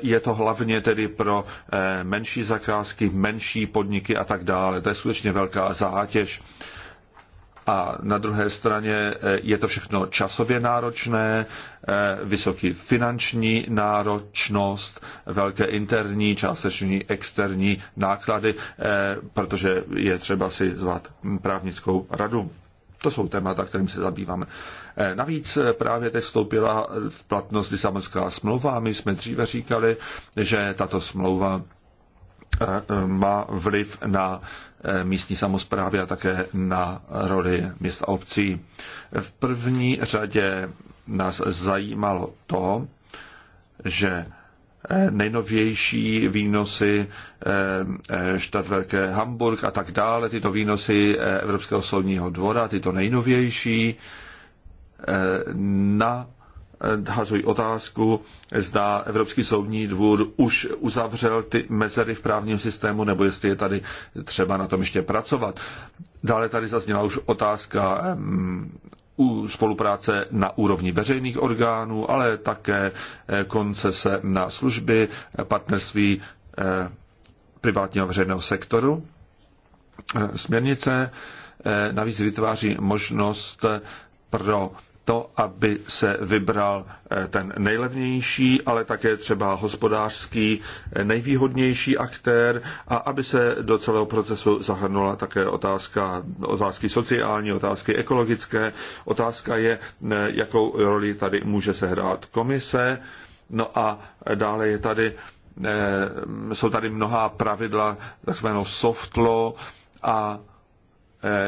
je to hlavně tedy pro eh, menší zakázky, menší podniky a tak dále. To je skutečně velká zátěž a na druhé straně eh, je to všechno časově náročné, eh, vysoký finanční náročnost, velké interní, částeční externí náklady, eh, protože je třeba si zvat právnickou radu. To jsou témata, kterým se zabýváme. Navíc právě teď vstoupila v platnost Lisabonská smlouva a my jsme dříve říkali, že tato smlouva E, má vliv na e, místní samozprávy a také na roli měst a obcí. V první řadě nás zajímalo to, že e, nejnovější výnosy Stadtwerke Hamburg a tak dále, tyto výnosy Evropského soudního dvora, tyto nejnovější, na hazují otázku, zda Evropský soudní dvůr už uzavřel ty mezery v právním systému, nebo jestli je tady třeba na tom ještě pracovat. Dále tady zazněla už otázka mm, u spolupráce na úrovni veřejných orgánů, ale také eh, koncese na služby, partnerství eh, privátního a veřejného sektoru. Eh, směrnice navíc vytváří možnost pro to, aby se vybral eh, ten nejlevnější, ale také třeba hospodářský eh, nejvýhodnější aktér a aby se do celého procesu zahrnula také otázka, otázky sociální, otázky ekologické. Otázka je, eh, jakou roli tady může sehrát komise. No a dále je tady, jsou tady mnohá pravidla, takzvané soft law a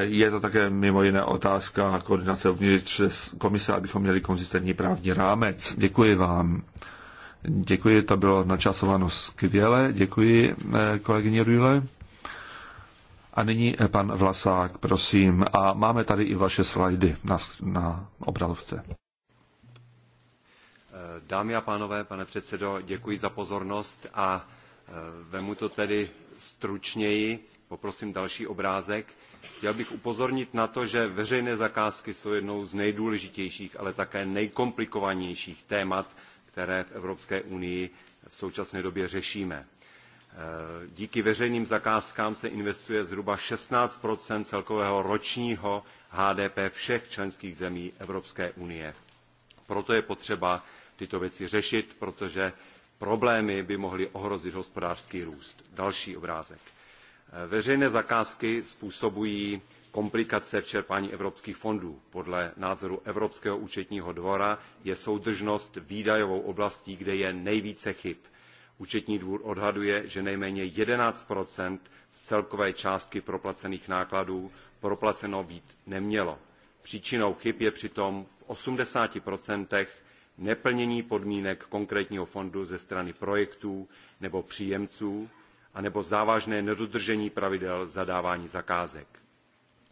je to také mimo jiné otázka koordinace uvnitř komise, abychom měli konzistentní právní rámec. Děkuji vám. Děkuji, to bylo načasováno skvěle. Děkuji, eh, kolegyně Rujle. A nyní eh, pan Vlasák, prosím. A máme tady i vaše slajdy na, na obrazovce. Eh, dámy a pánové, pane předsedo, děkuji za pozornost a vemu to tedy stručněji. Poprosím další obrázek Chtěl bych upozornit na to, že veřejné zakázky jsou jednou z nejdůležitějších, ale také nejkomplikovanějších témat, které v Evropské unii v současné době řešíme. E, díky veřejným zakázkám se investuje zhruba 16 celkového ročního HDP všech členských zemí Evropské unie. Proto je potřeba tyto věci řešit, protože problémy by mohly ohrozit hospodářský růst. Další obrázek. Eh, veřejné zakázky způsobují komplikace v čerpání evropských fondů. Podle názoru Evropského účetního dvora je soudržnost výdajovou oblastí, kde je nejvíce chyb. Účetní dvůr odhaduje, že nejméně 11 z celkové částky proplacených nákladů proplaceno být nemělo. Příčinou chyb je přitom v 80 neplnění podmínek konkrétního fondu ze strany projektů nebo příjemců, anebo závažné nedodržení pravidel zadávání zakázek.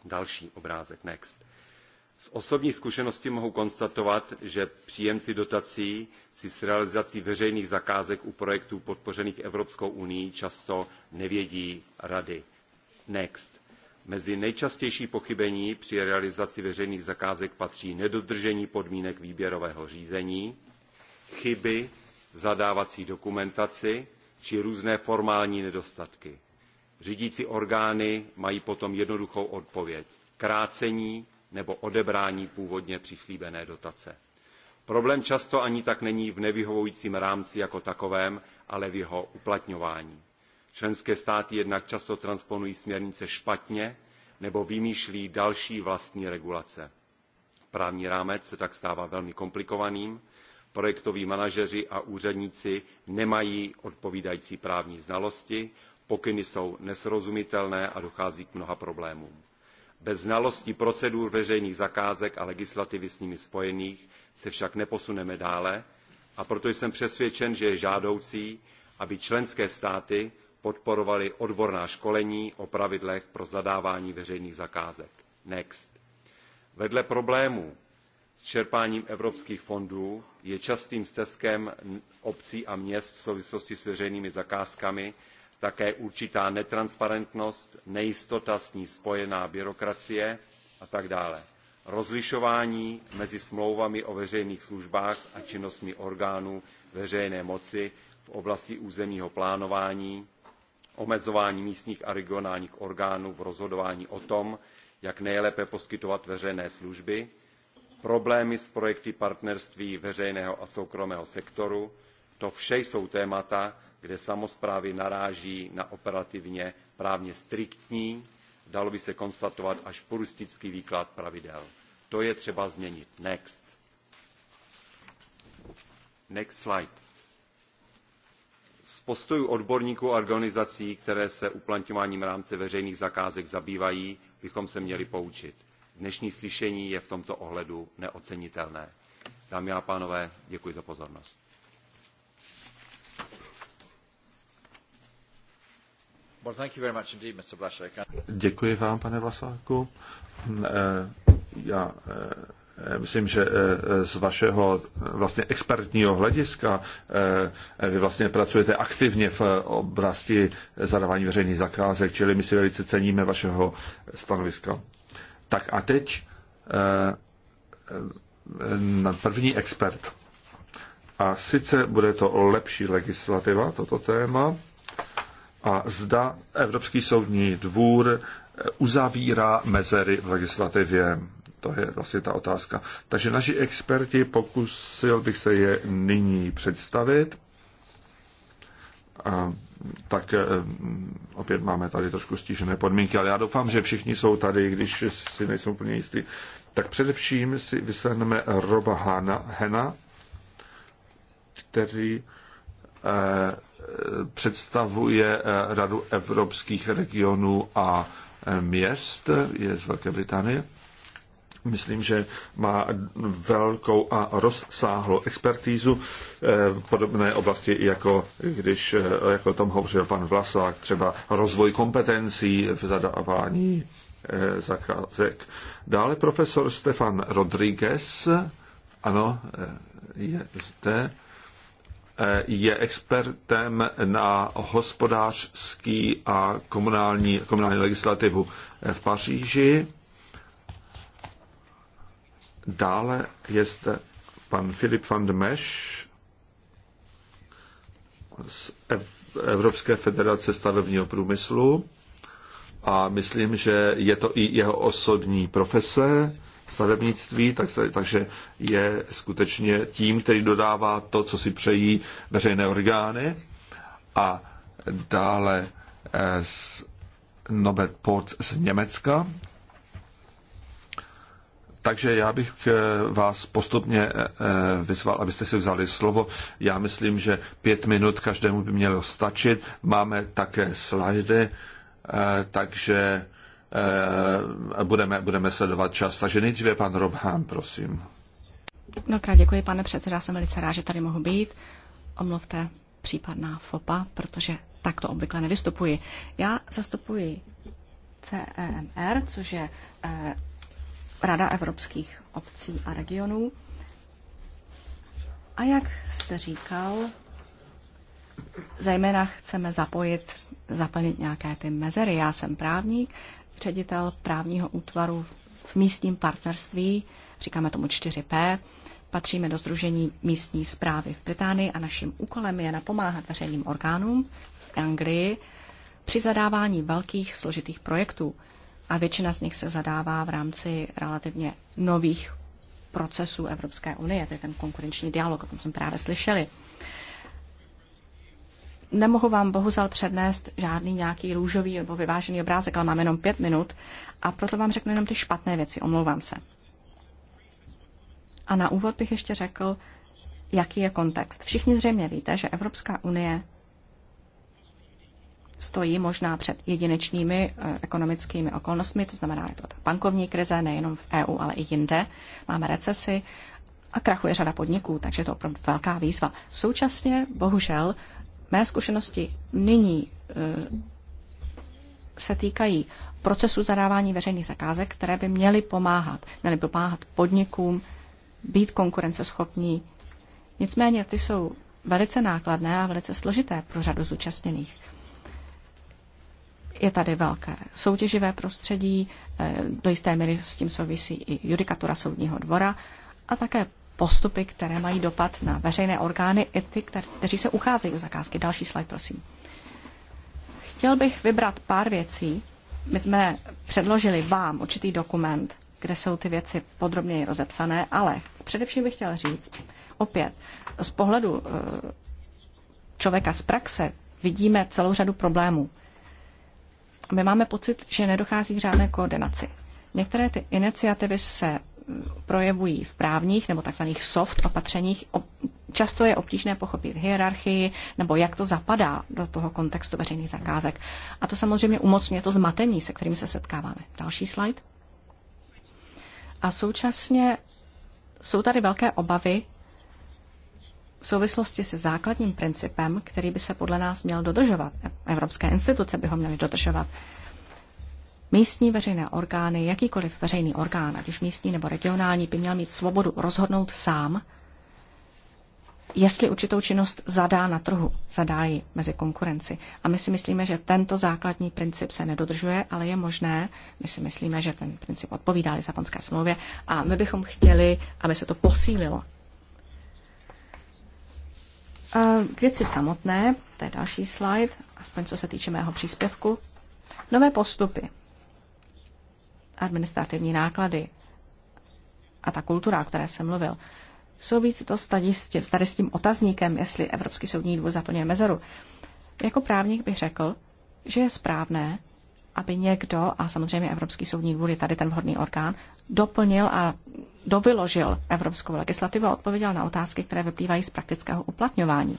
Další obrázek, next. Z osobní zkušenosti mohu konstatovat, že příjemci dotací si s realizací veřejných zakázek u projektů podpořených Evropskou unii často nevědí rady. Next. Mezi nejčastější pochybení při realizaci veřejných zakázek patří nedodržení podmínek výběrového řízení, chyby v zadávací dokumentaci, či různé formální nedostatky. Řídící orgány mají potom jednoduchou odpověď krácení nebo odebrání původně přislíbené dotace. Problém často ani tak není v nevyhovujícím rámci jako takovém, ale v jeho uplatňování. Členské státy jednak často transponují směrnice špatně nebo vymýšlí další vlastní regulace. Právní rámec se tak stává velmi komplikovaným projektoví manažeři a úředníci nemají odpovídající právní znalosti, pokyny jsou nesrozumitelné a dochází k mnoha problémům. Bez znalosti procedur veřejných zakázek a legislativy s nimi spojených se však neposuneme dále a proto jsem přesvědčen, že je žádoucí, aby členské státy podporovaly odborná školení o pravidlech pro zadávání veřejných zakázek. Next. Vedle problémů s čerpáním evropských fondů je častým stěskem obcí a měst v souvislosti s veřejnými zakázkami také určitá netransparentnost, nejistota s ní spojená byrokracie a tak dále. Rozlišování mezi smlouvami o veřejných službách a činnostmi orgánů veřejné moci v oblasti územního plánování, omezování místních a regionálních orgánů v rozhodování o tom, jak nejlépe poskytovat veřejné služby, problémy s projekty partnerství veřejného a soukromého sektoru to vše jsou témata kde samosprávy naráží na operativně právně striktní dalo by se konstatovat až puristický výklad pravidel. to je třeba změnit. next. next slide. z postojů odborníků a organizací které se uplatňováním rámce veřejných zakázek zabývají bychom se měli poučit Dnešní slyšení je v tomto ohledu neocenitelné. Dámy a pánové, děkuji za pozornost. Děkuji vám, pane Vlasáku. Eh, já eh, eh, myslím, že z vašeho vlastně expertního hlediska vy vlastně pracujete aktivně v oblasti zadávání veřejných zakázek, čili my si velice ceníme vašeho stanoviska. Tak a teď eh, eh, první expert. A sice bude to lepší legislativa, toto téma, a zda Evropský soudní dvůr eh, uzavírá mezery v legislativě. To je vlastně ta otázka. Takže naši experti, pokusil bych se je nyní představit tak eh, opět máme tady trošku stížené podmínky, ale já doufám, že všichni jsou tady, když si nejsou úplně jistý. Tak především si vyslechneme Roba Hana, Hena, který eh, představuje eh, Radu evropských regionů a měst, je z Velké Británie myslím, že má velkou a rozsáhlou expertízu eh, v podobné oblasti, jako když eh, jako o tom hovořil pan Vlasák, třeba rozvoj kompetencí v zadávání eh, zakázek. Dále profesor Stefan Rodriguez, ano, je zde, je expertem na hospodářský a komunální, komunální legislativu v Paříži Dále je zde pan Filip van de Mesch z Evropské federace stavebního průmyslu a myslím, že je to i jeho osobní profese stavebnictví, tak, takže je skutečně tím, který dodává to, co si přejí veřejné orgány. A dále z eh, Nobel Port z Německa, takže já bych eh, vás postupně eh, eh, vyzval, abyste si vzali slovo. Já myslím, že pět minut každému by mělo stačit. Máme také slajdy, takže budeme, budeme sledovat čas. Takže nejdříve pan Robhán, prosím. No, krát děkuji, pane předseda, jsem velice rád, že tady mohu být. Omluvte případná FOPA, protože tak to obvykle nevystupuji. Já zastupuji CEMR, což je Rada evropských obcí a regionů. A jak jste říkal, zejména chceme zapojit, zaplnit nějaké ty mezery. Já jsem právník, ředitel právního útvaru v místním partnerství, říkáme tomu 4P, patříme do Združení místní zprávy v Británii a naším úkolem je napomáhat veřejným orgánům v Anglii při zadávání velkých složitých projektů a většina z nich se zadává v rámci relativně nových procesů Evropské unie, to je ten konkurenční dialog, o tom jsme právě slyšeli. Nemohu vám bohužel přednést žádný nějaký růžový nebo vyvážený obrázek, ale mám jenom pět minut a proto vám řeknu jenom ty špatné věci, omlouvám se. A na úvod bych ještě řekl, jaký je kontext. Všichni zřejmě víte, že Evropská unie stojí možná před jedinečnými eh, ekonomickými okolnostmi, to znamená, je to ta bankovní krize nejenom v EU, ale i jinde. Máme recesi a krachuje řada podniků, takže to je opravdu velká výzva. Současně, bohužel, mé zkušenosti nyní eh, se týkají procesu zadávání veřejných zakázek, které by měly pomáhat. Měly pomáhat podnikům být konkurenceschopní. Nicméně ty jsou velice nákladné a velice složité pro řadu zúčastněných. Je tady velké soutěživé prostředí, eh, do jisté míry s tím souvisí i judikatura soudního dvora a také postupy, které mají dopad na veřejné orgány i ty, kteří se ucházejí o zakázky. Další slide, prosím. Chtěl bych vybrat pár věcí. My jsme předložili vám určitý dokument, kde jsou ty věci podrobněji rozepsané, ale především bych chtěl říct, opět, z pohledu eh, člověka z praxe vidíme celou řadu problémů my máme pocit, že nedochází k žádné koordinaci. Některé ty iniciativy se projevují v právních nebo takzvaných soft opatřeních. Často je obtížné pochopit hierarchii nebo jak to zapadá do toho kontextu veřejných zakázek. A to samozřejmě umocňuje to zmatení, se kterým se setkáváme. Další slide. A současně jsou tady velké obavy, v souvislosti se základním principem, který by se podle nás měl dodržovat. Evropské instituce by ho měly dodržovat. Místní veřejné orgány, jakýkoliv veřejný orgán, ať už místní nebo regionální, by měl mít svobodu rozhodnout sám, jestli určitou činnost zadá na trhu, zadá ji mezi konkurenci. A my si myslíme, že tento základní princip se nedodržuje, ale je možné, my si myslíme, že ten princip odpovídá Lisabonské smlouvě a my bychom chtěli, aby se to posílilo k věci samotné, to je další slide, aspoň co se týče mého příspěvku. Nové postupy, administrativní náklady a ta kultura, o které jsem mluvil, souvisí to tady s tím otazníkem, jestli Evropský soudní dvůr zaplňuje mezeru. Jako právník bych řekl, že je správné, aby někdo, a samozřejmě Evropský soudní dvůr je tady ten vhodný orgán, doplnil a dovyložil evropskou legislativu a odpověděl na otázky, které vyplývají z praktického uplatňování.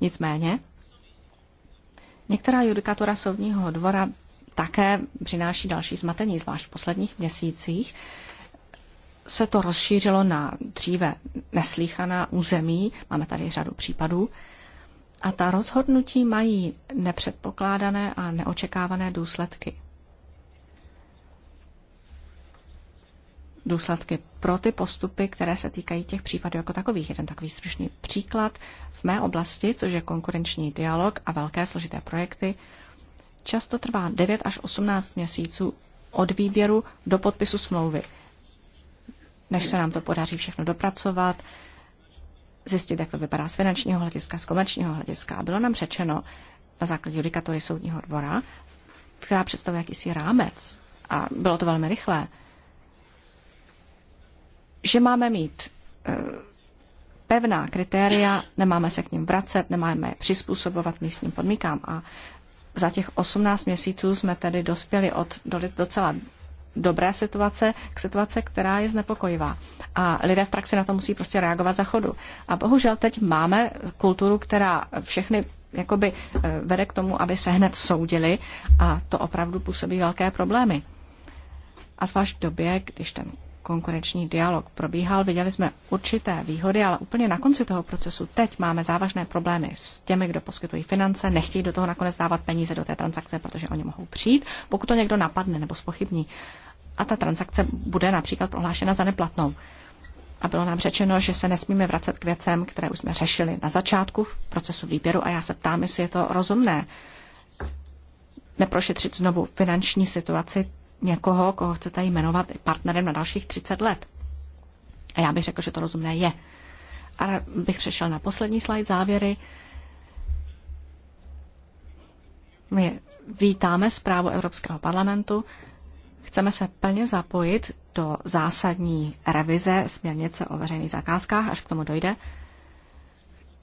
Nicméně, některá judikatura soudního dvora také přináší další zmatení, zvlášť v posledních měsících. Se to rozšířilo na dříve neslíchaná území, máme tady řadu případů, a ta rozhodnutí mají nepředpokládané a neočekávané důsledky. důsledky pro ty postupy, které se týkají těch případů jako takových. Jeden takový stručný příklad v mé oblasti, což je konkurenční dialog a velké složité projekty, často trvá 9 až 18 měsíců od výběru do podpisu smlouvy, než se nám to podaří všechno dopracovat, zjistit, jak to vypadá z finančního hlediska, z komerčního hlediska. bylo nám řečeno na základě judikatory soudního dvora, která představuje jakýsi rámec. A bylo to velmi rychlé že máme mít eh, pevná kritéria, nemáme se k ním vracet, nemáme je přizpůsobovat místním podmínkám. A za těch 18 měsíců jsme tedy dospěli od docela dobré situace k situace, která je znepokojivá. A lidé v praxi na to musí prostě reagovat za chodu. A bohužel teď máme kulturu, která všechny jakoby eh, vede k tomu, aby se hned soudili a to opravdu působí velké problémy. A zvlášť v době, když ten konkurenční dialog probíhal. Viděli jsme určité výhody, ale úplně na konci toho procesu teď máme závažné problémy s těmi, kdo poskytují finance, nechtějí do toho nakonec dávat peníze do té transakce, protože oni mohou přijít, pokud to někdo napadne nebo spochybní. A ta transakce bude například prohlášena za neplatnou. A bylo nám řečeno, že se nesmíme vracet k věcem, které už jsme řešili na začátku v procesu výběru a já se ptám, jestli je to rozumné neprošetřit znovu finanční situaci někoho, koho chcete jmenovat partnerem na dalších 30 let. A já bych řekl, že to rozumné je. A bych přešel na poslední slide závěry. My vítáme zprávu Evropského parlamentu. Chceme se plně zapojit do zásadní revize směrnice o veřejných zakázkách, až k tomu dojde.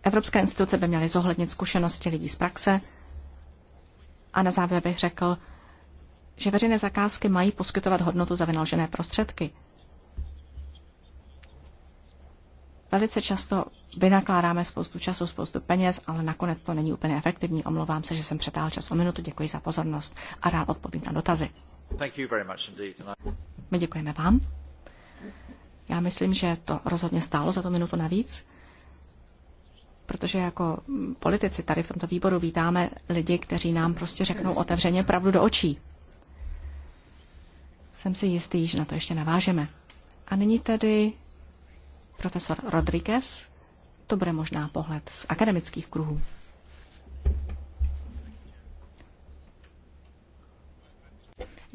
Evropské instituce by měly zohlednit zkušenosti lidí z praxe. A na závěr bych řekl, že veřejné zakázky mají poskytovat hodnotu za vynaložené prostředky. Velice často vynakládáme spoustu času, spoustu peněz, ale nakonec to není úplně efektivní. Omlouvám se, že jsem přetáhl čas o minutu. Děkuji za pozornost a rád odpovím na dotazy. My děkujeme vám. Já myslím, že to rozhodně stálo za tu minutu navíc, protože jako politici tady v tomto výboru vítáme lidi, kteří nám prostě řeknou otevřeně pravdu do očí. Jsem si jistý, že na to ještě navážeme. A nyní tedy profesor Rodriguez. To bude možná pohled z akademických kruhů.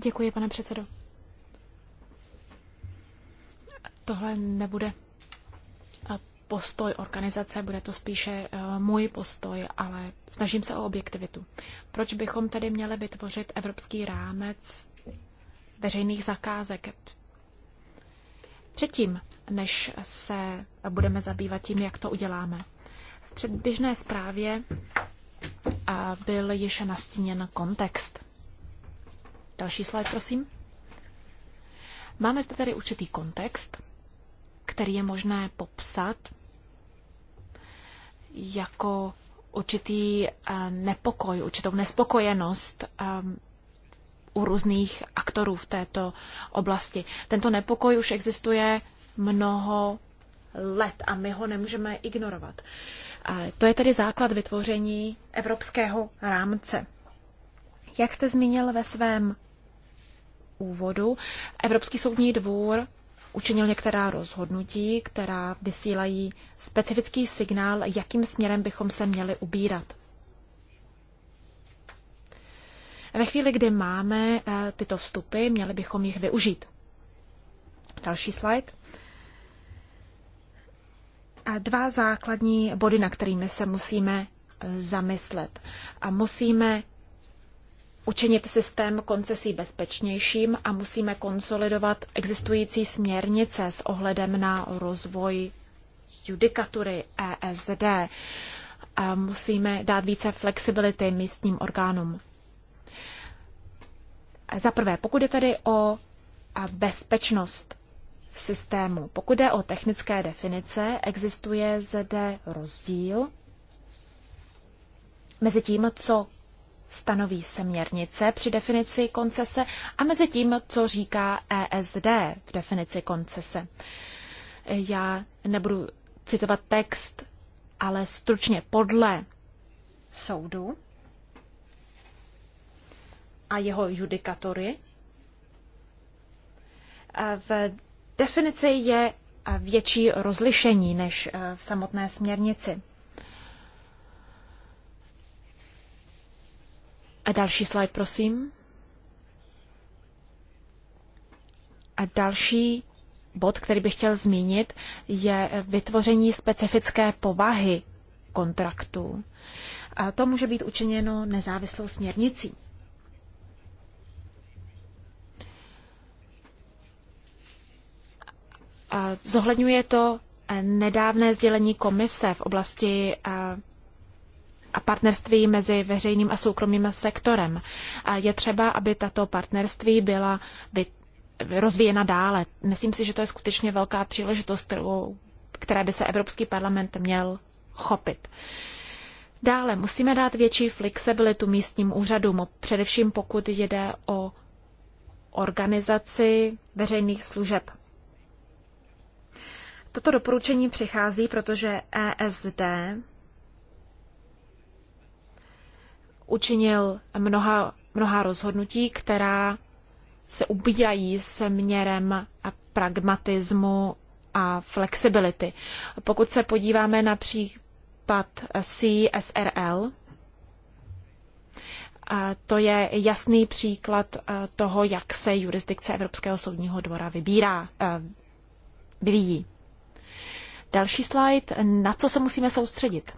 Děkuji, pane předsedo. Tohle nebude eh, postoj organizace, bude to spíše eh, můj postoj, ale snažím se o objektivitu. Proč bychom tedy měli vytvořit evropský rámec veřejných zakázek. Předtím, než se budeme zabývat tím, jak to uděláme. V předběžné zprávě byl již nastíněn kontext. Další slide, prosím. Máme zde tady určitý kontext, který je možné popsat jako určitý nepokoj, určitou nespokojenost u různých aktorů v této oblasti. Tento nepokoj už existuje mnoho let a my ho nemůžeme ignorovat. To je tedy základ vytvoření evropského rámce. Jak jste zmínil ve svém úvodu, Evropský soudní dvůr učinil některá rozhodnutí, která vysílají specifický signál, jakým směrem bychom se měli ubírat. Ve chvíli, kdy máme eh, tyto vstupy, měli bychom jich využít. Další slide. dva základní body, na kterými se musíme eh, zamyslet. A musíme učinit systém koncesí bezpečnějším a musíme konsolidovat existující směrnice s ohledem na rozvoj judikatury ESD. A musíme dát více flexibility místním orgánům. Za prvé, pokud je tady o bezpečnost systému, pokud je o technické definice, existuje zde rozdíl mezi tím, co stanoví směrnice při definici koncese a mezi tím, co říká ESD v definici koncese. Já nebudu citovat text, ale stručně podle soudu a jeho judikatory. V definici je větší rozlišení než e, v samotné směrnici. A další slide, prosím. A další bod, který bych chtěl zmínit, je vytvoření specifické povahy kontraktu. A to může být učiněno nezávislou směrnicí. Zohledňuje to eh, nedávné sdělení komise v oblasti eh, a partnerství mezi veřejným a soukromým sektorem. A je třeba, aby tato partnerství byla rozvíjena dále. Myslím si, že to je skutečně velká příležitost, kterou, které by se Evropský parlament měl chopit. Dále musíme dát větší flexibilitu místním úřadům, především pokud jde o organizaci veřejných služeb. Toto doporučení přichází, protože ESD učinil mnoha, mnoha rozhodnutí, která se ubíjají směrem a pragmatismu a flexibility. Pokud se podíváme na případ CSRL, to je jasný příklad toho, jak se jurisdikce Evropského soudního dvora vybírá, vyvíjí. Další slide, na co se musíme soustředit?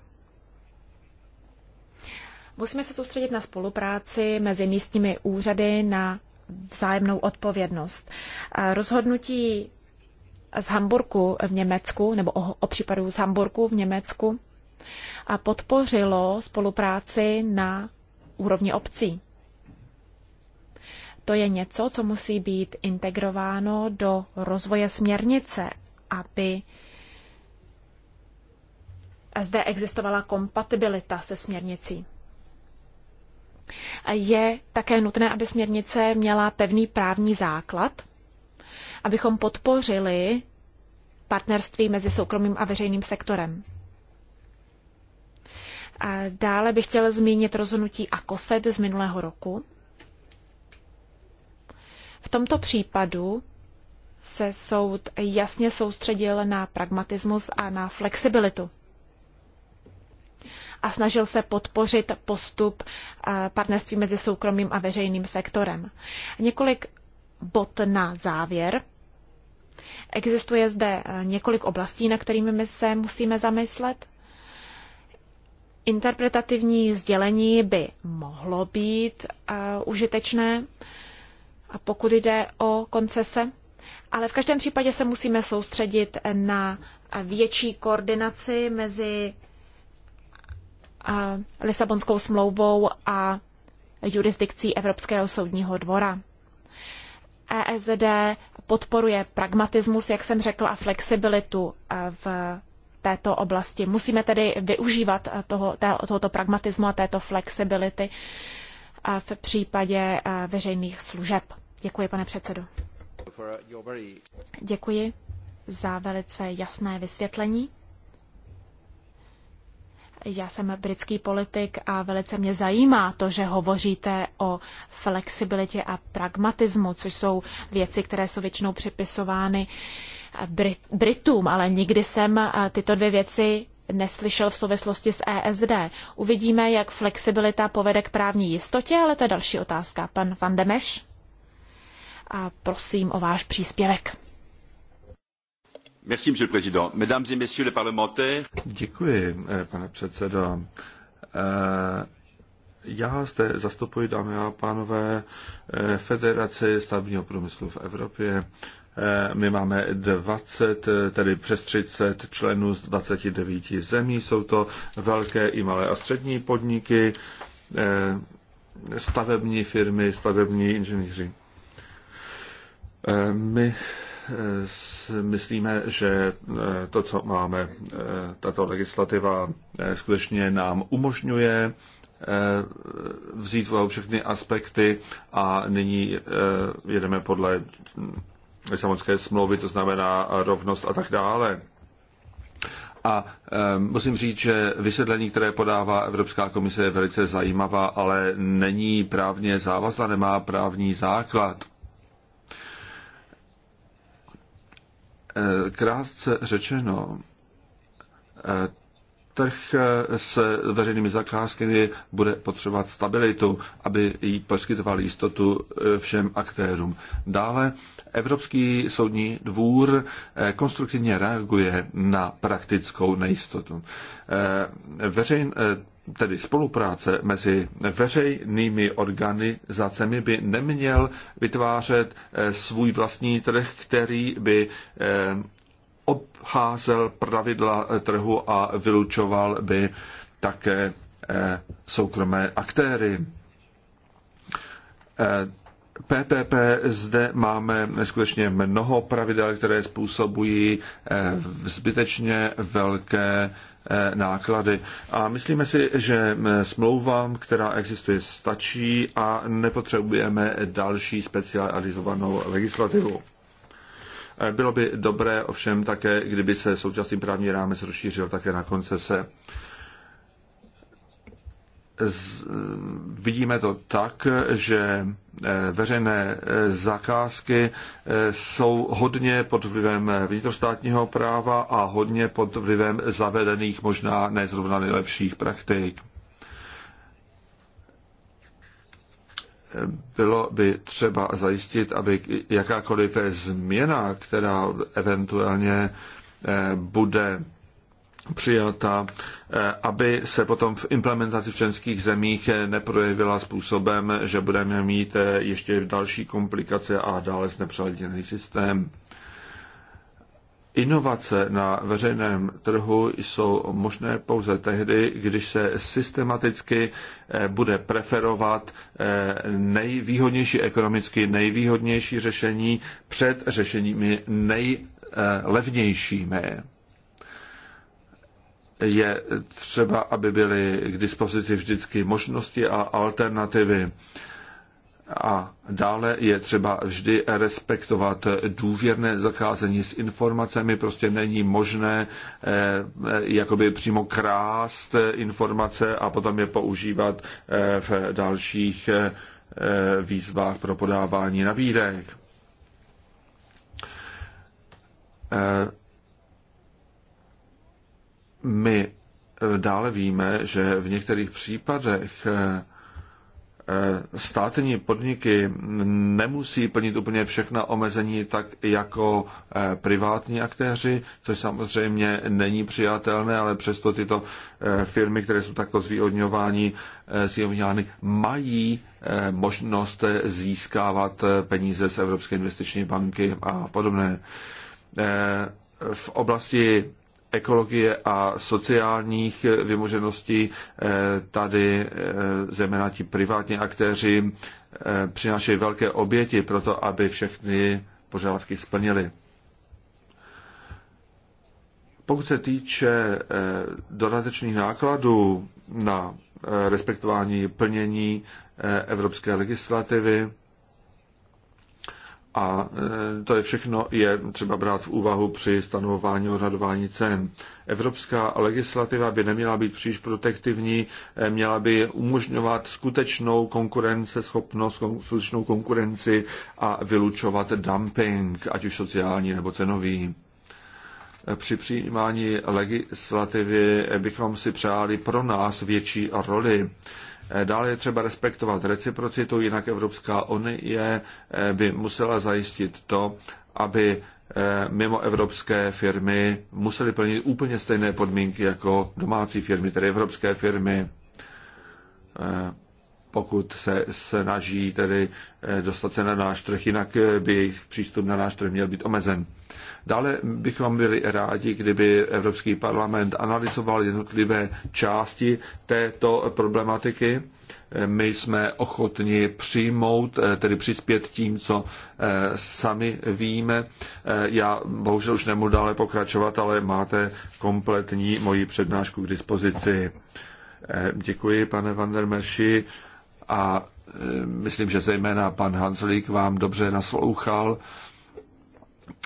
Musíme se soustředit na spolupráci mezi místními úřady, na vzájemnou odpovědnost. Rozhodnutí z Hamburku v Německu, nebo o, o případu z Hamburku v Německu, a podpořilo spolupráci na úrovni obcí. To je něco, co musí být integrováno do rozvoje směrnice, aby zde existovala kompatibilita se směrnicí. Je také nutné, aby směrnice měla pevný právní základ, abychom podpořili partnerství mezi soukromým a veřejným sektorem. A dále bych chtěl zmínit rozhodnutí AKOSED z minulého roku. V tomto případu se soud jasně soustředil na pragmatismus a na flexibilitu a snažil se podpořit postup eh, partnerství mezi soukromým a veřejným sektorem. Několik bod na závěr. Existuje zde eh, několik oblastí, na kterými my se musíme zamyslet. Interpretativní sdělení by mohlo být uh, užitečné, a pokud jde o koncese, ale v každém případě se musíme soustředit na větší koordinaci mezi Lisabonskou smlouvou a jurisdikcí Evropského soudního dvora. ESD podporuje pragmatismus, jak jsem řekla, a flexibilitu e, v této oblasti. Musíme tedy využívat e, toho, tohoto pragmatismu a této flexibility e, v případě veřejných služeb. Děkuji, pane předsedo. Uh, Děkuji za velice jasné vysvětlení. Já jsem britský politik a velice mě zajímá to, že hovoříte o flexibilitě a pragmatismu, což jsou věci, které jsou většinou připisovány eh, Brit- Britům, ale nikdy jsem eh, tyto dvě věci neslyšel v souvislosti s ESD. Uvidíme, jak flexibilita povede k právní jistotě, ale to je další otázka. Pan Van Demeš, a prosím o váš příspěvek. Merci, monsieur le président. Mesdames et messieurs les parlementaires. Eh, pane předsedo. Eh, já zde zastupuji, dámy a pánové, eh, Federaci stavebního průmyslu v Evropě. My máme 20, tedy přes 30 členů z 29 zemí. Jsou to velké i malé a střední podniky, stavební firmy, stavební inženýři. My myslíme, že eh, to, co máme, eh, tato legislativa eh, skutečně nám umožňuje vzít všechny aspekty a nyní jedeme podle hm, samotné smlouvy, to znamená rovnost a tak dále. A musím říct, že vysvětlení, které podává Evropská komise, je velice zajímavá, ale není právně závazná, nemá právní základ. Eh, krátce řečeno, eh, trh eh, s veřejnými zakázkami bude potřebovat stabilitu, aby jí poskytoval jistotu všem aktérům. Dále Evropský soudní dvůr konstruktivně reaguje na praktickou nejistotu. Veřejn, tedy spolupráce mezi veřejnými organizacemi by neměl vytvářet eh, svůj vlastní trh, který by eh, obházel pravidla eh, trhu a vylučoval by také soukromé aktéry. PPP zde máme skutečně mnoho pravidel, které způsobují eh, zbytečně velké eh, náklady. A myslíme si, že mm, smlouvám, která existuje, stačí a nepotřebujeme další specializovanou legislativu. Eh, bylo by dobré ovšem také, kdyby se současný právní rámec rozšířil také na koncese vidíme to tak, že eh, veřejné eh, zakázky eh, jsou hodně pod vlivem vnitrostátního práva a hodně pod vlivem zavedených možná nezrovna nejlepších praktik. Bylo by třeba zajistit, aby jakákoliv změna, která eventuálně bude přijata, eh, aby se potom v implementaci v členských zemích eh, neprojevila způsobem, že budeme mít eh, ještě další komplikace a dále znepřeladěný systém. Inovace na veřejném trhu jsou možné pouze tehdy, když se systematicky bude preferovat nejvýhodnější ekonomicky nejvýhodnější řešení před řešeními nejlevnějšími je třeba, aby byly k dispozici vždycky možnosti a alternativy. A dále je třeba vždy respektovat důvěrné zacházení s informacemi. Prostě není možné eh, jakoby přímo krást informace a potom je používat eh, v dalších eh, eh výzvách pro podávání nabídek. Eh, my eh, dále víme, že v některých případech eh, eh, státní podniky nemusí plnit úplně všechna omezení tak jako privátní aktéři, což samozřejmě není přijatelné, ale přesto tyto firmy, které jsou takto zvýhodňovány, zvýhodňovány mají možnost získávat peníze z Evropské investiční banky a podobné. V oblasti ekologie a sociálních vymožeností eh, tady eh, zejména ti privátní aktéři eh, přinášejí velké oběti pro to, aby všechny požadavky splnili. Pokud se týče dodatečných nákladů na respektování plnění evropské legislativy, a e, to je všechno, je třeba brát v úvahu při stanovování odhadování cen. Evropská legislativa by neměla být příliš protektivní, e, měla by umožňovat skutečnou konkurenceschopnost, skutečnou konkurenci a vylučovat dumping, ať už sociální nebo cenový e, při přijímání legislativy bychom si přáli pro nás větší roli. Eh, dále je třeba respektovat reciprocitu, jinak Evropská unie eh, by musela zajistit to, aby eh, mimo evropské firmy musely plnit úplně stejné podmínky jako domácí firmy, tedy evropské firmy, pokud se snaží tedy dostat se na náš trh, jinak by jejich přístup na náš trh měl být omezen. Dále bychom byli rádi, kdyby Evropský parlament analyzoval jednotlivé části této problematiky. My jsme ochotni přijmout, eh, tedy přispět tím, co eh, sami víme. Eh, já bohužel už nemůžu dále pokračovat, ale máte kompletní moji přednášku k dispozici. Děkuji, pane Merši. a myslím, že zejména pan Hanslík vám dobře naslouchal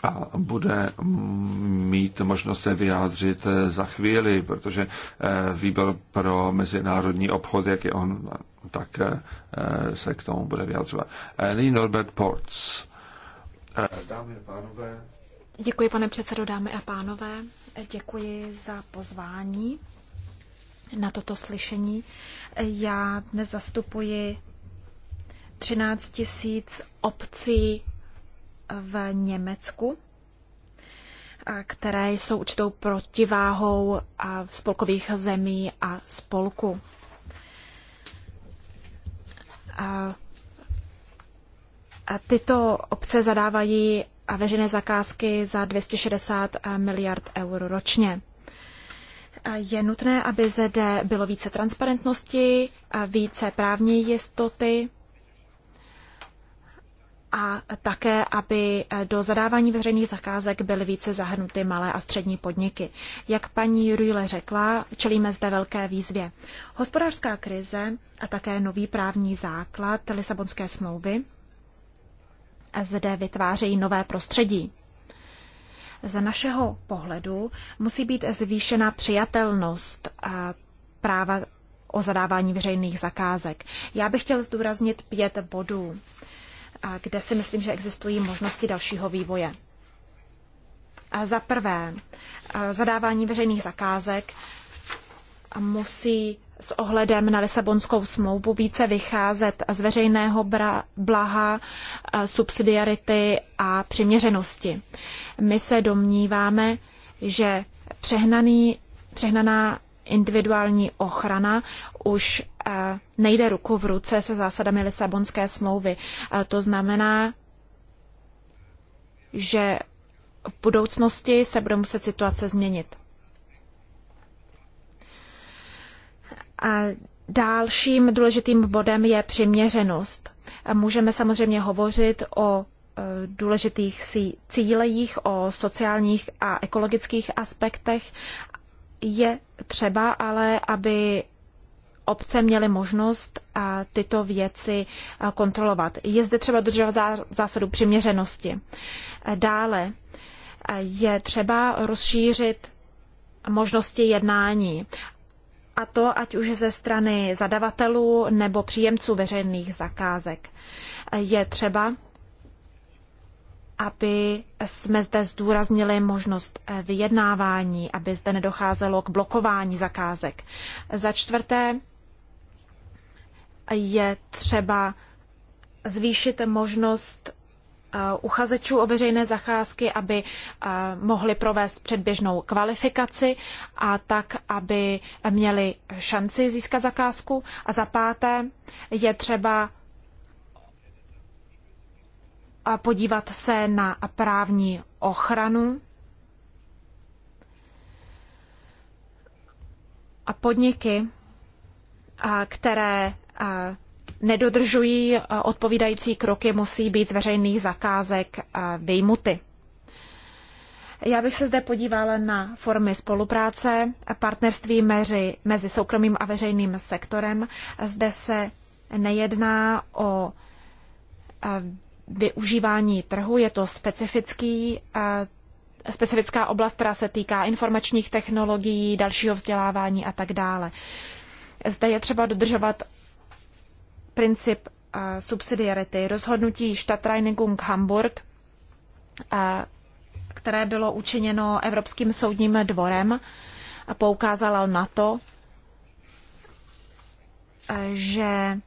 a bude mm, mít možnost se vyjádřit eh, za chvíli, protože eh, výbor pro mezinárodní obchod, jak je on, tak eh, se k tomu bude vyjádřovat. Nyní Norbert Ports. Dámy a pánové. Děkuji, pane předsedo, dámy a pánové. Děkuji za pozvání na toto slyšení. Já dnes zastupuji 13 tisíc obcí v Německu, které jsou určitou protiváhou spolkových zemí a spolku. A tyto obce zadávají veřejné zakázky za 260 miliard eur ročně. Je nutné, aby zde bylo více transparentnosti, více právní jistoty a také, aby eh, do zadávání veřejných zakázek byly více zahrnuty malé a střední podniky. Jak paní Rujle řekla, čelíme zde velké výzvě. Hospodářská krize a také nový právní základ Lisabonské smlouvy zde vytvářejí nové prostředí. Za našeho pohledu musí být zvýšena přijatelnost eh, práva o zadávání veřejných zakázek. Já bych chtěl zdůraznit pět bodů kde si myslím, že existují možnosti dalšího vývoje. Za prvé, zadávání veřejných zakázek musí s ohledem na Lisabonskou smlouvu více vycházet z veřejného blaha, subsidiarity a přiměřenosti. My se domníváme, že přehnaný, přehnaná individuální ochrana už eh, nejde ruku v ruce se zásadami Lisabonské smlouvy. Eh, to znamená, že v budoucnosti se bude muset situace změnit. A dalším důležitým bodem je přiměřenost. Eh, můžeme samozřejmě hovořit o důležitých cílech, o sociálních a ekologických aspektech, je třeba ale, aby obce měly možnost tyto věci kontrolovat. Je zde třeba dodržovat zásadu přiměřenosti. Dále je třeba rozšířit možnosti jednání. A to ať už ze strany zadavatelů nebo příjemců veřejných zakázek. Je třeba aby jsme zde zdůraznili možnost eh, vyjednávání, aby zde nedocházelo k blokování zakázek. Za čtvrté je třeba zvýšit možnost eh, uchazečů o veřejné zacházky, aby eh, mohli provést předběžnou kvalifikaci a tak, aby měli šanci získat zakázku. A za páté je třeba a podívat se na právní ochranu a podniky, které nedodržují odpovídající kroky, musí být z veřejných zakázek vyjmuty. Já bych se zde podívala na formy spolupráce, partnerství meři, mezi soukromým a veřejným sektorem. Zde se nejedná o využívání trhu. Je to specifický, eh, specifická oblast, která se týká informačních technologií, dalšího vzdělávání a tak dále. Zde je třeba dodržovat princip eh, subsidiarity. Rozhodnutí Stadtreinigung Hamburg, eh, které bylo učiněno Evropským soudním dvorem, poukázalo na to, že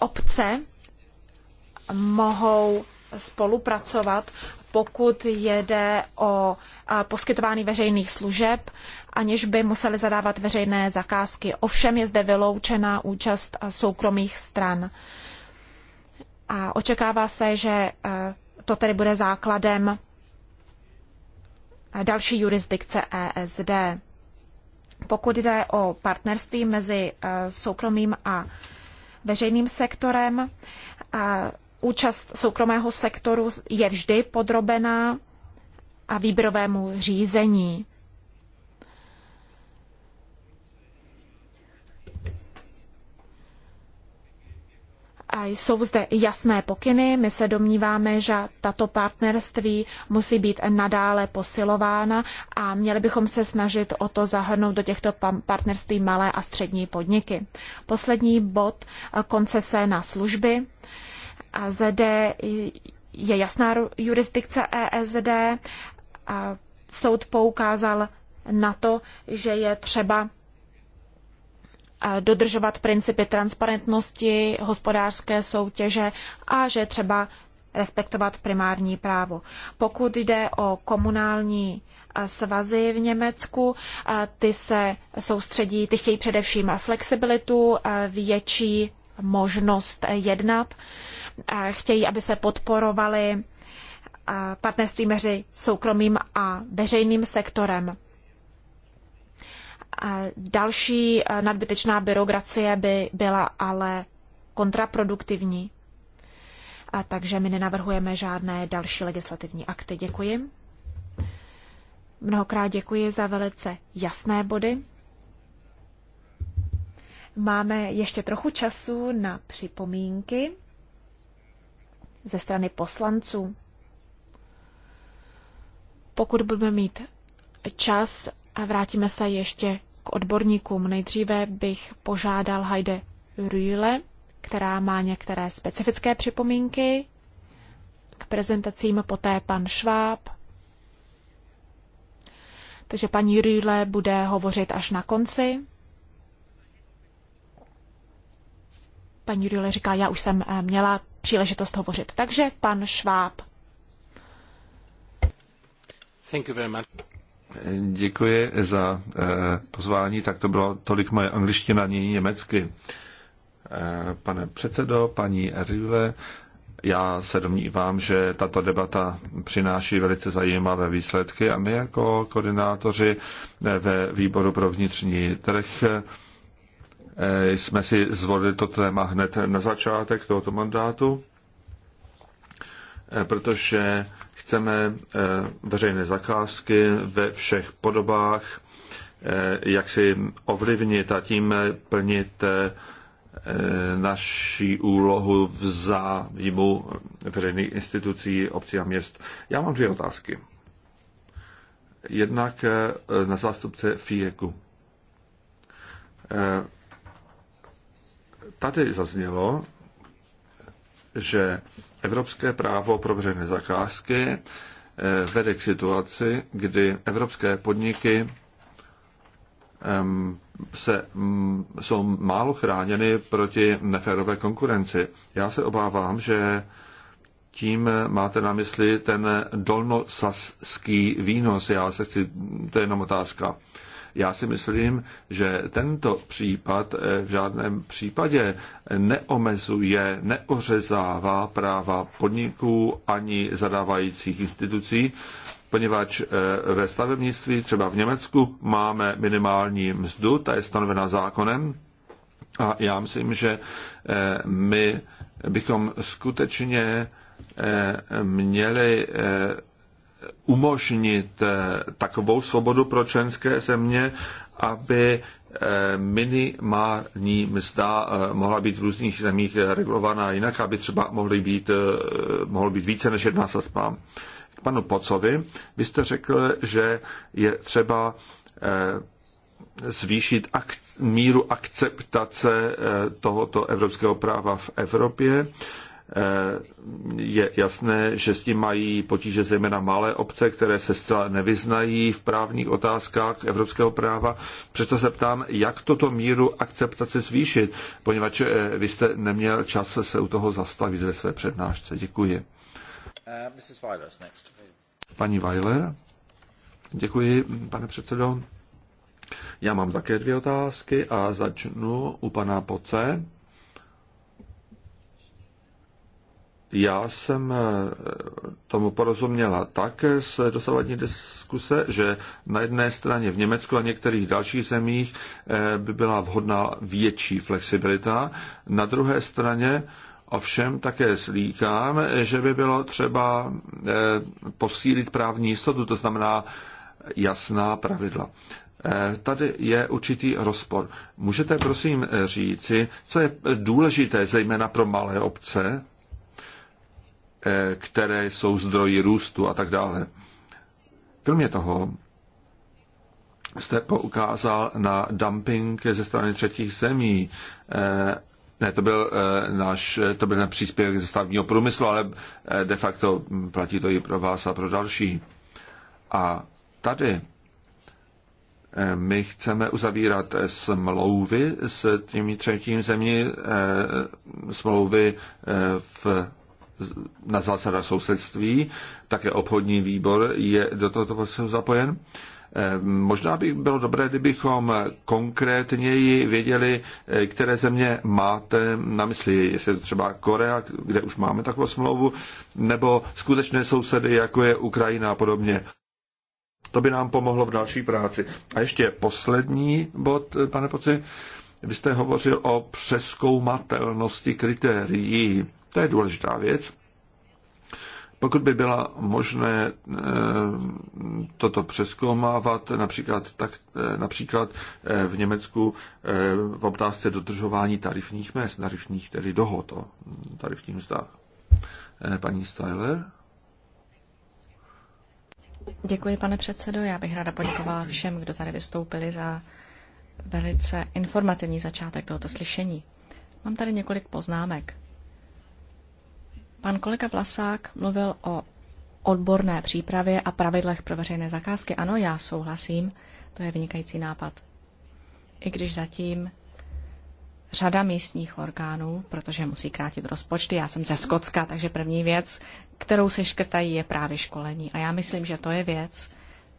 obce mohou spolupracovat, pokud jde o poskytování veřejných služeb, aniž by museli zadávat veřejné zakázky. Ovšem je zde vyloučena účast soukromých stran. A očekává se, že e, to tedy bude základem e, další jurisdikce ESD. Pokud jde o partnerství mezi e, soukromým a veřejným sektorem. A účast soukromého sektoru je vždy podrobená a výběrovému řízení. Jsou zde jasné pokyny, my se domníváme, že tato partnerství musí být nadále posilována a měli bychom se snažit o to zahrnout do těchto partnerství malé a střední podniky. Poslední bod eh, koncese na služby. A zde je jasná jurisdikce ESD. A soud poukázal na to, že je třeba dodržovat principy transparentnosti, hospodářské soutěže a že třeba respektovat primární právo. Pokud jde o komunální svazy v Německu, ty se soustředí, ty chtějí především flexibilitu, větší možnost jednat, chtějí, aby se podporovaly partnerství mezi soukromým a veřejným sektorem. Další eh, nadbytečná byrokracie by byla ale kontraproduktivní. A takže my nenavrhujeme žádné další legislativní akty. Děkuji. Mnohokrát děkuji za velice jasné body. Máme ještě trochu času na připomínky ze strany poslanců. Pokud budeme mít čas, vrátíme se ještě k odborníkům. Nejdříve bych požádal Heide Rühle, která má některé specifické připomínky k prezentacím, poté pan Šváb. Takže paní Rühle bude hovořit až na konci. Paní Rühle říká, já už jsem eh, měla příležitost hovořit. Takže pan Šváb. Thank you very much. Děkuji za eh, pozvání, tak to bylo tolik moje angličtina, nyní německy. Eh, pane předsedo, paní Rüle, já se domnívám, že tato debata přináší velice zajímavé výsledky a my jako koordinátoři eh, ve výboru pro vnitřní trh jsme si zvolili to téma hned na začátek tohoto mandátu, protože Chceme eh, veřejné zakázky ve všech podobách, eh, jak si ovlivnit a tím eh, plnit naší úlohu v zájmu veřejných institucí, obcí a měst. Já mám dvě otázky. Jednak na zástupce FIEKu. Tady zaznělo, že evropské právo pro veřejné zakázky eh, vede k situaci, kdy evropské podniky se, mm, jsou málo chráněny proti neférové konkurenci. Já se obávám, že tím máte na mysli ten dolnosaský výnos. Já se chci, to je jenom otázka. Já si myslím, že tento případ eh, v žádném případě neomezuje, neořezává práva podniků ani zadávajících institucí, poněvadž eh, ve stavebnictví třeba v Německu máme minimální mzdu, ta je stanovena zákonem a já myslím, že eh, my bychom skutečně měli umožnit eh, takovou svobodu pro členské země, aby eh, minimální mzda eh, mohla být v různých zemích regulovaná jinak, aby třeba mohly být, mohl být více než jedna sazba. K panu Pocovi, vy jste řekl, že je třeba zvýšit ak- míru akceptace tohoto evropského práva v Evropě. Eh, je jasné, že s tím mají potíže zejména malé obce, které se zcela nevyznají v právních otázkách evropského práva. Přesto se ptám, jak toto míru akceptace zvýšit, poněvadž eh, vy jste neměl čas se u toho zastavit ve své přednášce. Děkuji. Eh, Paní Weiler. Děkuji, pane předsedo. Já mám také dvě otázky a začnu u pana Poce. já jsem eh, tomu porozuměla tak z dosavadní diskuse, že na jedné straně v Německu a některých dalších zemích eh, by byla vhodná větší flexibilita, na druhé straně Ovšem také slíkám, že by bylo třeba eh, posílit právní jistotu, to znamená jasná pravidla. Tady je určitý rozpor. Můžete prosím říci, co je důležité zejména pro malé obce Eh, které jsou zdroji růstu a tak dále. Kromě toho jste poukázal na dumping ze strany třetích zemí. Eh, ne, to byl eh, náš, to byl náš příspěvek ze stavního průmyslu, ale de facto platí to i pro vás a pro další. A tady my chceme uzavírat smlouvy s těmi třetím zemí, smlouvy v na zásada sousedství, také obchodní výbor je do tohoto procesu zapojen. Ehm, možná by bylo dobré, kdybychom konkrétněji věděli, eh, které země máte na mysli, jestli je to třeba Korea, kde už máme takovou smlouvu, nebo skutečné sousedy, jako je Ukrajina a podobně. To by nám pomohlo v další práci. A ještě poslední bod, eh, pane Poci. Vy jste hovořil o přeskoumatelnosti kritérií. To je důležitá věc. Pokud by byla možné eh, toto přeskoumávat, například, tak, eh, například eh, v Německu v otázce dodržování tarifních mest, tarifních tedy dohod o tarifních mzdách. Paní Styler? Děkuji, pane předsedo. Já bych ráda poděkovala všem, kdo tady vystoupili za velice informativní začátek tohoto slyšení. Mám tady několik poznámek. Pan kolega Vlasák mluvil o odborné přípravě a pravidlech pro veřejné zakázky. Ano, já souhlasím, to je vynikající nápad. I když zatím řada místních orgánů, protože musí krátit rozpočty, já jsem ze Skocka, takže první věc, kterou se škrtají, je právě školení. A já myslím, že to je věc,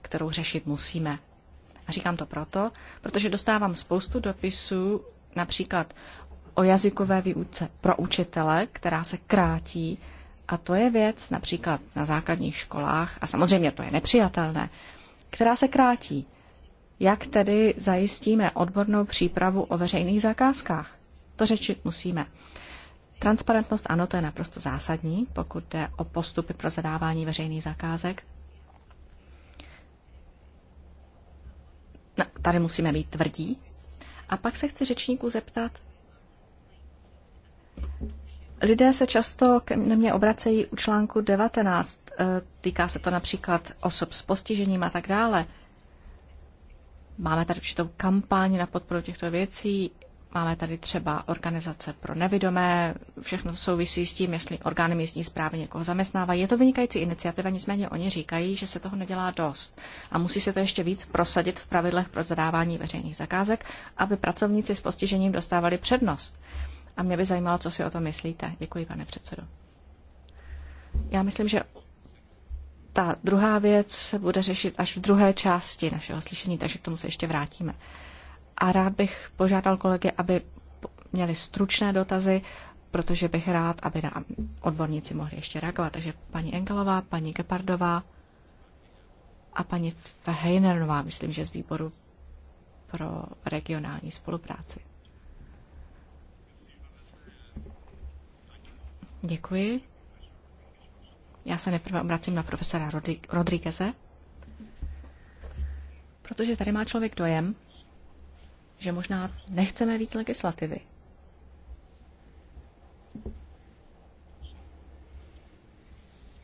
kterou řešit musíme. A říkám to proto, protože dostávám spoustu dopisů, například o jazykové výuce pro učitele, která se krátí. A to je věc například na základních školách, a samozřejmě to je nepřijatelné, která se krátí. Jak tedy zajistíme odbornou přípravu o veřejných zakázkách? To řečit musíme. Transparentnost, ano, to je naprosto zásadní, pokud jde o postupy pro zadávání veřejných zakázek. No, tady musíme být tvrdí. A pak se chci řečníků zeptat, Lidé se často ke mně obracejí u článku 19. E, týká se to například osob s postižením a tak dále. Máme tady určitou kampaň na podporu těchto věcí. Máme tady třeba organizace pro nevidomé, všechno to souvisí s tím, jestli orgány místní správy někoho zaměstnávají. Je to vynikající iniciativa, nicméně oni říkají, že se toho nedělá dost. A musí se to ještě víc prosadit v pravidlech pro zadávání veřejných zakázek, aby pracovníci s postižením dostávali přednost. A mě by zajímalo, co si o tom myslíte. Děkuji, pane předsedo. Já myslím, že ta druhá věc se bude řešit až v druhé části našeho slyšení, takže k tomu se ještě vrátíme. A rád bych požádal kolegy, aby měli stručné dotazy, protože bych rád, aby nám odborníci mohli ještě reagovat. Takže paní Engelová, paní Gepardová a paní Heinernová, myslím, že z výboru pro regionální spolupráci. Děkuji. Já se nejprve obracím na profesora Rodrígueze, protože tady má člověk dojem, že možná nechceme víc legislativy.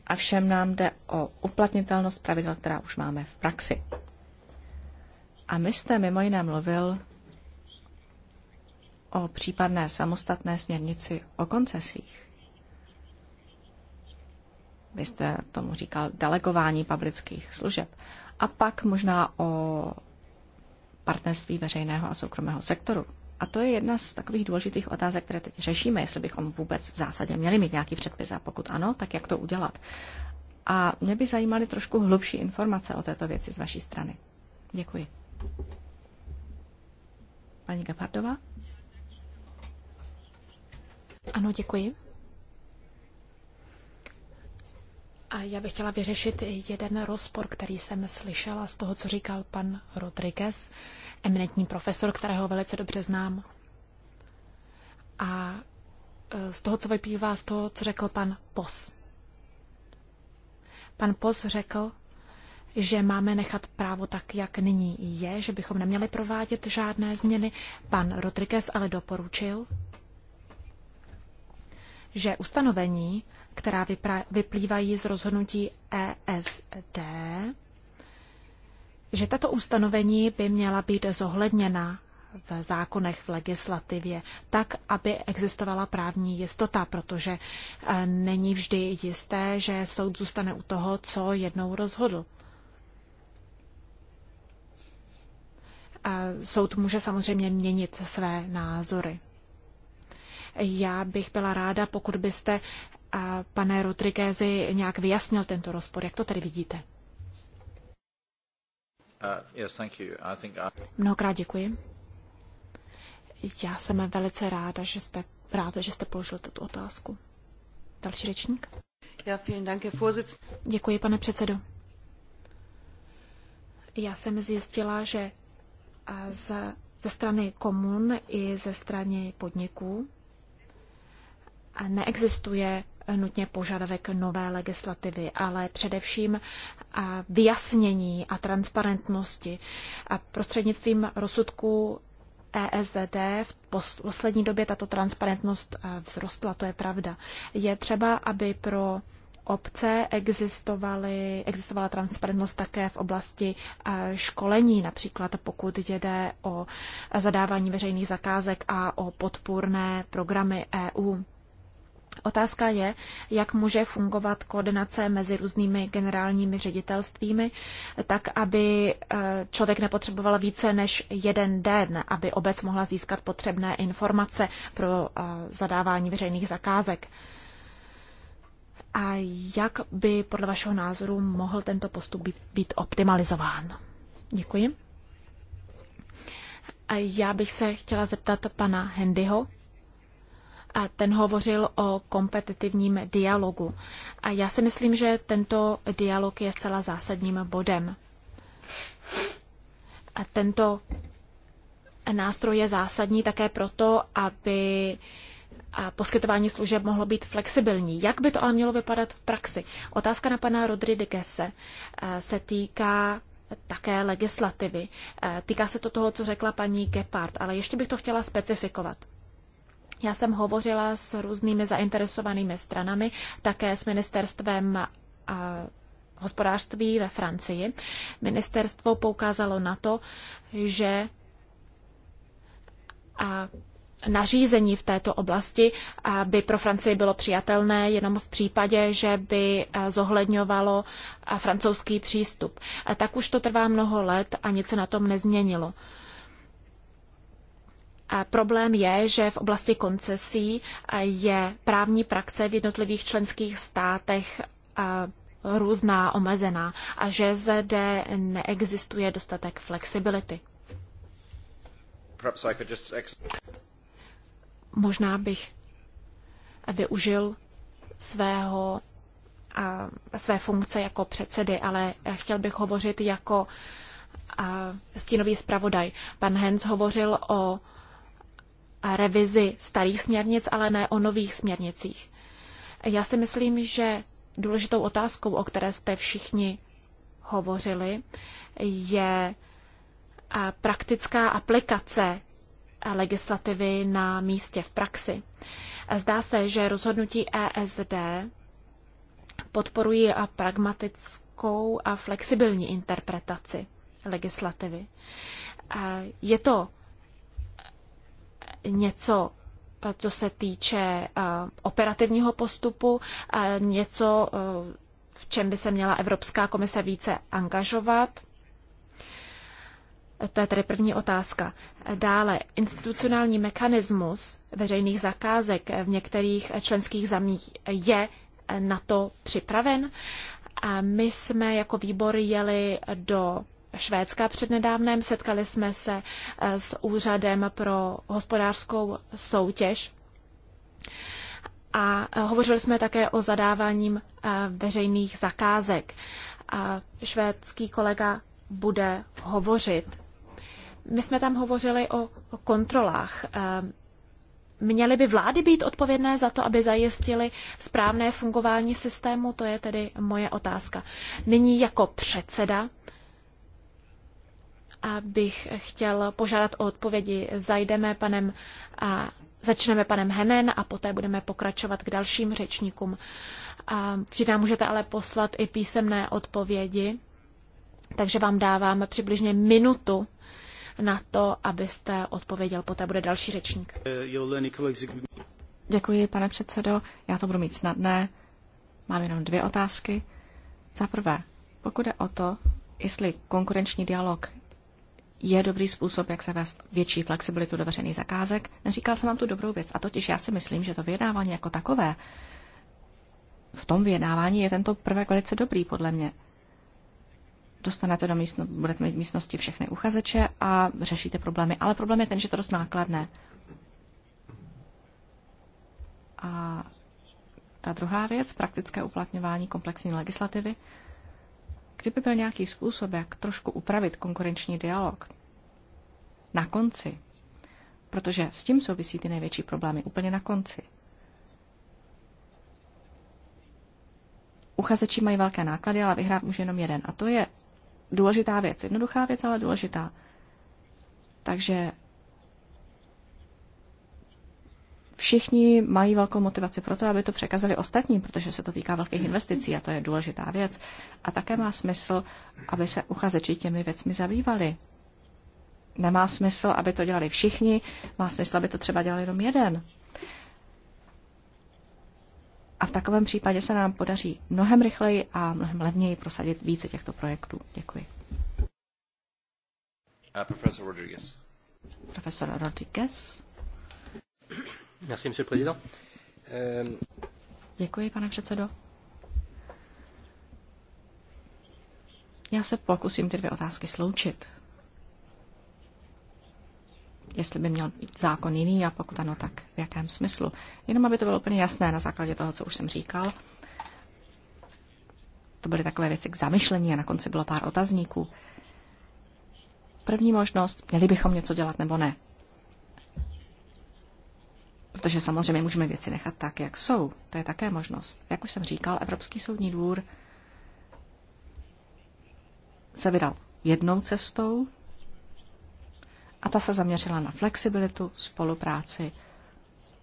A všem nám jde o uplatnitelnost pravidel, která už máme v praxi. A my jste mimo jiné mluvil o případné samostatné směrnici o koncesích vy jste tomu říkal delegování publických služeb, a pak možná o partnerství veřejného a soukromého sektoru. A to je jedna z takových důležitých otázek, které teď řešíme, jestli bychom vůbec v zásadě měli mít nějaký předpis a pokud ano, tak jak to udělat. A mě by zajímaly trošku hlubší informace o této věci z vaší strany. Děkuji. Paní Gapardová? Ano, děkuji. A já bych chtěla vyřešit jeden rozpor, který jsem slyšela z toho, co říkal pan Rodriguez, eminentní profesor, kterého velice dobře znám. A e, z toho, co vyplývá z toho, co řekl pan Pos. Pan Pos řekl, že máme nechat právo tak, jak nyní je, že bychom neměli provádět žádné změny. Pan Rodriguez ale doporučil, že ustanovení, která vyplývají z rozhodnutí ESD, že tato ustanovení by měla být zohledněna v zákonech, v legislativě, tak, aby existovala právní jistota, protože e, není vždy jisté, že soud zůstane u toho, co jednou rozhodl. E, soud může samozřejmě měnit své názory. Já bych byla ráda, pokud byste pane Rodriguezi nějak vyjasnil tento rozpor. Jak to tady vidíte? Uh, Mnohokrát děkuji. Já jsem velice ráda, že jste, ráda, že jste položil tuto otázku. Další řečník. Děkuji, pane předsedo. Já jsem zjistila, že ze, ze strany komun i ze strany podniků neexistuje nutně požadavek nové legislativy, ale především vyjasnění a transparentnosti. A prostřednictvím rozsudku ESDD v poslední době tato transparentnost vzrostla, to je pravda. Je třeba, aby pro obce existovaly, existovala transparentnost také v oblasti školení, například pokud jde o zadávání veřejných zakázek a o podpůrné programy EU. Otázka je, jak může fungovat koordinace mezi různými generálními ředitelstvími, tak aby eh, člověk nepotřeboval více než jeden den, aby obec mohla získat potřebné informace pro eh, zadávání veřejných zakázek. A jak by podle vašeho názoru mohl tento postup být, optimalizován? Děkuji. A já bych se chtěla zeptat pana Hendyho a ten hovořil o kompetitivním dialogu. A já si myslím, že tento dialog je zcela zásadním bodem. A tento nástroj je zásadní také proto, aby a poskytování služeb mohlo být flexibilní. Jak by to ale mělo vypadat v praxi? Otázka na pana Gese eh, se týká také legislativy. Eh, týká se to toho, co řekla paní Gepard, ale ještě bych to chtěla specifikovat. Já jsem hovořila s různými zainteresovanými stranami, také s ministerstvem hospodářství ve Francii. Ministerstvo poukázalo na to, že a nařízení v této oblasti by pro Francii bylo přijatelné jenom v případě, že by zohledňovalo francouzský přístup. Tak už to trvá mnoho let a nic se na tom nezměnilo. Problém je, že v oblasti koncesí je právní praxe v jednotlivých členských státech různá, omezená a že zde neexistuje dostatek flexibility. Možná bych využil svého a své funkce jako předsedy, ale chtěl bych hovořit jako a, stínový zpravodaj. Pan Hens hovořil o revizi starých směrnic, ale ne o nových směrnicích. Já si myslím, že důležitou otázkou, o které jste všichni hovořili, je praktická aplikace legislativy na místě v praxi. Zdá se, že rozhodnutí ESD podporují a pragmatickou a flexibilní interpretaci legislativy. Je to něco eh, co se týče eh, operativního postupu, něco, eh, v čem by se měla Evropská komise více angažovat. To je tedy první otázka. Dále, institucionální mechanismus veřejných zakázek v některých členských zemích je na to připraven. A my jsme jako výbor jeli do Švédska přednedávném. Setkali jsme se eh, s úřadem pro hospodářskou soutěž. A eh, hovořili jsme také o zadáváním eh, veřejných zakázek. A švédský kolega bude hovořit. My jsme tam hovořili o kontrolách. Měly by vlády být odpovědné za to, aby zajistili správné fungování systému? To je tedy moje otázka. Nyní jako předseda bych chtěl požádat o odpovědi. Zajdeme panem a začneme panem Henen a poté budeme pokračovat k dalším řečníkům. A vždy nám můžete ale poslat i písemné odpovědi, takže vám dávám přibližně minutu na to, abyste odpověděl. Poté bude další řečník. Děkuji, pane předsedo. Já to budu mít snadné. Mám jenom dvě otázky. Za prvé, pokud je o to, jestli konkurenční dialog je dobrý způsob, jak se zavést větší flexibilitu do veřejných zakázek. Říkal jsem vám tu dobrou věc, a totiž já si myslím, že to vyjednávání jako takové, v tom vyjednávání je tento prvek velice dobrý, podle mě. Dostanete do místnosti, budete mít místnosti všechny uchazeče a řešíte problémy, ale problém je ten, že to dost nákladné. A ta druhá věc, praktické uplatňování komplexní legislativy, Kdyby byl nějaký způsob, jak trošku upravit konkurenční dialog na konci, protože s tím souvisí ty největší problémy úplně na konci. Uchazeči mají velké náklady, ale vyhrát může jenom jeden. A to je důležitá věc. Jednoduchá věc, ale důležitá. Takže všichni mají velkou motivaci pro to, aby to překazali ostatním, protože se to týká velkých investicí a to je důležitá věc. A také má smysl, aby se uchazeči těmi věcmi zabývali. Nemá smysl, aby to dělali všichni, má smysl, aby to třeba dělal jenom jeden. A v takovém případě se nám podaří mnohem rychleji a mnohem levněji prosadit více těchto projektů. Děkuji. Uh, profesor Rodriguez. Profesor Rodriguez. Merci, monsieur président. Euh, Děkuji, pane předsedo. Já se pokusím ty dvě otázky sloučit. Jestli by měl být zákon jiný a pokud ano, tak v jakém smyslu. Jenom aby to bylo úplně jasné na základě toho, co už jsem říkal. To byly takové věci k zamyšlení a na konci bylo pár otazníků. První možnost, měli bychom něco dělat nebo ne protože samozřejmě můžeme věci nechat tak, jak jsou. To je také možnost. Jak už jsem říkal, Evropský soudní dvůr se vydal jednou cestou a ta se zaměřila na flexibilitu, spolupráci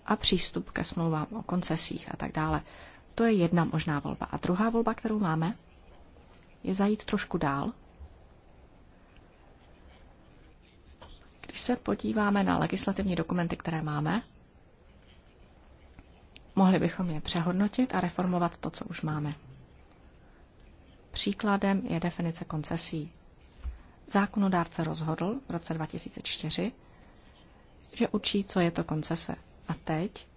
a přístup ke smlouvám o koncesích a tak dále. To je jedna možná volba. A druhá volba, kterou máme, je zajít trošku dál. Když se podíváme na legislativní dokumenty, které máme, Mohli bychom je přehodnotit a reformovat to, co už máme. Příkladem je definice koncesí. Zákonodárce rozhodl v roce 2004, že učí, co je to koncese. A teď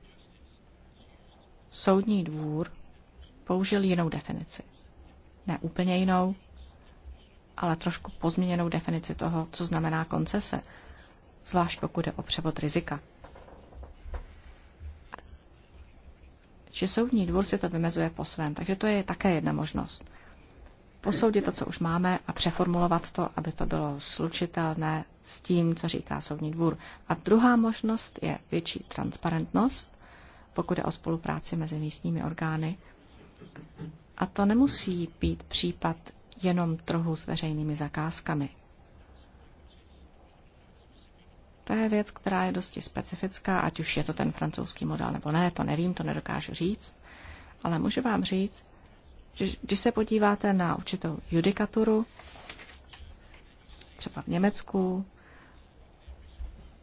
soudní dvůr použil jinou definici. Ne úplně jinou, ale trošku pozměněnou definici toho, co znamená koncese, zvlášť pokud je o převod rizika. že soudní dvůr si to vymezuje po svém. Takže to je také jedna možnost. Posoudit to, co už máme a přeformulovat to, aby to bylo slučitelné s tím, co říká soudní dvůr. A druhá možnost je větší transparentnost, pokud je o spolupráci mezi místními orgány. A to nemusí být případ jenom trhu s veřejnými zakázkami, to je věc, která je dosti specifická, ať už je to ten francouzský model nebo ne, to nevím, to nedokážu říct. Ale můžu vám říct, že když se podíváte na určitou judikaturu, třeba v Německu,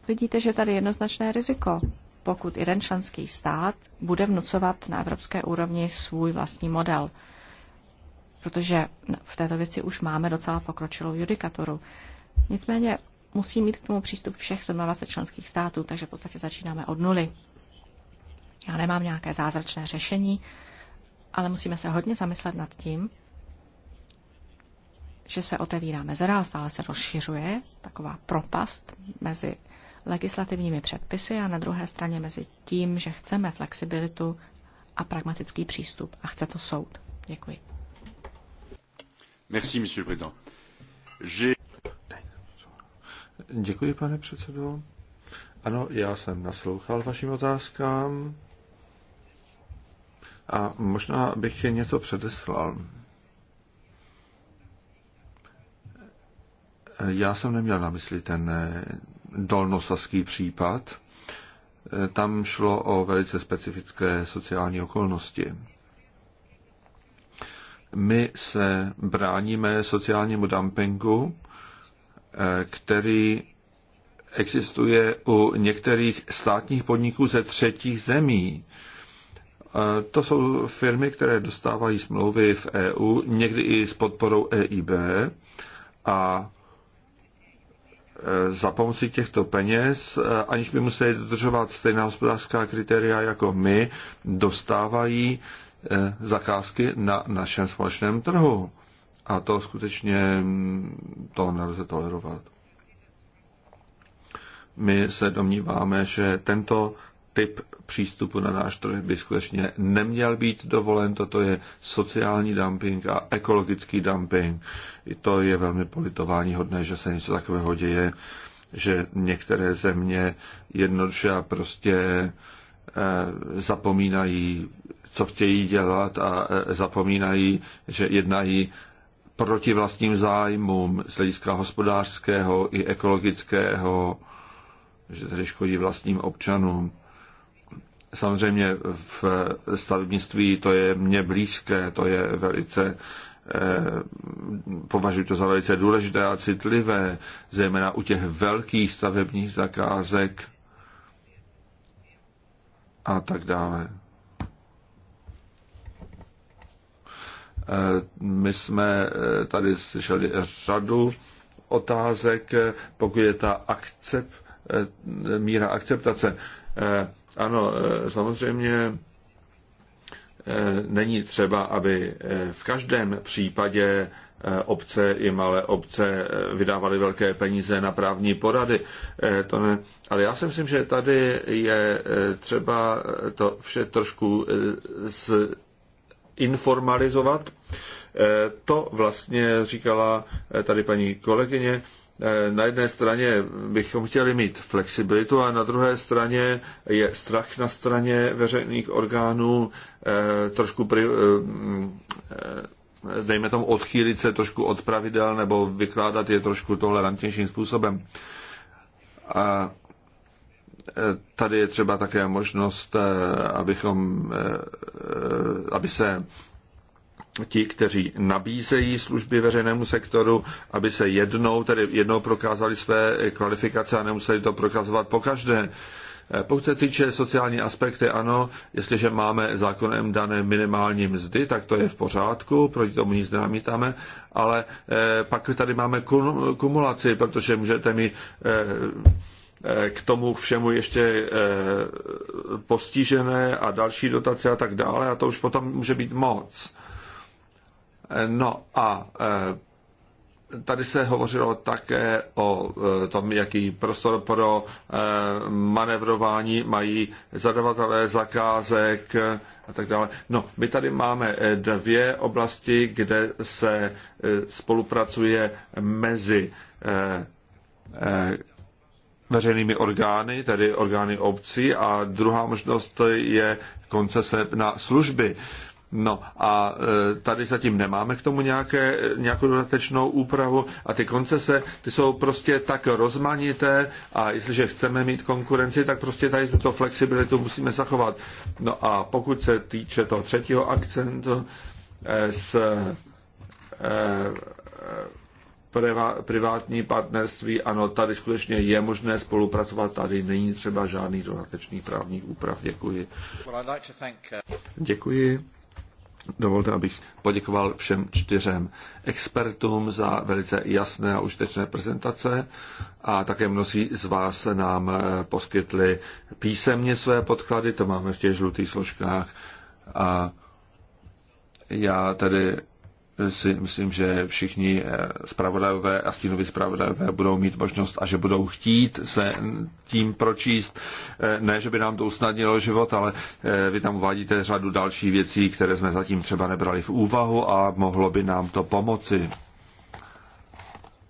vidíte, že tady je jednoznačné riziko, pokud jeden členský stát bude vnucovat na evropské úrovni svůj vlastní model. Protože v této věci už máme docela pokročilou judikaturu. Nicméně musí mít k tomu přístup všech 27 členských států, takže v podstatě začínáme od nuly. Já nemám nějaké zázračné řešení, ale musíme se hodně zamyslet nad tím, že se otevírá mezera a stále se rozšiřuje taková propast mezi legislativními předpisy a na druhé straně mezi tím, že chceme flexibilitu a pragmatický přístup a chce to soud. Děkuji. Merci, monsieur le président. Děkuji, pane předsedo. Ano, já jsem naslouchal vašim otázkám a možná bych je něco předeslal. Já jsem neměl na mysli ten eh, dolnosaský případ. Eh, tam šlo o velice specifické sociální okolnosti. My se bráníme sociálnímu dumpingu Eh, který existuje u některých státních podniků ze třetích zemí. Eh, to jsou firmy, které dostávají smlouvy v EU, někdy i s podporou EIB a eh, za pomocí těchto peněz, aniž by museli dodržovat stejná hospodářská kritéria jako my, dostávají zakázky na našem společném trhu. A to skutečně mm, to nelze tolerovat. My se domníváme, že tento typ přístupu na náš trh by skutečně neměl být dovolen. Toto je sociální dumping a ekologický dumping. I to je velmi politování hodné, že se něco takového děje, že některé země jednoduše a prostě e, zapomínají, co chtějí dělat a e, zapomínají, že jednají proti vlastním zájmům z hlediska hospodářského i ekologického, že tedy škodí vlastním občanům. Samozřejmě v stavebnictví to je mně blízké, to je velice eh, považuji to za velice důležité a citlivé, zejména u těch velkých stavebních zakázek a tak dále. Eh, my jsme eh, tady slyšeli řadu otázek, eh, pokud je ta akcept, míra akceptace. Ano, samozřejmě není třeba, aby v každém případě obce i malé obce vydávaly velké peníze na právní porady. To ne. Ale já si myslím, že tady je třeba to vše trošku z informalizovat. Eh, to vlastně říkala eh, tady paní kolegyně. Eh, na jedné straně bychom chtěli mít flexibilitu a na druhé straně je strach na straně veřejných orgánů trošku pri, dejme tomu odchýlit se trošku od pravidel nebo vykládat je trošku tolerantnějším způsobem. A Tady je třeba také možnost, eh, abychom, eh, eh, aby se ti, kteří nabízejí služby veřejnému sektoru, aby se jednou, tedy jednou prokázali své kvalifikace a nemuseli to prokazovat po každé. Pokud se týče sociální aspekty, ano, jestliže máme zákonem dané minimální mzdy, tak to je v pořádku, proti tomu nic nenamítáme, ale pak tady máme kumulaci, protože můžete mít Eh, k tomu všemu ještě eh, postižené a další dotace a tak dále a to už potom může být moc. Eh, no a tady se hovořilo také o tom, jaký prostor pro manevrování mají zadavatelé zakázek a tak dále. No, my tady máme dvě oblasti, kde se spolupracuje mezi veřejnými orgány, tedy orgány obcí a druhá možnost je koncese na služby. No a e, tady zatím nemáme k tomu nějaké, nějakou dodatečnou úpravu a ty koncese, ty jsou prostě tak rozmanité a jestliže chceme mít konkurenci, tak prostě tady tuto flexibilitu musíme zachovat. No a pokud se týče toho třetího akcentu e, s e, privátní partnerství, ano, tady skutečně je možné spolupracovat, tady není třeba žádných dodatečných právních úprav. Děkuji. Uh, Děkuji. Dovolte, abych poděkoval všem čtyřem expertům za velice jasné a užitečné prezentace a také mnozí z vás nám uh, poskytli písemně své podklady, to máme v těch žlutých složkách. A já tedy si myslím, že všichni zpravodajové eh, a stínoví zpravodajové budou mít možnost a že budou chtít se tím pročíst. Eh, ne, že by nám to usnadnilo život, ale eh, vy tam uvádíte řadu dalších věcí, které jsme zatím třeba nebrali v úvahu a mohlo by nám to pomoci.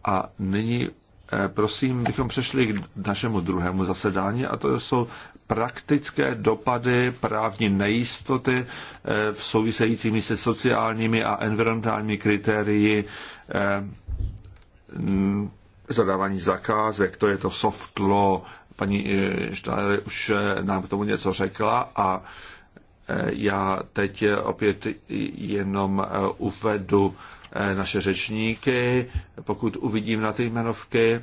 A nyní prosím, bychom přešli k našemu druhému zasedání a to jsou praktické dopady právní nejistoty eh, v souvisejícími se sociálními a environmentálními kritérii eh, mm, zadávání zakázek. To je to soft law. Paní eh, Štále už nám k tomu něco řekla a já teď opět jenom uvedu naše řečníky, pokud uvidím na ty jmenovky.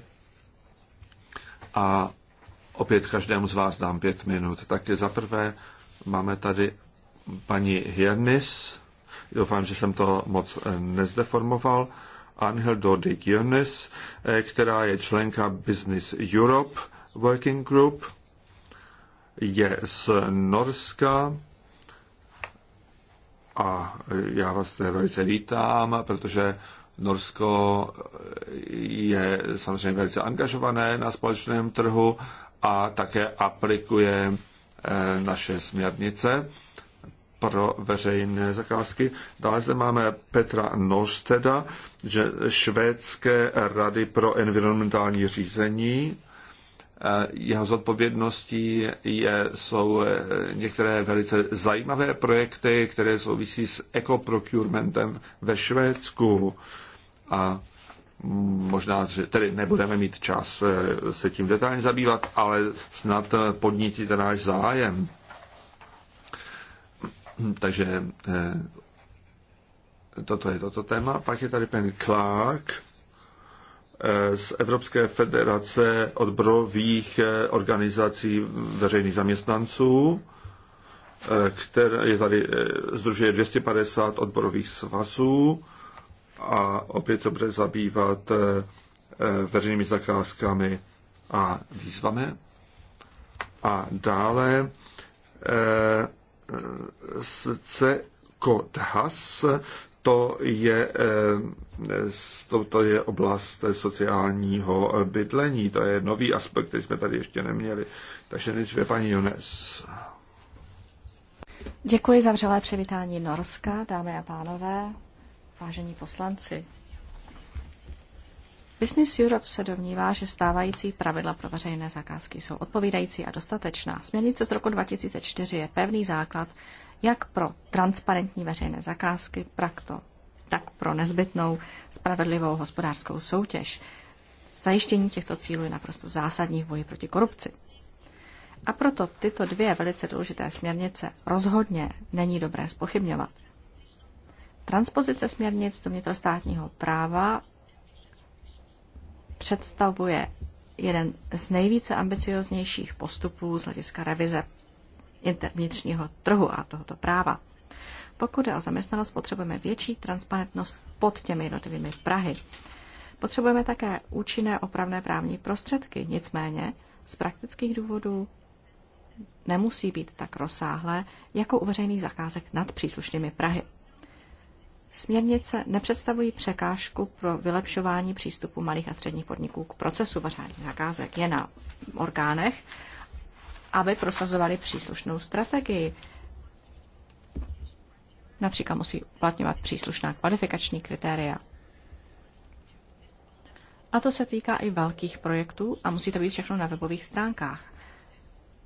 A Opět každému z vás dám pět minut. Tak za prvé máme tady paní Hirnis. Doufám, že jsem to moc eh, nezdeformoval. Angel Dodik Hirnis, eh, která je členka Business Europe Working Group. Je z Norska a eh, já vás zde velice vítám, protože Norsko je samozřejmě velice angažované na společném trhu a také aplikuje eh, naše směrnice pro veřejné zakázky. Dále zde máme Petra Norsteda, že švédské rady pro environmentální řízení. Eh, jeho zodpovědností je, jsou eh, některé velice zajímavé projekty, které souvisí s ekoprocurementem ve Švédsku. A možná, že tedy nebudeme mít čas eh, se tím detailně zabývat, ale snad eh, podnítit náš zájem. Takže eh, toto je toto téma. Pak je tady pan Clark z Evropské federace odborových organizací veřejných zaměstnanců, které je tady, združuje 250 odborových svazů a opět se bude zabývat eh, veřejnými zakázkami a výzvami. A dále eh, C. Kodhas, to je, to, eh, to je oblast sociálního bydlení, to je nový aspekt, který jsme tady ještě neměli. Takže nejdříve paní Jones. Děkuji za vřelé přivítání Norska, dámy a pánové. Vážení poslanci, Business Europe se domnívá, že stávající pravidla pro veřejné zakázky jsou odpovídající a dostatečná. Směrnice z roku 2004 je pevný základ jak pro transparentní veřejné zakázky, prakto, tak pro nezbytnou spravedlivou hospodářskou soutěž. Zajištění těchto cílů je naprosto zásadní v boji proti korupci. A proto tyto dvě velice důležité směrnice rozhodně není dobré spochybňovat. Transpozice směrnic do vnitrostátního práva představuje jeden z nejvíce ambicioznějších postupů z hlediska revize vnitřního trhu a tohoto práva. Pokud je o zaměstnanost, potřebujeme větší transparentnost pod těmi jednotlivými Prahy. Potřebujeme také účinné opravné právní prostředky, nicméně z praktických důvodů nemusí být tak rozsáhlé jako u veřejných zakázek nad příslušnými Prahy. Směrnice nepředstavují překážku pro vylepšování přístupu malých a středních podniků k procesu vařání zakázek. Je na orgánech, aby prosazovali příslušnou strategii. Například musí uplatňovat příslušná kvalifikační kritéria. A to se týká i velkých projektů a musí to být všechno na webových stránkách.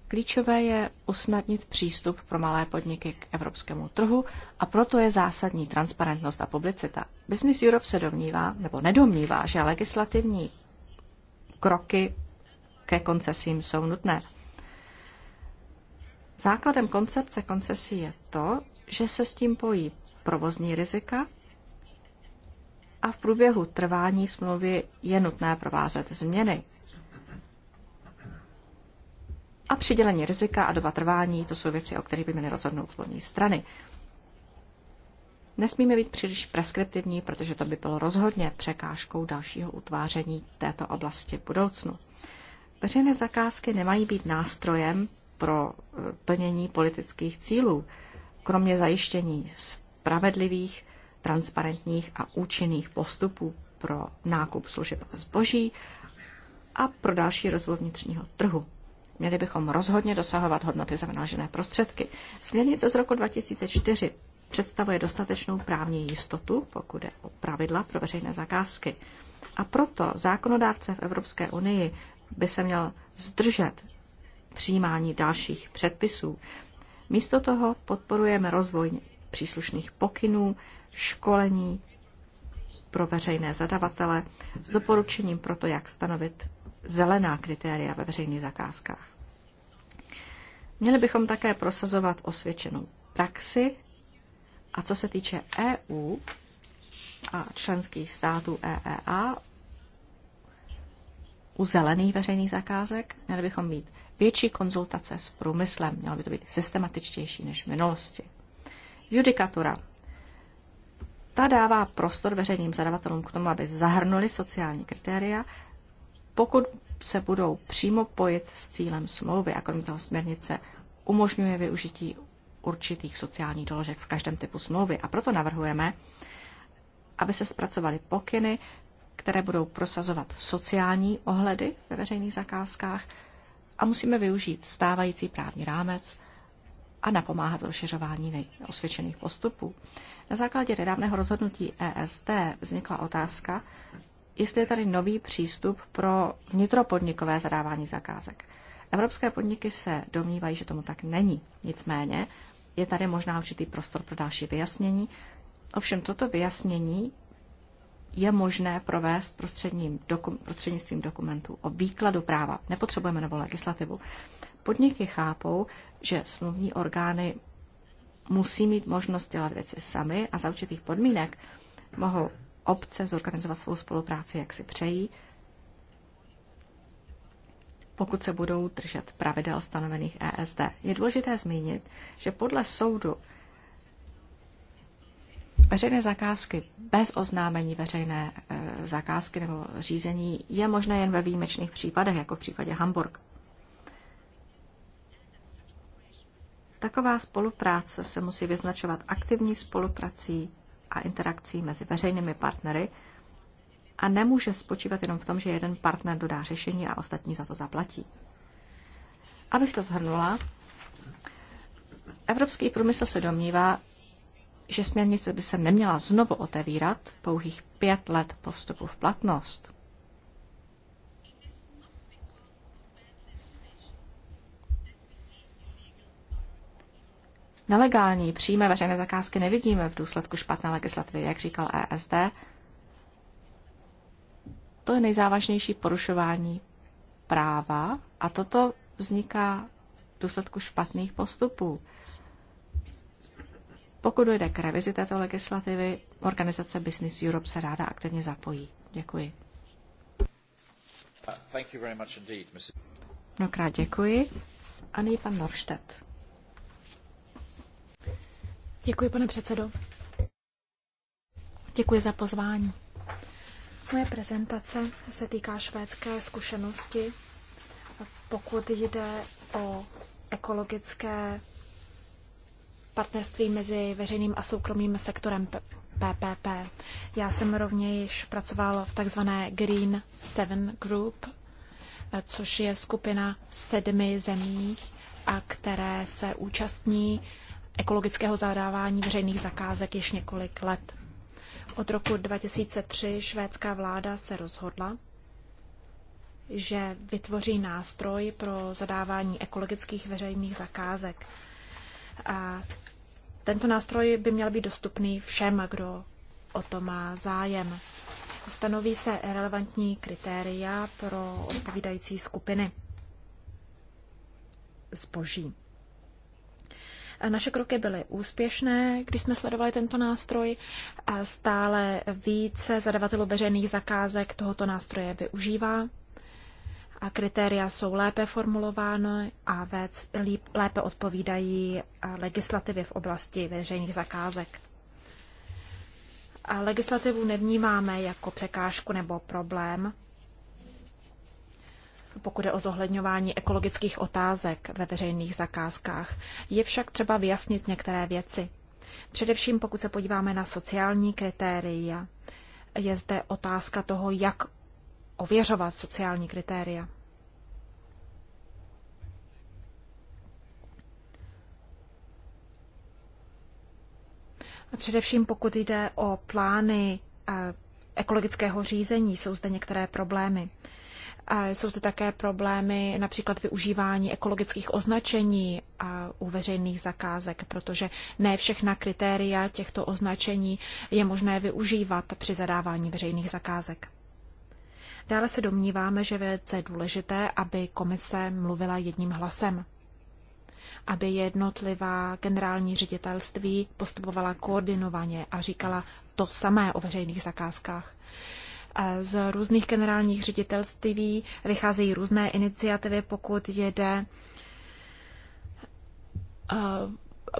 Klíčové je usnadnit přístup pro malé podniky k evropskému trhu a proto je zásadní transparentnost a publicita. Business Europe se domnívá, nebo nedomnívá, že legislativní kroky ke koncesím jsou nutné. Základem koncepce koncesí je to, že se s tím pojí provozní rizika a v průběhu trvání smlouvy je nutné provázet změny, a přidělení rizika a doba trvání, to jsou věci, o kterých by měly rozhodnout smluvní strany. Nesmíme být příliš preskriptivní, protože to by bylo rozhodně překážkou dalšího utváření této oblasti v budoucnu. Veřejné zakázky nemají být nástrojem pro e, plnění politických cílů, kromě zajištění spravedlivých, transparentních a účinných postupů pro nákup služeb a zboží a pro další rozvoj vnitřního trhu. Měli bychom rozhodně dosahovat hodnoty za vynaložené prostředky. Směrnice z roku 2004 představuje dostatečnou právní jistotu, pokud je o pravidla pro veřejné zakázky. A proto zákonodárce v Evropské unii by se měl zdržet přijímání dalších předpisů. Místo toho podporujeme rozvoj příslušných pokynů, školení pro veřejné zadavatele s doporučením pro to, jak stanovit zelená kritéria ve veřejných zakázkách. Měli bychom také prosazovat osvědčenou praxi a co se týče EU a členských států EEA u zelených veřejných zakázek, měli bychom mít větší konzultace s průmyslem, mělo by to být systematičtější než v minulosti. Judikatura. Ta dává prostor veřejným zadavatelům k tomu, aby zahrnuli sociální kritéria pokud se budou přímo pojit s cílem smlouvy a kromě toho směrnice umožňuje využití určitých sociálních doložek v každém typu smlouvy. A proto navrhujeme, aby se zpracovaly pokyny, které budou prosazovat sociální ohledy ve veřejných zakázkách a musíme využít stávající právní rámec a napomáhat rozšiřování osvědčených postupů. Na základě nedávného rozhodnutí EST vznikla otázka, jestli je tady nový přístup pro vnitropodnikové zadávání zakázek. Evropské podniky se domnívají, že tomu tak není. Nicméně je tady možná určitý prostor pro další vyjasnění. Ovšem toto vyjasnění je možné provést doku- prostřednictvím dokumentů o výkladu práva. Nepotřebujeme novou legislativu. Podniky chápou, že smluvní orgány musí mít možnost dělat věci sami a za určitých podmínek mohou obce zorganizovat svou spolupráci, jak si přejí, pokud se budou držet pravidel stanovených ESD. Je důležité zmínit, že podle soudu veřejné zakázky bez oznámení veřejné e, zakázky nebo řízení je možné jen ve výjimečných případech, jako v případě Hamburg. Taková spolupráce se musí vyznačovat aktivní spoluprací a interakcí mezi veřejnými partnery a nemůže spočívat jenom v tom, že jeden partner dodá řešení a ostatní za to zaplatí. Abych to zhrnula, evropský průmysl se domnívá, že směrnice by se neměla znovu otevírat pouhých pět let po vstupu v platnost. Nelegální přímé veřejné zakázky nevidíme v důsledku špatné legislativy, jak říkal ESD. To je nejzávažnější porušování práva a toto vzniká v důsledku špatných postupů. Pokud dojde k revizi této legislativy, organizace Business Europe se ráda aktivně zapojí. Děkuji. Uh, Mnohokrát děkuji. A nyní pan Norstedt. Děkuji, pane předsedo. Děkuji za pozvání. Moje prezentace se týká švédské zkušenosti, pokud jde o ekologické partnerství mezi veřejným a soukromým sektorem PPP. Já jsem rovněž pracoval v takzvané Green Seven Group, což je skupina sedmi zemí, a které se účastní ekologického zadávání veřejných zakázek již několik let. Od roku 2003 švédská vláda se rozhodla, že vytvoří nástroj pro zadávání ekologických veřejných zakázek. A tento nástroj by měl být dostupný všem, kdo o to má zájem. Stanoví se relevantní kritéria pro odpovídající skupiny zboží. Naše kroky byly úspěšné, když jsme sledovali tento nástroj. Stále více zadavatelů veřejných zakázek tohoto nástroje využívá. A kritéria jsou lépe formulovány a věc lépe odpovídají legislativě v oblasti veřejných zakázek. A legislativu nevnímáme jako překážku nebo problém pokud je o zohledňování ekologických otázek ve veřejných zakázkách. Je však třeba vyjasnit některé věci. Především pokud se podíváme na sociální kritéria, je zde otázka toho, jak ověřovat sociální kritéria. Především pokud jde o plány eh, ekologického řízení, jsou zde některé problémy. Jsou zde také problémy například využívání ekologických označení u veřejných zakázek, protože ne všechna kritéria těchto označení je možné využívat při zadávání veřejných zakázek. Dále se domníváme, že je důležité, aby komise mluvila jedním hlasem aby jednotlivá generální ředitelství postupovala koordinovaně a říkala to samé o veřejných zakázkách. Z různých generálních ředitelství vycházejí různé iniciativy, pokud jde eh,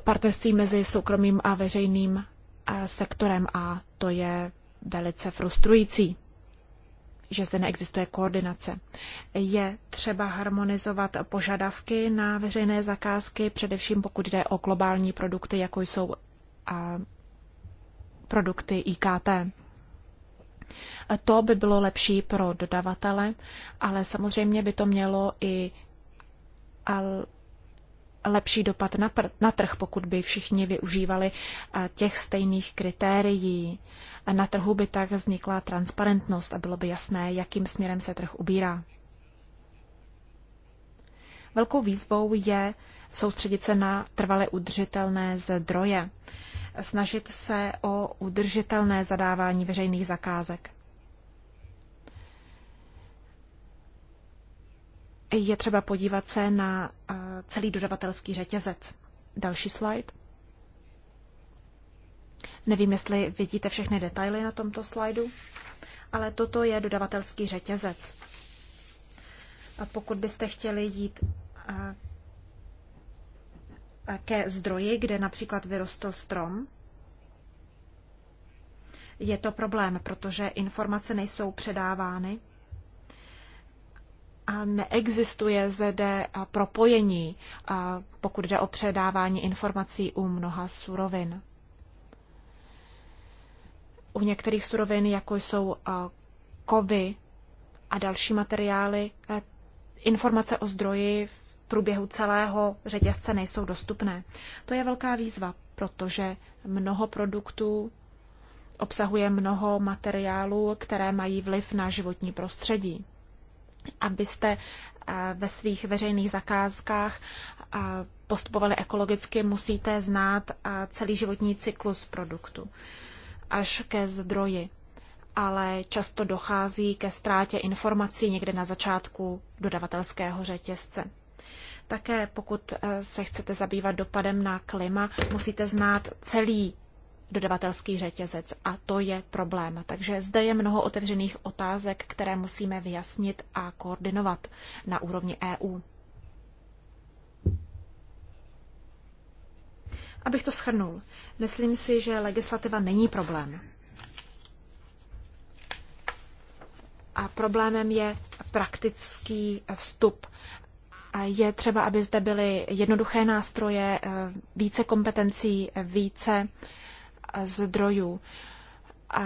partnerství mezi soukromým a veřejným eh, sektorem a to je velice frustrující že zde neexistuje koordinace. Je třeba harmonizovat požadavky na veřejné zakázky, především pokud jde o globální produkty, jako jsou a eh, produkty IKT to by bylo lepší pro dodavatele, ale samozřejmě by to mělo i lepší dopad na, na trh, pokud by všichni využívali eh, těch stejných kritérií. Na trhu by tak vznikla transparentnost a bylo by jasné, jakým směrem se trh ubírá. Velkou výzvou je soustředit se na trvale udržitelné zdroje snažit se o udržitelné zadávání veřejných zakázek. Je třeba podívat se na celý dodavatelský řetězec. Další slide. Nevím, jestli vidíte všechny detaily na tomto slajdu, ale toto je dodavatelský řetězec. A pokud byste chtěli jít ke zdroji, kde například vyrostl strom. Je to problém, protože informace nejsou předávány a neexistuje zde propojení, pokud jde o předávání informací u mnoha surovin. U některých surovin, jako jsou kovy a další materiály, informace o zdroji v průběhu celého řetězce nejsou dostupné. To je velká výzva, protože mnoho produktů obsahuje mnoho materiálů, které mají vliv na životní prostředí. Abyste eh, ve svých veřejných zakázkách eh, postupovali ekologicky, musíte znát eh, celý životní cyklus produktu až ke zdroji. Ale často dochází ke ztrátě informací někde na začátku dodavatelského řetězce. Také pokud eh, se chcete zabývat dopadem na klima, musíte znát celý dodavatelský řetězec a to je problém. Takže zde je mnoho otevřených otázek, které musíme vyjasnit a koordinovat na úrovni EU. Abych to shrnul, myslím si, že legislativa není problém. A problémem je praktický vstup je třeba, aby zde byly jednoduché nástroje, eh, více kompetencí, více eh, zdrojů.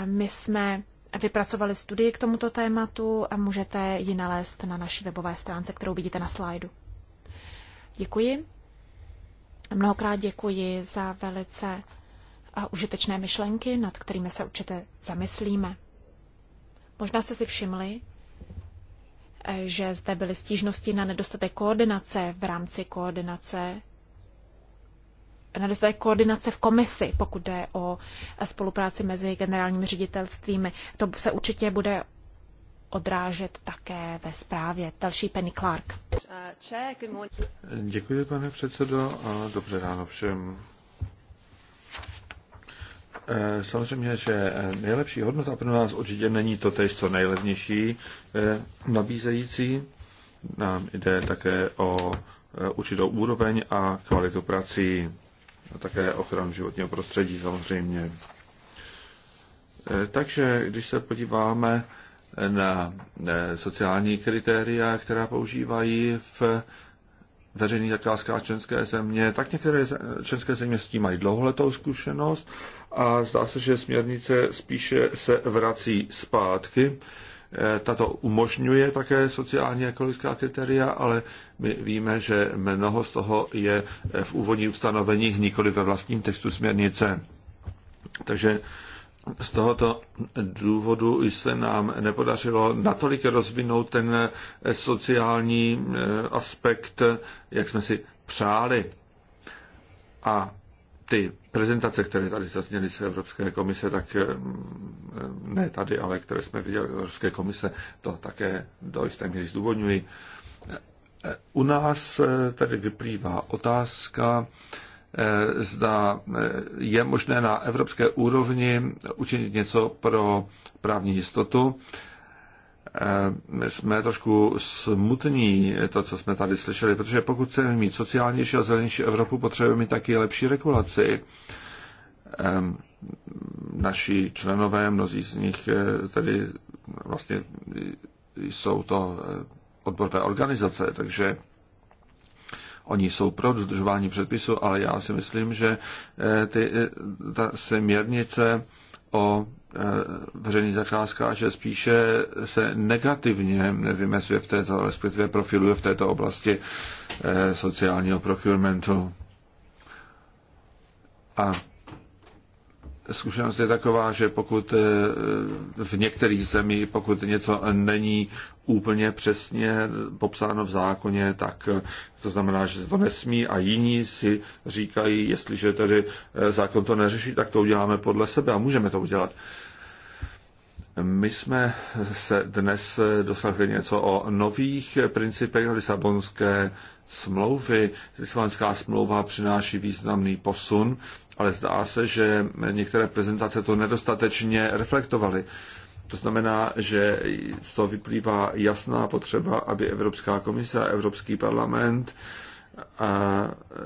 My jsme vypracovali studii k tomuto tématu a můžete ji nalézt na naší webové stránce, kterou vidíte na slajdu. Děkuji. Mnohokrát děkuji za velice eh, užitečné myšlenky, nad kterými se určitě zamyslíme. Možná jste si všimli, Eh, že zde byly stížnosti na nedostatek koordinace v rámci koordinace nedostatek koordinace v komisi, pokud jde o eh, spolupráci mezi generálními ředitelstvími. To se určitě bude odrážet také ve zprávě. Další Penny Clark. Eh, Děkuji, pane předsedo, a dobře ráno všem. Eh, samozřejmě, že eh, nejlepší hodnota pro nás určitě není to tež, co nejlevnější eh, nabízející. Nám jde také o určitou úroveň a kvalitu prací a také ochranu životního prostředí samozřejmě. Takže když se podíváme na sociální kritéria, která používají v veřejných zakázkách členské země, tak některé české země s tím mají dlouholetou zkušenost a zdá se, že směrnice spíše se vrací zpátky. Eh, tato umožňuje také sociální ekologická kritéria, ale my víme, že mnoho z toho je eh, v úvodních ustanoveních, nikoli ve vlastním textu směrnice. Takže z tohoto důvodu se nám nepodařilo natolik rozvinout ten eh, sociální aspekt, jak jsme si přáli. A ty prezentace, které tady zazněly z Evropské komise, tak eh, ne tady, ale které jsme viděli z Evropské komise, to také do jisté míry zdůvodňují. Eh, u nás eh, tady vyplývá otázka, zda je možné na evropské úrovni učinit něco pro právní jistotu Eh, jsme trošku smutní, to, co jsme tady slyšeli, protože pokud chceme mít sociálnější a zelenější Evropu, potřebujeme mít taky lepší regulaci. Eh, naši členové, mnozí z nich eh, tady vlastně jsou to odborové organizace, takže oni jsou pro dodržování předpisu, ale já si myslím, že ty, ta směrnice o e, veřejných zakázkách, že spíše se negativně vymezuje v této, respektive profiluje v této oblasti e, sociálního procurementu. A zkušenost je taková, že pokud eh, v některých zemích, pokud něco není úplně přesně popsáno v zákoně, tak eh, to znamená, že se to nesmí a jiní si říkají, jestliže tedy eh, zákon to neřeší, tak to uděláme podle sebe a můžeme to udělat. My jsme se dnes dosáhli něco o nových principech Lisabonské smlouvy. Lisabonská smlouva přináší významný posun ale zdá se, že některé prezentace to nedostatečně reflektovaly. To znamená, že z toho vyplývá jasná potřeba, aby Evropská komise a Evropský parlament a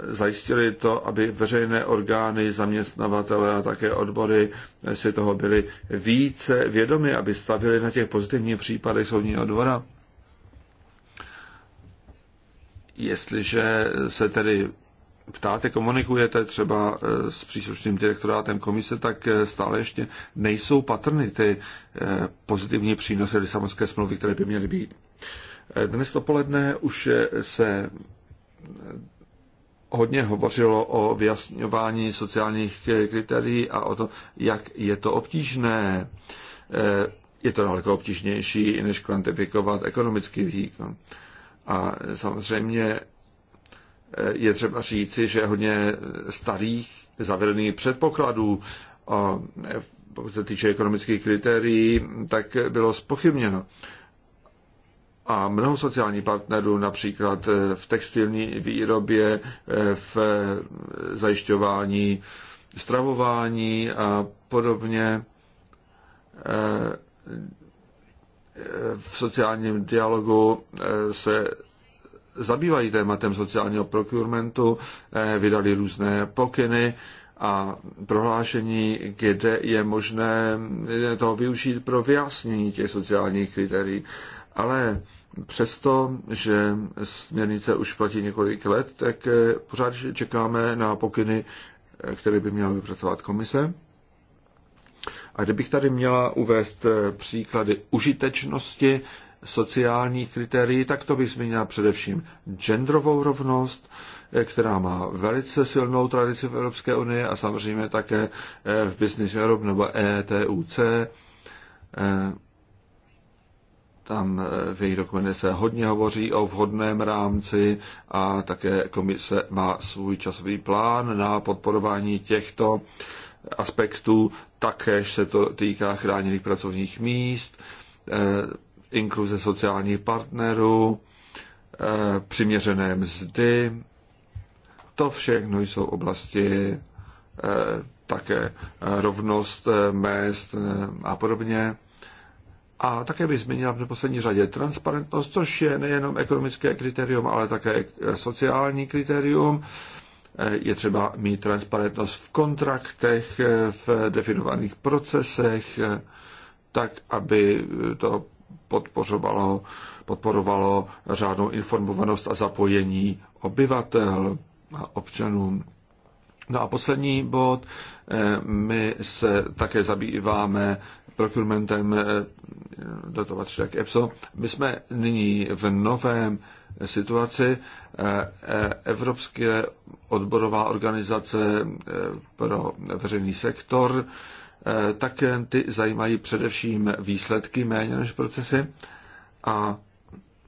zajistili to, aby veřejné orgány, zaměstnavatele a také odbory si toho byli více vědomi, aby stavili na těch pozitivních případech soudního dvora. Jestliže se tedy ptáte, komunikujete třeba eh, s příslušným direktorátem komise, tak eh, stále ještě nejsou patrny ty eh, pozitivní přínosy Lisabonské smlouvy, které by měly být. Dnes dopoledne už se hodně hovořilo o vyjasňování sociálních kritérií a o tom, jak je to obtížné. Je to daleko obtížnější, než kvantifikovat ekonomický výkon. A samozřejmě je třeba říci, že hodně starých zavedených předpokladů, pokud se týče ekonomických kritérií, tak bylo spochybněno. A mnoho sociálních partnerů, například v textilní výrobě, v zajišťování stravování a podobně, v sociálním dialogu se zabývají tématem sociálního procurementu, eh, vydali různé pokyny a prohlášení, kde je možné eh, to využít pro vyjasnění těch sociálních kritérií. Ale přesto, že směrnice už platí několik let, tak eh, pořád čekáme na pokyny, které by měla vypracovat komise. A kdybych tady měla uvést příklady užitečnosti sociálních kritérií, tak to by zmínila především genderovou rovnost, eh, která má velice silnou tradici v Evropské unii a samozřejmě také eh, v Business Europe nebo ETUC. Eh, tam v jejich dokumentě se hodně hovoří o vhodném rámci a také komise má svůj časový plán na podporování těchto aspektů. Takéž se to týká chráněných pracovních míst, inkluze sociálních partnerů, eh, přiměřené mzdy. To všechno jsou oblasti eh, také rovnost eh, mest a podobně. A také bych zmínila v neposlední řadě transparentnost, což je nejenom ekonomické kritérium, ale také sociální kritérium. Je třeba mít transparentnost v kontraktech, v definovaných procesech, tak, aby to podporovalo, podporovalo řádnou informovanost a zapojení obyvatel a občanů. No a poslední bod, eh, my se také zabýváme procurementem eh, dotovač jak EPSO. My jsme nyní v novém situaci. Eh, Evropské odborová organizace pro veřejný sektor Eh, tak eh, ty zajímají především výsledky méně než procesy. A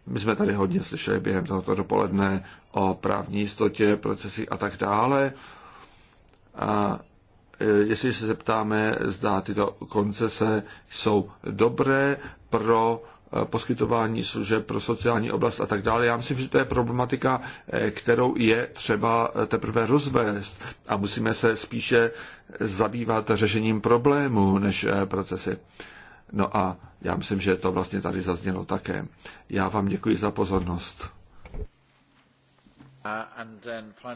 my jsme tady hodně slyšeli během tohoto dopoledne o právní jistotě, procesy a tak dále. A eh, jestli se zeptáme, zda tyto koncese jsou dobré pro poskytování služeb pro sociální oblast a tak dále. Já myslím, že to je problematika, eh, kterou je třeba teprve rozvést a musíme se spíše zabývat řešením problémů než eh, procesy. No a já myslím, že to vlastně tady zaznělo také. Já vám děkuji za pozornost. Uh,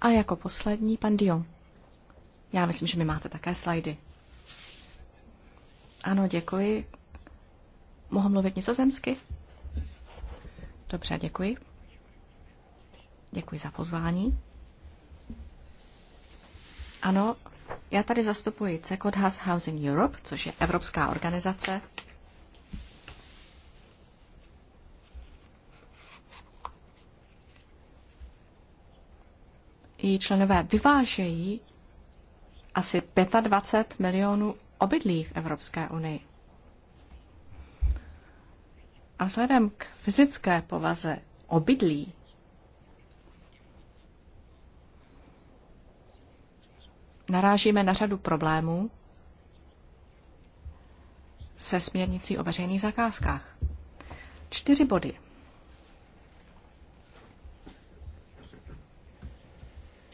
a jako poslední, pan Dion. Já myslím, že mi máte také slajdy. Ano, děkuji. Mohu mluvit nizozemsky? Dobře, děkuji. Děkuji za pozvání. Ano, já tady zastupuji Cekot Housing Europe, což je evropská organizace, její členové vyvážejí asi 25 milionů obydlí v Evropské unii. A vzhledem k fyzické povaze obydlí, narážíme na řadu problémů se směrnicí o veřejných zakázkách. Čtyři body.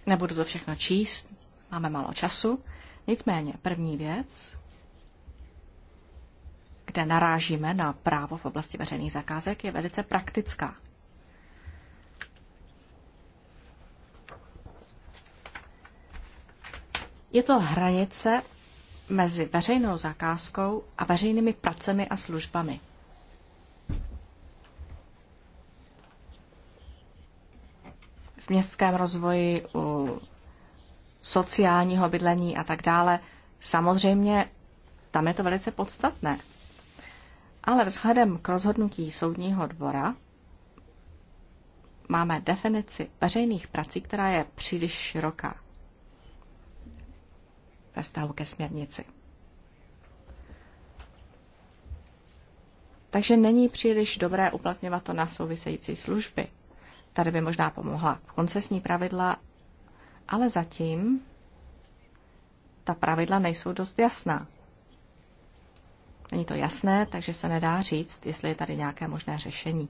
Nebudu to všechno číst, máme málo času. Nicméně, první věc, kde narážíme na právo v oblasti veřejných zakázek, je velice praktická. Je to hranice mezi veřejnou zakázkou a veřejnými pracemi a službami. V městském rozvoji, u sociálního bydlení a tak dále, samozřejmě tam je to velice podstatné. Ale vzhledem k rozhodnutí soudního dvora máme definici veřejných prací, která je příliš široká ve vztahu ke směrnici. Takže není příliš dobré uplatňovat to na související služby. Tady by možná pomohla koncesní pravidla, ale zatím ta pravidla nejsou dost jasná. Není to jasné, takže se nedá říct, jestli je tady nějaké možné řešení.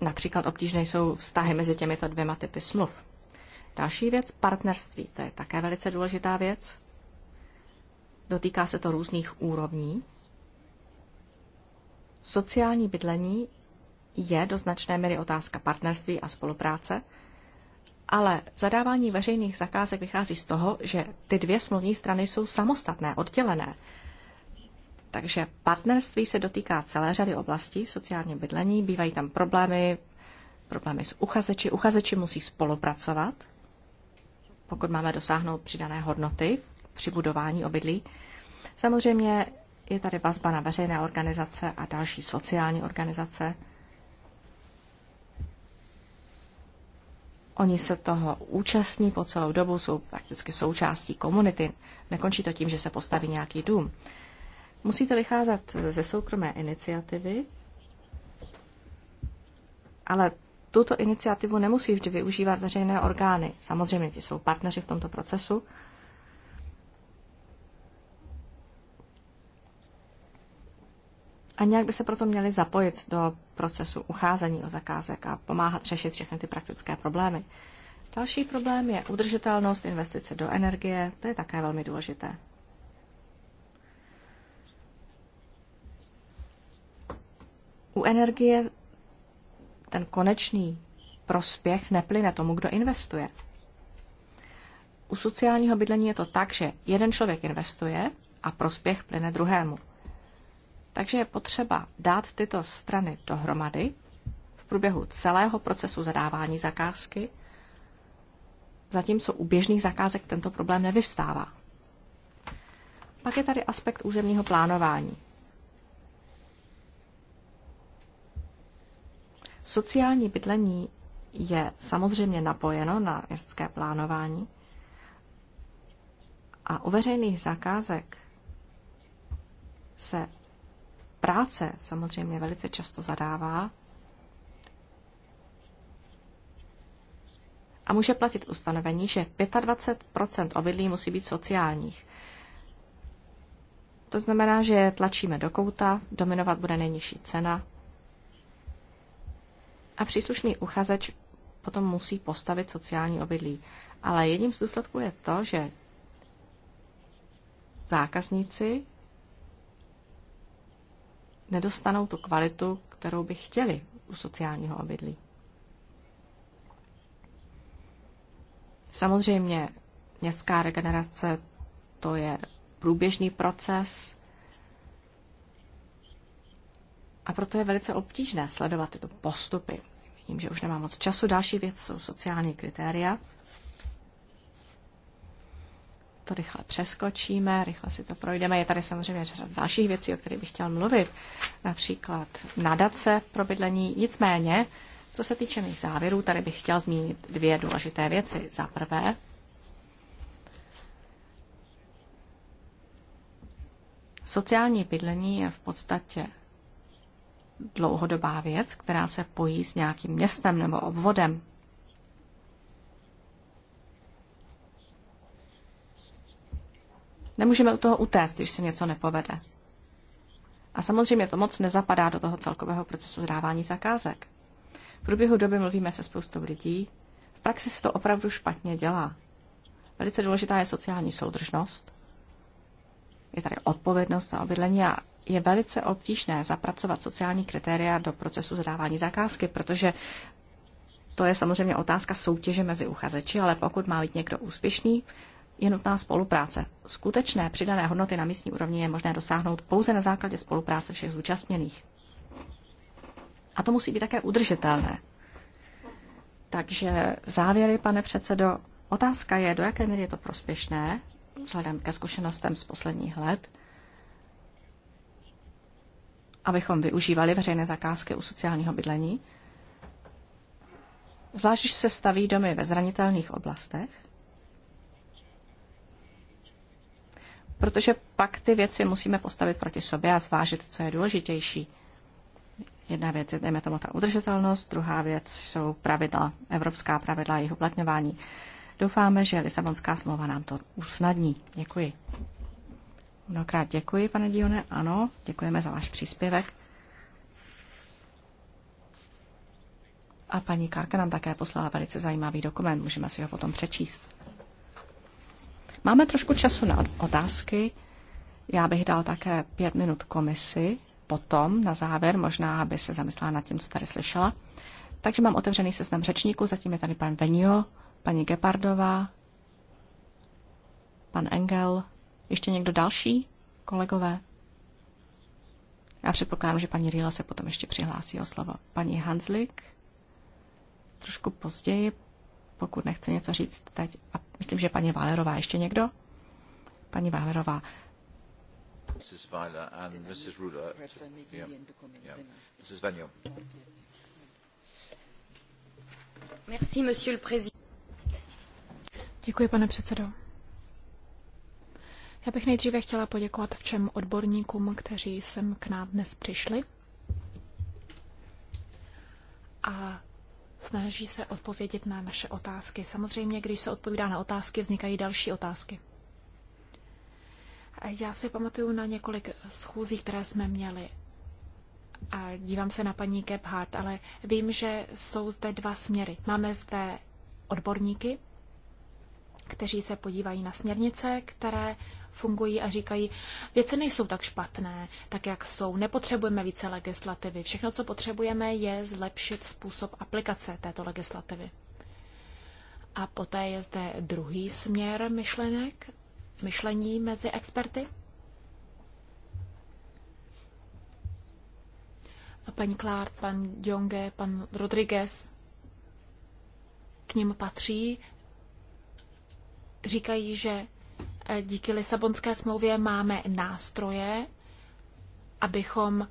Například obtížné jsou vztahy mezi těmito dvěma typy smluv. Další věc, partnerství, to je také velice důležitá věc. Dotýká se to různých úrovní. Sociální bydlení je do značné míry otázka partnerství a spolupráce, ale zadávání veřejných zakázek vychází z toho, že ty dvě smluvní strany jsou samostatné, oddělené. Takže partnerství se dotýká celé řady oblastí, sociální bydlení, bývají tam problémy, problémy s uchazeči. Uchazeči musí spolupracovat, pokud máme dosáhnout přidané hodnoty při budování obydlí. Samozřejmě je tady vazba na veřejné organizace a další sociální organizace. Oni se toho účastní po celou dobu, jsou prakticky součástí komunity. Nekončí to tím, že se postaví nějaký dům. Musí to vycházet ze soukromé iniciativy, ale tuto iniciativu nemusí vždy využívat veřejné orgány. Samozřejmě ti jsou partneři v tomto procesu, A nějak by se proto měli zapojit do procesu ucházení o zakázek a pomáhat řešit všechny ty praktické problémy. Další problém je udržitelnost investice do energie, to je také velmi důležité. U energie ten konečný prospěch neplyne tomu, kdo investuje. U sociálního bydlení je to tak, že jeden člověk investuje a prospěch plyne druhému. Takže je potřeba dát tyto strany dohromady v průběhu celého procesu zadávání zakázky, zatímco u běžných zakázek tento problém nevystává. Pak je tady aspekt územního plánování. Sociální bydlení je samozřejmě napojeno na městské plánování a u veřejných zakázek se práce samozřejmě velice často zadává a může platit ustanovení, že 25 obydlí musí být sociálních. To znamená, že tlačíme do kouta, dominovat bude nejnižší cena a příslušný uchazeč potom musí postavit sociální obydlí. Ale jedním z důsledků je to, že zákazníci nedostanou tu kvalitu, kterou by chtěli u sociálního obydlí. Samozřejmě městská regenerace to je průběžný proces a proto je velice obtížné sledovat tyto postupy. Vidím, že už nemám moc času. Další věc jsou sociální kritéria to rychle přeskočíme, rychle si to projdeme. Je tady samozřejmě řada dalších věcí, o kterých bych chtěl mluvit, například nadace pro bydlení. Nicméně, co se týče mých závěrů, tady bych chtěl zmínit dvě důležité věci. Za prvé, sociální bydlení je v podstatě dlouhodobá věc, která se pojí s nějakým městem nebo obvodem. Nemůžeme u toho utéct, když se něco nepovede. A samozřejmě to moc nezapadá do toho celkového procesu zadávání zakázek. V průběhu doby mluvíme se spoustou lidí. V praxi se to opravdu špatně dělá. Velice důležitá je sociální soudržnost. Je tady odpovědnost za obydlení a je velice obtížné zapracovat sociální kritéria do procesu zadávání zakázky, protože to je samozřejmě otázka soutěže mezi uchazeči, ale pokud má být někdo úspěšný, je nutná spolupráce. Skutečné přidané hodnoty na místní úrovni je možné dosáhnout pouze na základě spolupráce všech zúčastněných. A to musí být také udržitelné. Takže závěry, pane předsedo, otázka je, do jaké míry je to prospěšné, vzhledem ke zkušenostem z posledních let, abychom využívali veřejné zakázky u sociálního bydlení, zvlášť když se staví domy ve zranitelných oblastech, protože pak ty věci musíme postavit proti sobě a zvážit, co je důležitější. Jedna věc je, dejme tomu, ta udržitelnost, druhá věc jsou pravidla, evropská pravidla jejich uplatňování. Doufáme, že Lisabonská smlouva nám to usnadní. Děkuji. Mnohokrát děkuji, pane Dione. Ano, děkujeme za váš příspěvek. A paní Karka nám také poslala velice zajímavý dokument, můžeme si ho potom přečíst. Máme trošku času na otázky. Já bych dal také pět minut komisi, potom na závěr možná, aby se zamyslela nad tím, co tady slyšela. Takže mám otevřený seznam řečníků, zatím je tady pan Venio, paní Gepardová, pan Engel, ještě někdo další, kolegové? Já předpokládám, že paní Rýla se potom ještě přihlásí o slovo. Paní Hanslik, trošku později, pokud nechce něco říct teď. A myslím, že paní Válerová, ještě někdo? Paní Válerová. Děkuji, pane předsedo. Já bych nejdříve chtěla poděkovat všem odborníkům, kteří sem k nám dnes přišli. A snaží se odpovědět na naše otázky. Samozřejmě, když se odpovídá na otázky, vznikají další otázky. Já si pamatuju na několik schůzí, které jsme měli. A dívám se na paní Gebhardt, ale vím, že jsou zde dva směry. Máme zde odborníky, kteří se podívají na směrnice, které fungují a říkají, věci nejsou tak špatné, tak jak jsou, nepotřebujeme více legislativy. Všechno, co potřebujeme, je zlepšit způsob aplikace této legislativy. A poté je zde druhý směr myšlenek, myšlení mezi experty. A paní Clark, pan Jonge, pan Rodriguez, k ním patří, říkají, že Díky Lisabonské smlouvě máme nástroje, abychom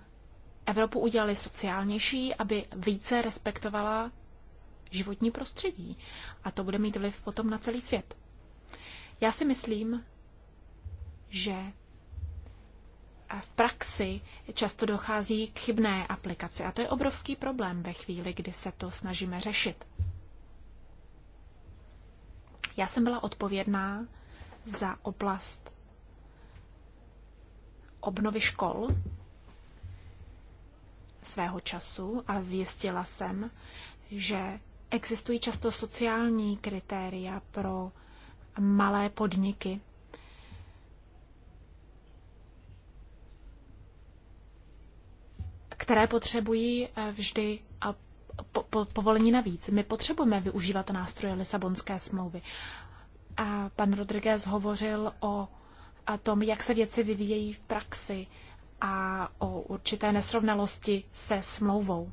Evropu udělali sociálnější, aby více respektovala životní prostředí. A to bude mít vliv potom na celý svět. Já si myslím, že v praxi často dochází k chybné aplikaci. A to je obrovský problém ve chvíli, kdy se to snažíme řešit. Já jsem byla odpovědná za oblast obnovy škol svého času a zjistila jsem, že existují často sociální kritéria pro malé podniky. které potřebují eh, vždy povolení navíc. My potřebujeme využívat nástroje Lisabonské smlouvy. A pan Rodriguez hovořil o a tom, jak se věci vyvíjejí v praxi a o určité nesrovnalosti se smlouvou.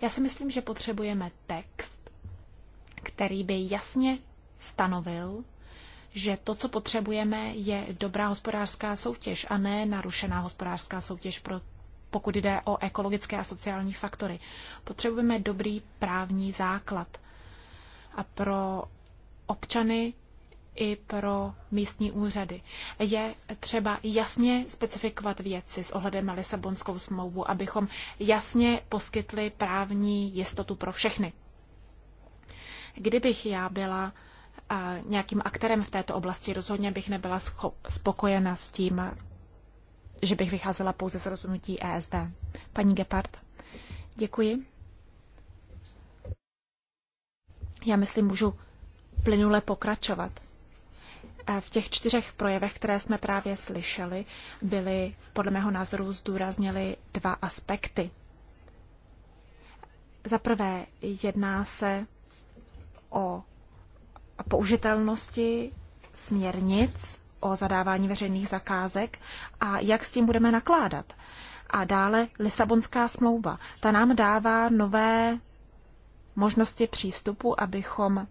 Já si myslím, že potřebujeme text, který by jasně stanovil, že to, co potřebujeme, je dobrá hospodářská soutěž a ne narušená hospodářská soutěž, pro, pokud jde o ekologické a sociální faktory. Potřebujeme dobrý právní základ a pro občany i pro místní úřady. Je třeba jasně specifikovat věci s ohledem na Lisabonskou smlouvu, abychom jasně poskytli právní jistotu pro všechny. Kdybych já byla nějakým aktérem v této oblasti, rozhodně bych nebyla spokojena s tím, že bych vycházela pouze z rozhodnutí ESD. Paní Gepard, děkuji. Já myslím, můžu plynule pokračovat. Eh, v těch čtyřech projevech, které jsme právě slyšeli, byly podle mého názoru zdůrazněly dva aspekty. Za prvé, jedná se o použitelnosti směrnic o zadávání veřejných zakázek a jak s tím budeme nakládat. A dále Lisabonská smlouva. Ta nám dává nové možnosti přístupu, abychom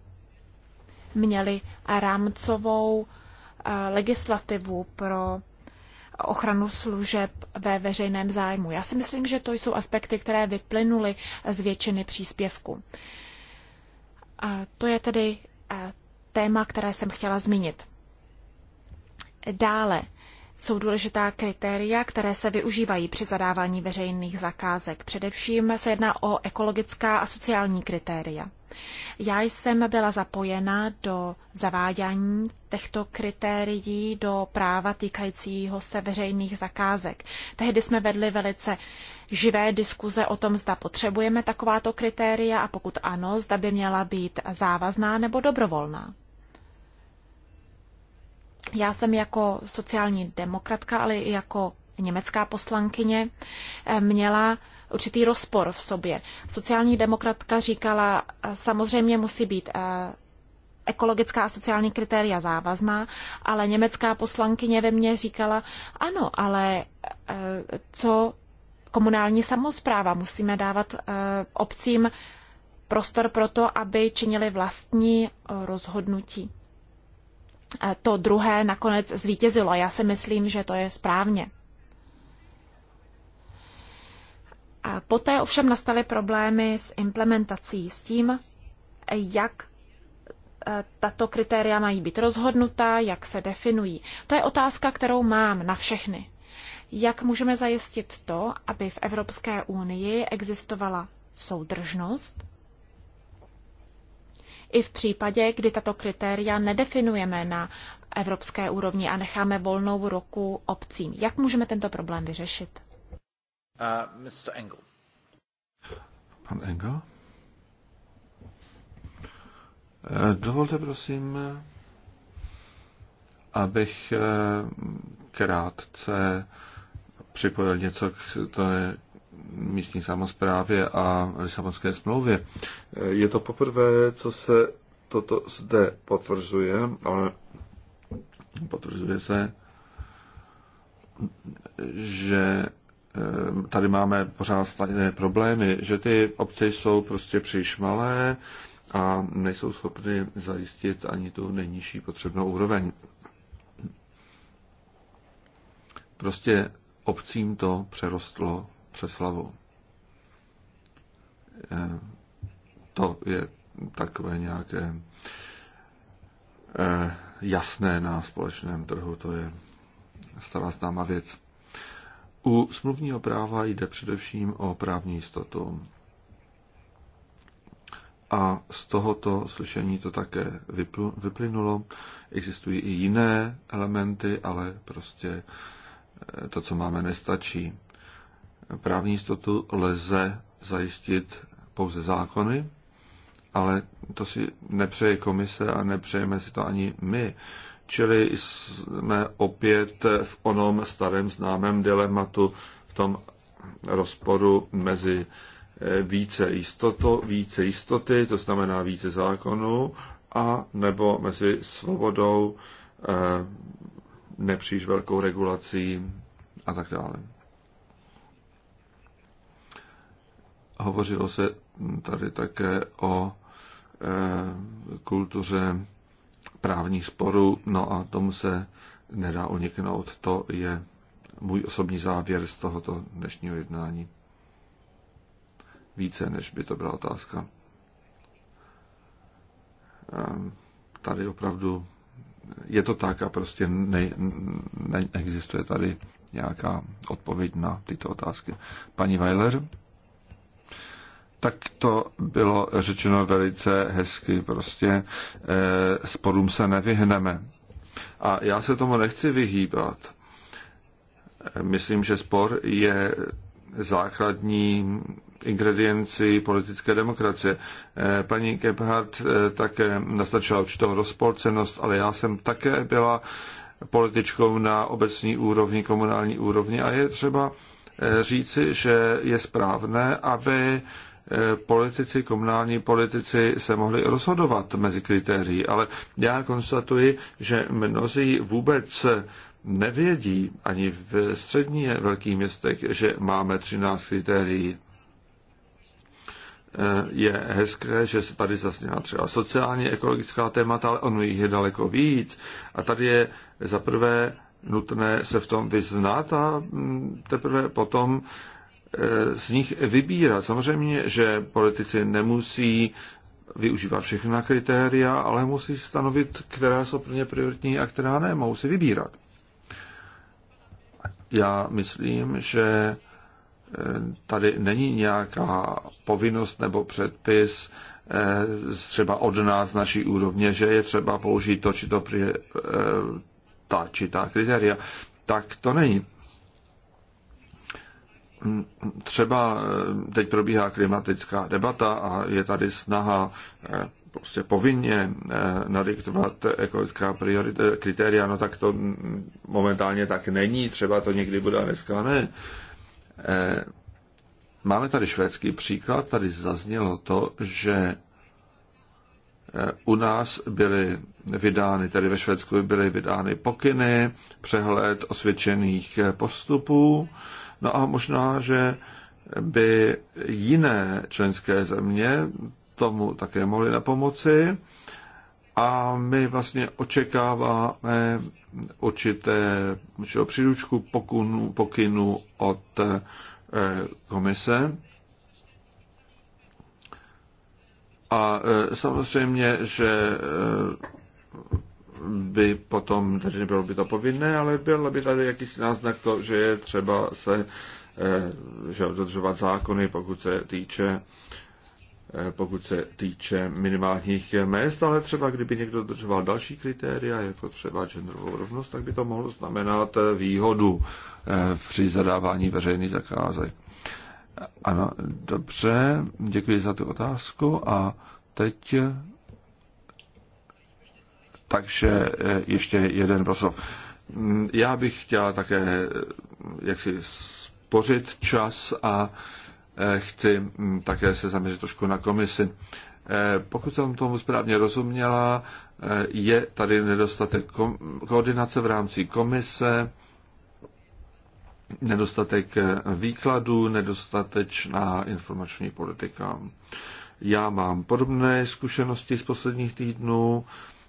měli rámcovou eh, legislativu pro ochranu služeb ve veřejném zájmu. Já si myslím, že to jsou aspekty, které vyplynuly z většiny příspěvku. A to je tedy eh, téma, které jsem chtěla zmínit. Dále jsou důležitá kritéria, které se využívají při zadávání veřejných zakázek. Především se jedná o ekologická a sociální kritéria. Já jsem byla zapojena do zavádění těchto kritérií do práva týkajícího se veřejných zakázek. Tehdy jsme vedli velice živé diskuze o tom, zda potřebujeme takováto kritéria a pokud ano, zda by měla být závazná nebo dobrovolná. Já jsem jako sociální demokratka, ale i jako německá poslankyně eh, měla určitý rozpor v sobě. Sociální demokratka říkala, eh, samozřejmě musí být eh, ekologická a sociální kritéria závazná, ale německá poslankyně ve mně říkala, ano, ale co komunální samozpráva? Musíme dávat obcím prostor pro to, aby činili vlastní rozhodnutí to druhé nakonec zvítězilo. Já si myslím, že to je správně. A poté ovšem nastaly problémy s implementací, s tím, jak e, tato kritéria mají být rozhodnuta, jak se definují. To je otázka, kterou mám na všechny. Jak můžeme zajistit to, aby v Evropské unii existovala soudržnost i v případě, kdy tato kritéria nedefinujeme na evropské úrovni a necháme volnou ruku obcím. Jak můžeme tento problém vyřešit? Uh, Mr. Engel. Pan Engel? Eh, dovolte prosím, abych eh, krátce připojil něco k místní samozprávě a Lisabonské smlouvě. Eh, je to poprvé, co se toto zde potvrzuje, ale potvrzuje se, že eh, tady máme pořád stejné problémy, že ty obce jsou prostě příliš malé a nejsou schopny zajistit ani tu nejnižší potřebnou úroveň. Prostě obcím to přerostlo Přeslavu. Eh, to je takové nějaké eh, jasné na společném trhu, to je stará známá věc. U smluvního práva jde především o právní jistotu. A z tohoto slyšení to také vyplynulo. Existují i jiné elementy, ale prostě eh, to, co máme, nestačí. Právní jistotu lze zajistit pouze zákony, ale to si nepřeje komise a nepřejeme si to ani my. Čili jsme opět v onom starém známém dilematu, v tom rozporu mezi eh, více, jistoto, více jistoty, to znamená více zákonů, a nebo mezi svobodou, eh, nepříliš velkou regulací a tak dále. Hovořilo se tady také o eh, kultuře právních sporů, no a tomu se nedá uniknout. To je můj osobní závěr z tohoto dnešního jednání. Více, než by to byla otázka. Eh, tady opravdu je to tak a prostě ne, neexistuje tady nějaká odpověď na tyto otázky. Paní Weiler? tak to bylo řečeno velice hezky. Prostě e, sporům se nevyhneme. A já se tomu nechci vyhýbat. Myslím, že spor je základní ingredienci politické demokracie. Eh, paní Gebhardt eh, také nastačila určitou rozpolcenost, ale já jsem také byla političkou na obecní úrovni, komunální úrovni a je třeba říci, že je správné, aby Eh, politici, komunální politici se mohli rozhodovat mezi kritérií, ale já konstatuji, že mnozí vůbec nevědí ani v střední velkých městech, že máme 13 kritérií. Eh, je hezké, že se tady zasněla třeba sociálně ekologická témata, ale ono jich je daleko víc. A tady je zaprvé nutné se v tom vyznat a mm, teprve potom Eh, z nich vybírat. Samozřejmě, že politici nemusí využívat všechna kritéria, ale musí stanovit, která jsou pro ně prioritní a která ne, mohou si vybírat. Já myslím, že eh, tady není nějaká povinnost nebo předpis eh, třeba od nás, naší úrovně, že je třeba použít to či to, ta či ta kritéria. Tak to není třeba eh, teď probíhá klimatická debata a je tady snaha eh, prostě povinně eh, nadiktovat ekologická priorita, kritéria, no tak to momentálně tak není, třeba to někdy bude a dneska ne. Máme tady švédský příklad, tady zaznělo to, že u nás byly vydány, tedy ve Švédsku byly vydány pokyny, přehled osvědčených postupů, No a možná, že by jiné členské země tomu také mohly na pomoci. A my vlastně očekáváme určité, příručku pokynu, pokynu od eh, komise. A eh, samozřejmě, že eh, by potom, tedy nebylo by to povinné, ale byl by tady jakýsi náznak to, že je třeba se eh, že dodržovat zákony, pokud se týče eh, pokud se týče minimálních mest, ale třeba kdyby někdo dodržoval další kritéria, jako třeba genderovou rovnost, tak by to mohlo znamenat eh, výhodu při zadávání veřejných zakázek. Ano, dobře, děkuji za tu otázku a teď takže eh, ještě jeden proslov. Mm, já bych chtěl také eh, jaksi spořit čas a eh, chci mm, také se zaměřit trošku na komisi. Pokud jsem tomu správně rozuměla, je tady nedostatek koordinace v rámci komise, nedostatek výkladů, nedostatečná informační politika. Já mám podobné zkušenosti z posledních týdnů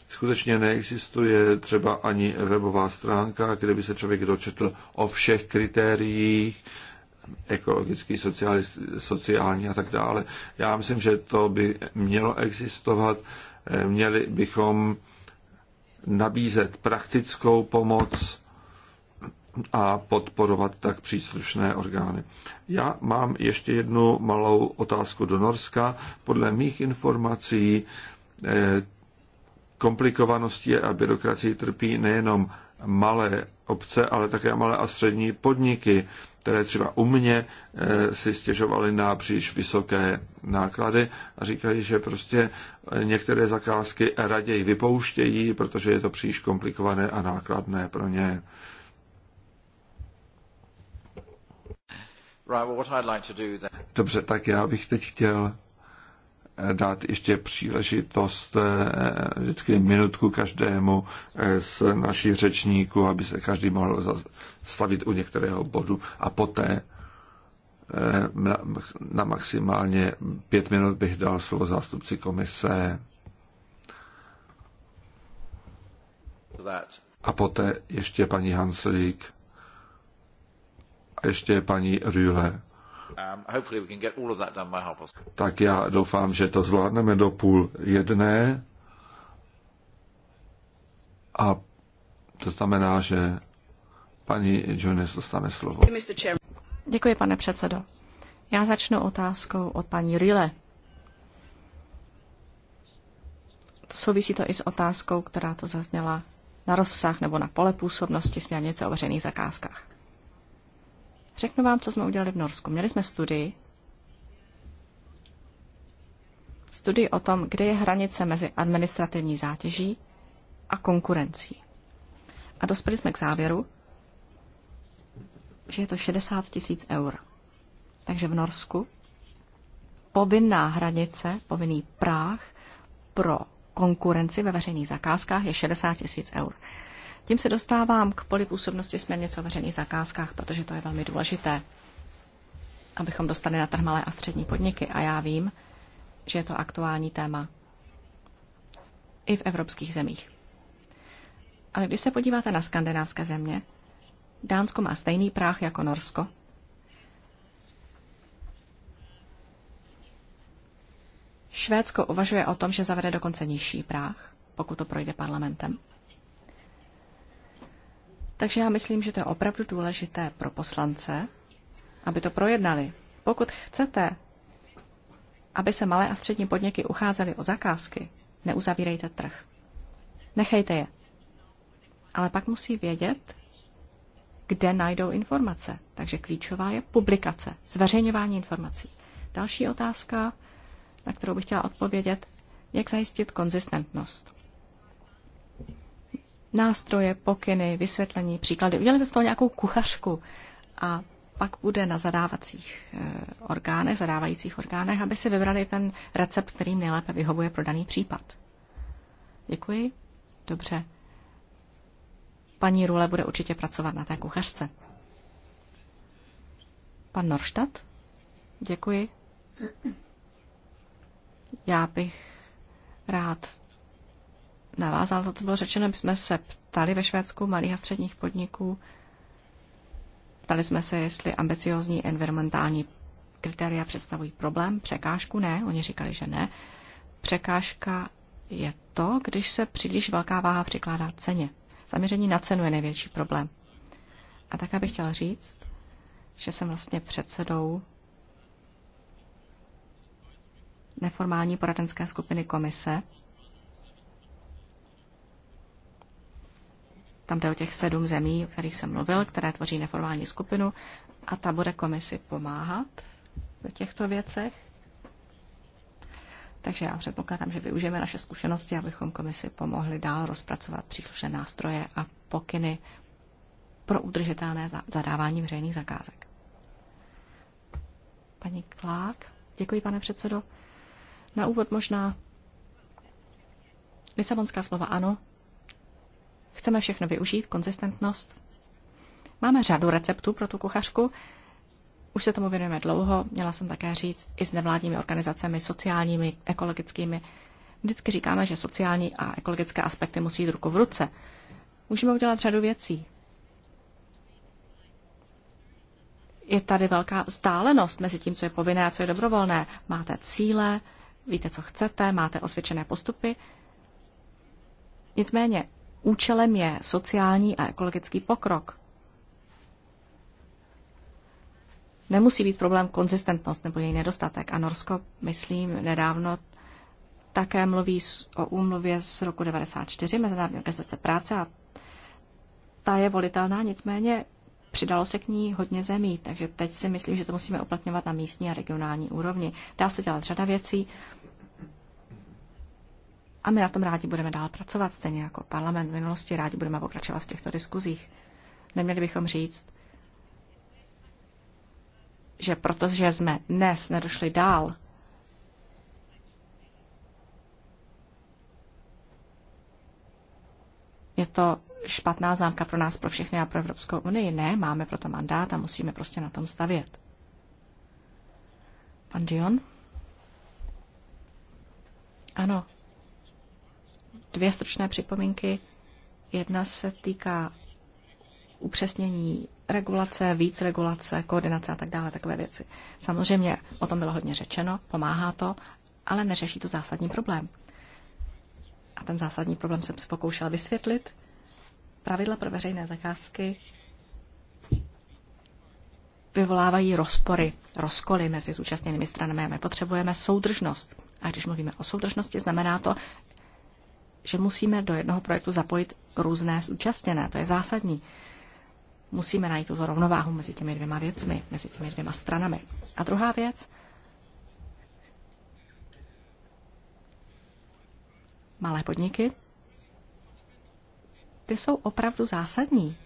skutečně neexistuje třeba ani webová stránka, kde by se člověk dočetl o všech kritériích, ekologický, sociální, sociální a tak dále. Já myslím, že to by mělo existovat. Eh, měli bychom nabízet praktickou pomoc a podporovat tak příslušné orgány. Já mám ještě jednu malou otázku do Norska. Podle mých informací eh, komplikovanosti a byrokracii trpí nejenom malé obce, ale také malé a střední podniky, které třeba u mě eh, si stěžovaly na příliš vysoké náklady a říkají, že prostě eh, některé zakázky raději vypouštějí, protože je to příliš komplikované a nákladné pro ně. Dobře, tak já bych teď chtěl dát ještě příležitost eh, vždycky minutku každému eh, z našich řečníků, aby se každý mohl zastavit u některého bodu a poté eh, na maximálně pět minut bych dal slovo zástupci komise. A poté ještě paní Hanslík a ještě paní Rühle. Tak já doufám, že to zvládneme do půl jedné. A to znamená, že paní Jones dostane slovo. Děkuji, pane předsedo. Já začnu otázkou od paní Rille. To souvisí to i s otázkou, která to zazněla na rozsah nebo na pole působnosti směrnice o veřejných zakázkách. Řeknu vám, co jsme udělali v Norsku. Měli jsme studii, studii o tom, kde je hranice mezi administrativní zátěží a konkurencí. A dospěli jsme k závěru, že je to 60 tisíc eur. Takže v Norsku povinná hranice, povinný práh pro konkurenci ve veřejných zakázkách je 60 tisíc eur. Tím se dostávám k polipůsobnosti působnosti směrnice o veřejných zakázkách, protože to je velmi důležité, abychom dostali na trh malé a střední podniky. A já vím, že je to aktuální téma i v evropských zemích. Ale když se podíváte na skandinávské země, Dánsko má stejný práh jako Norsko. Švédsko uvažuje o tom, že zavede dokonce nižší práh, pokud to projde parlamentem. Takže já myslím, že to je opravdu důležité pro poslance, aby to projednali. Pokud chcete, aby se malé a střední podniky ucházely o zakázky, neuzavírejte trh. Nechejte je. Ale pak musí vědět, kde najdou informace. Takže klíčová je publikace, zveřejňování informací. Další otázka, na kterou bych chtěla odpovědět, jak zajistit konzistentnost nástroje, pokyny, vysvětlení, příklady. Udělejte z toho nějakou kuchařku a pak bude na zadávacích eh, orgánech, zadávajících orgánech, aby si vybrali ten recept, který nejlépe vyhovuje pro daný případ. Děkuji. Dobře. Paní Rule bude určitě pracovat na té kuchařce. Pan Norštat? Děkuji. Já bych rád navázal to, co bylo řečeno. My jsme se ptali ve Švédsku malých a středních podniků, ptali jsme se, jestli ambiciozní environmentální kritéria představují problém, překážku ne, oni říkali, že ne. Překážka je to, když se příliš velká váha přikládá ceně. Zaměření na cenu je největší problém. A tak bych chtěla říct, že jsem vlastně předsedou neformální poradenské skupiny komise Tam jde o těch sedm zemí, o kterých jsem mluvil, které tvoří neformální skupinu a ta bude komisi pomáhat v těchto věcech. Takže já předpokládám, že využijeme naše zkušenosti, abychom komisi pomohli dál rozpracovat příslušné nástroje a pokyny pro udržitelné zadávání veřejných zakázek. Paní Klák, děkuji, pane předsedo. Na úvod možná Lisabonská slova ano, Chceme všechno využít, konzistentnost. Máme řadu receptů pro tu kuchařku. Už se tomu věnujeme dlouho, měla jsem také říct, i s nevládními organizacemi, sociálními, ekologickými. Vždycky říkáme, že sociální a ekologické aspekty musí jít ruku v ruce. Můžeme udělat řadu věcí. Je tady velká vzdálenost mezi tím, co je povinné a co je dobrovolné. Máte cíle, víte, co chcete, máte osvědčené postupy. Nicméně Účelem je sociální a ekologický pokrok. Nemusí být problém konzistentnost nebo její nedostatek. A Norsko, myslím, nedávno také mluví o úmluvě z roku 1994 Mezinárodní organizace práce a ta je volitelná, nicméně přidalo se k ní hodně zemí, takže teď si myslím, že to musíme uplatňovat na místní a regionální úrovni. Dá se dělat řada věcí, a my na tom rádi budeme dál pracovat, stejně jako parlament v minulosti, rádi budeme pokračovat v těchto diskuzích. Neměli bychom říct, že protože jsme dnes nedošli dál, je to špatná známka pro nás, pro všechny a pro Evropskou unii. Ne, máme proto mandát a musíme prostě na tom stavět. Pan Dion? Ano, dvě stručné připomínky. Jedna se týká upřesnění regulace, víc regulace, koordinace a tak dále, takové věci. Samozřejmě o tom bylo hodně řečeno, pomáhá to, ale neřeší to zásadní problém. A ten zásadní problém jsem se pokoušela vysvětlit. Pravidla pro veřejné zakázky vyvolávají rozpory, rozkoly mezi zúčastněnými stranami a my potřebujeme soudržnost. A když mluvíme o soudržnosti, znamená to, že musíme do jednoho projektu zapojit různé zúčastněné. To je zásadní. Musíme najít tuto rovnováhu mezi těmi dvěma věcmi, mezi těmi dvěma stranami. A druhá věc, malé podniky, ty jsou opravdu zásadní.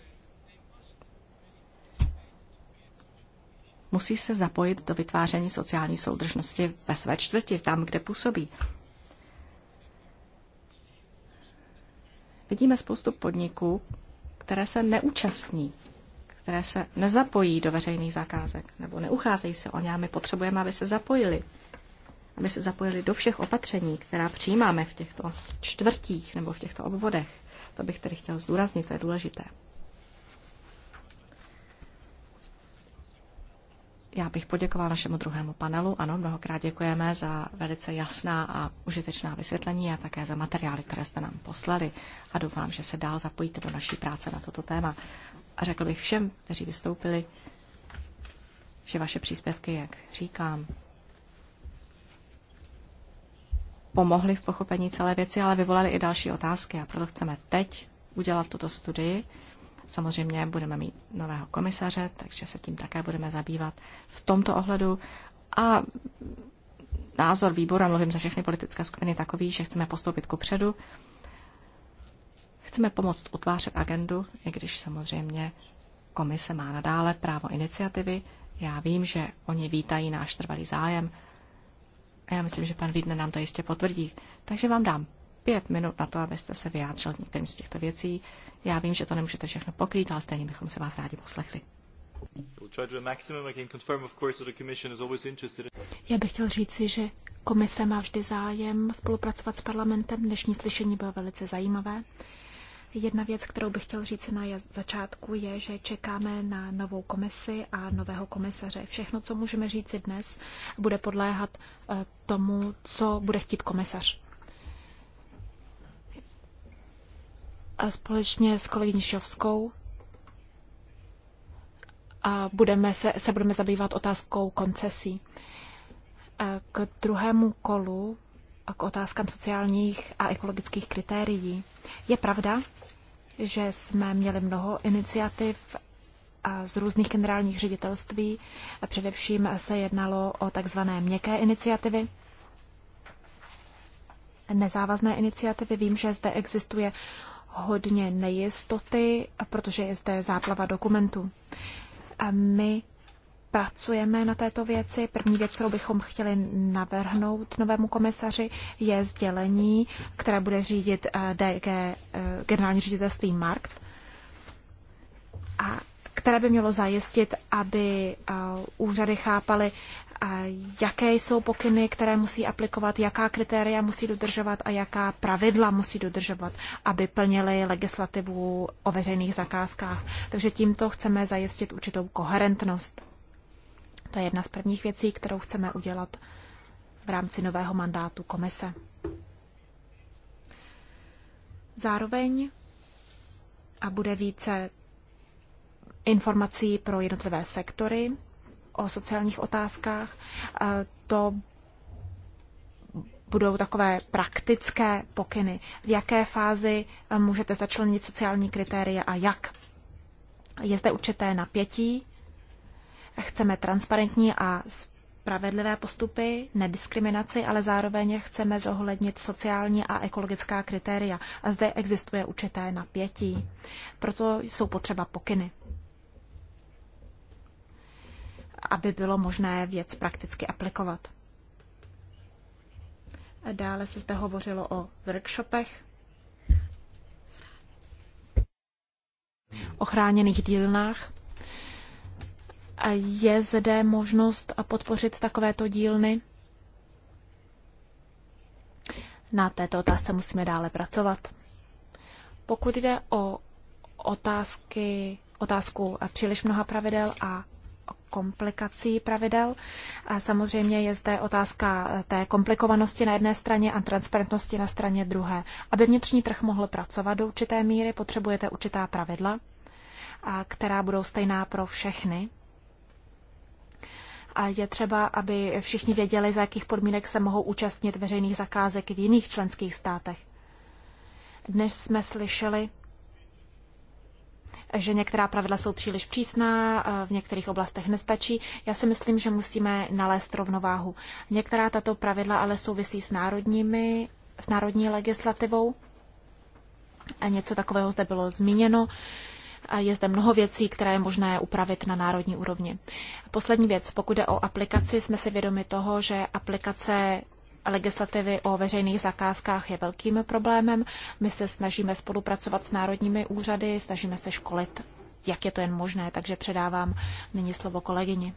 Musí se zapojit do vytváření sociální soudržnosti ve své čtvrti, tam, kde působí. Vidíme spoustu podniků, které se neúčastní, které se nezapojí do veřejných zakázek nebo neucházejí se o ně a my potřebujeme, aby se zapojili. Aby se zapojili do všech opatření, která přijímáme v těchto čtvrtích nebo v těchto obvodech. To bych tedy chtěl zdůraznit, to je důležité. Já bych poděkoval našemu druhému panelu. Ano, mnohokrát děkujeme za velice jasná a užitečná vysvětlení a také za materiály, které jste nám poslali. A doufám, že se dál zapojíte do naší práce na toto téma. A řekl bych všem, kteří vystoupili, že vaše příspěvky, jak říkám, pomohly v pochopení celé věci, ale vyvolaly i další otázky. A proto chceme teď udělat tuto studii Samozřejmě budeme mít nového komisaře, takže se tím také budeme zabývat v tomto ohledu. A názor výboru, a mluvím za všechny politické skupiny, takový, že chceme postoupit ku předu. Chceme pomoct utvářet agendu, i když samozřejmě komise má nadále právo iniciativy. Já vím, že oni vítají náš trvalý zájem. A já myslím, že pan Vídne nám to jistě potvrdí. Takže vám dám pět minut na to, abyste se vyjádřil některým z těchto věcí. Já vím, že to nemůžete všechno pokrýt, ale stejně bychom se vás rádi poslechli. Já bych chtěl říci, že komise má vždy zájem spolupracovat s parlamentem. Dnešní slyšení bylo velice zajímavé. Jedna věc, kterou bych chtěl říct na začátku, je, že čekáme na novou komisi a nového komisaře. Všechno, co můžeme říci dnes, bude podléhat eh, tomu, co bude chtít komisař. a společně s kolegyní Šovskou a budeme se, se budeme zabývat otázkou koncesí. K druhému kolu a k otázkám sociálních a ekologických kritérií. Je pravda, že jsme měli mnoho iniciativ a z různých generálních ředitelství. A především se jednalo o takzvané měkké iniciativy. Nezávazné iniciativy. Vím, že zde existuje hodně nejistoty, protože je zde záplava dokumentů. A my pracujeme na této věci. První věc, kterou bychom chtěli navrhnout novému komisaři, je sdělení, které bude řídit eh, DG, eh, generální ředitelství Markt, a které by mělo zajistit, aby eh, úřady chápaly jaké jsou pokyny, které musí aplikovat, jaká kritéria musí dodržovat a jaká pravidla musí dodržovat, aby plnili legislativu o veřejných zakázkách. Takže tímto chceme zajistit určitou koherentnost. To je jedna z prvních věcí, kterou chceme udělat v rámci nového mandátu komise. Zároveň a bude více informací pro jednotlivé sektory, o sociálních otázkách. To budou takové praktické pokyny. V jaké fázi eh, můžete začlenit sociální kritéria a jak? Je zde určité napětí. Chceme transparentní a spravedlivé postupy, nediskriminaci, ale zároveň chceme zohlednit sociální a ekologická kritéria. A zde existuje určité napětí. Proto jsou potřeba pokyny aby bylo možné věc prakticky aplikovat. Dále se zde hovořilo o workshopech, ochráněných dílnách. Je zde možnost podpořit takovéto dílny? Na této otázce musíme dále pracovat. Pokud jde o otázky, otázku příliš mnoha pravidel a komplikací pravidel. A samozřejmě je zde otázka eh, té komplikovanosti na jedné straně a transparentnosti na straně druhé. Aby vnitřní trh mohl pracovat do určité míry, potřebujete určitá pravidla, a která budou stejná pro všechny. A je třeba, aby všichni věděli, za jakých podmínek se mohou účastnit veřejných zakázek v jiných členských státech. Dnes jsme slyšeli že některá pravidla jsou příliš přísná, eh, v některých oblastech nestačí. Já si myslím, že musíme nalézt rovnováhu. Některá tato pravidla ale souvisí s národními, s národní legislativou. A něco takového zde bylo zmíněno. A je zde mnoho věcí, které je možné upravit na národní úrovni. Poslední věc, pokud jde o aplikaci, jsme si vědomi toho, že aplikace legislativy o veřejných zakázkách je velkým problémem. My se snažíme spolupracovat s národními úřady, snažíme se školit, jak je to jen možné, takže předávám nyní slovo kolegyni.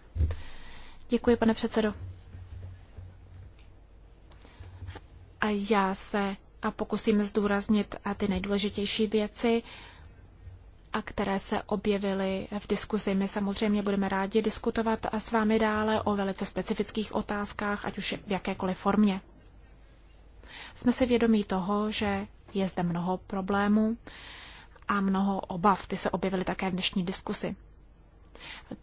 Děkuji, pane předsedo. A já se a pokusím zdůraznit a ty nejdůležitější věci a které se objevily v diskuzi. My samozřejmě budeme rádi diskutovat a s vámi dále o velice specifických otázkách, ať už v jakékoliv formě. Jsme si vědomí toho, že je zde mnoho problémů a mnoho obav. Ty se objevily také v dnešní diskusi.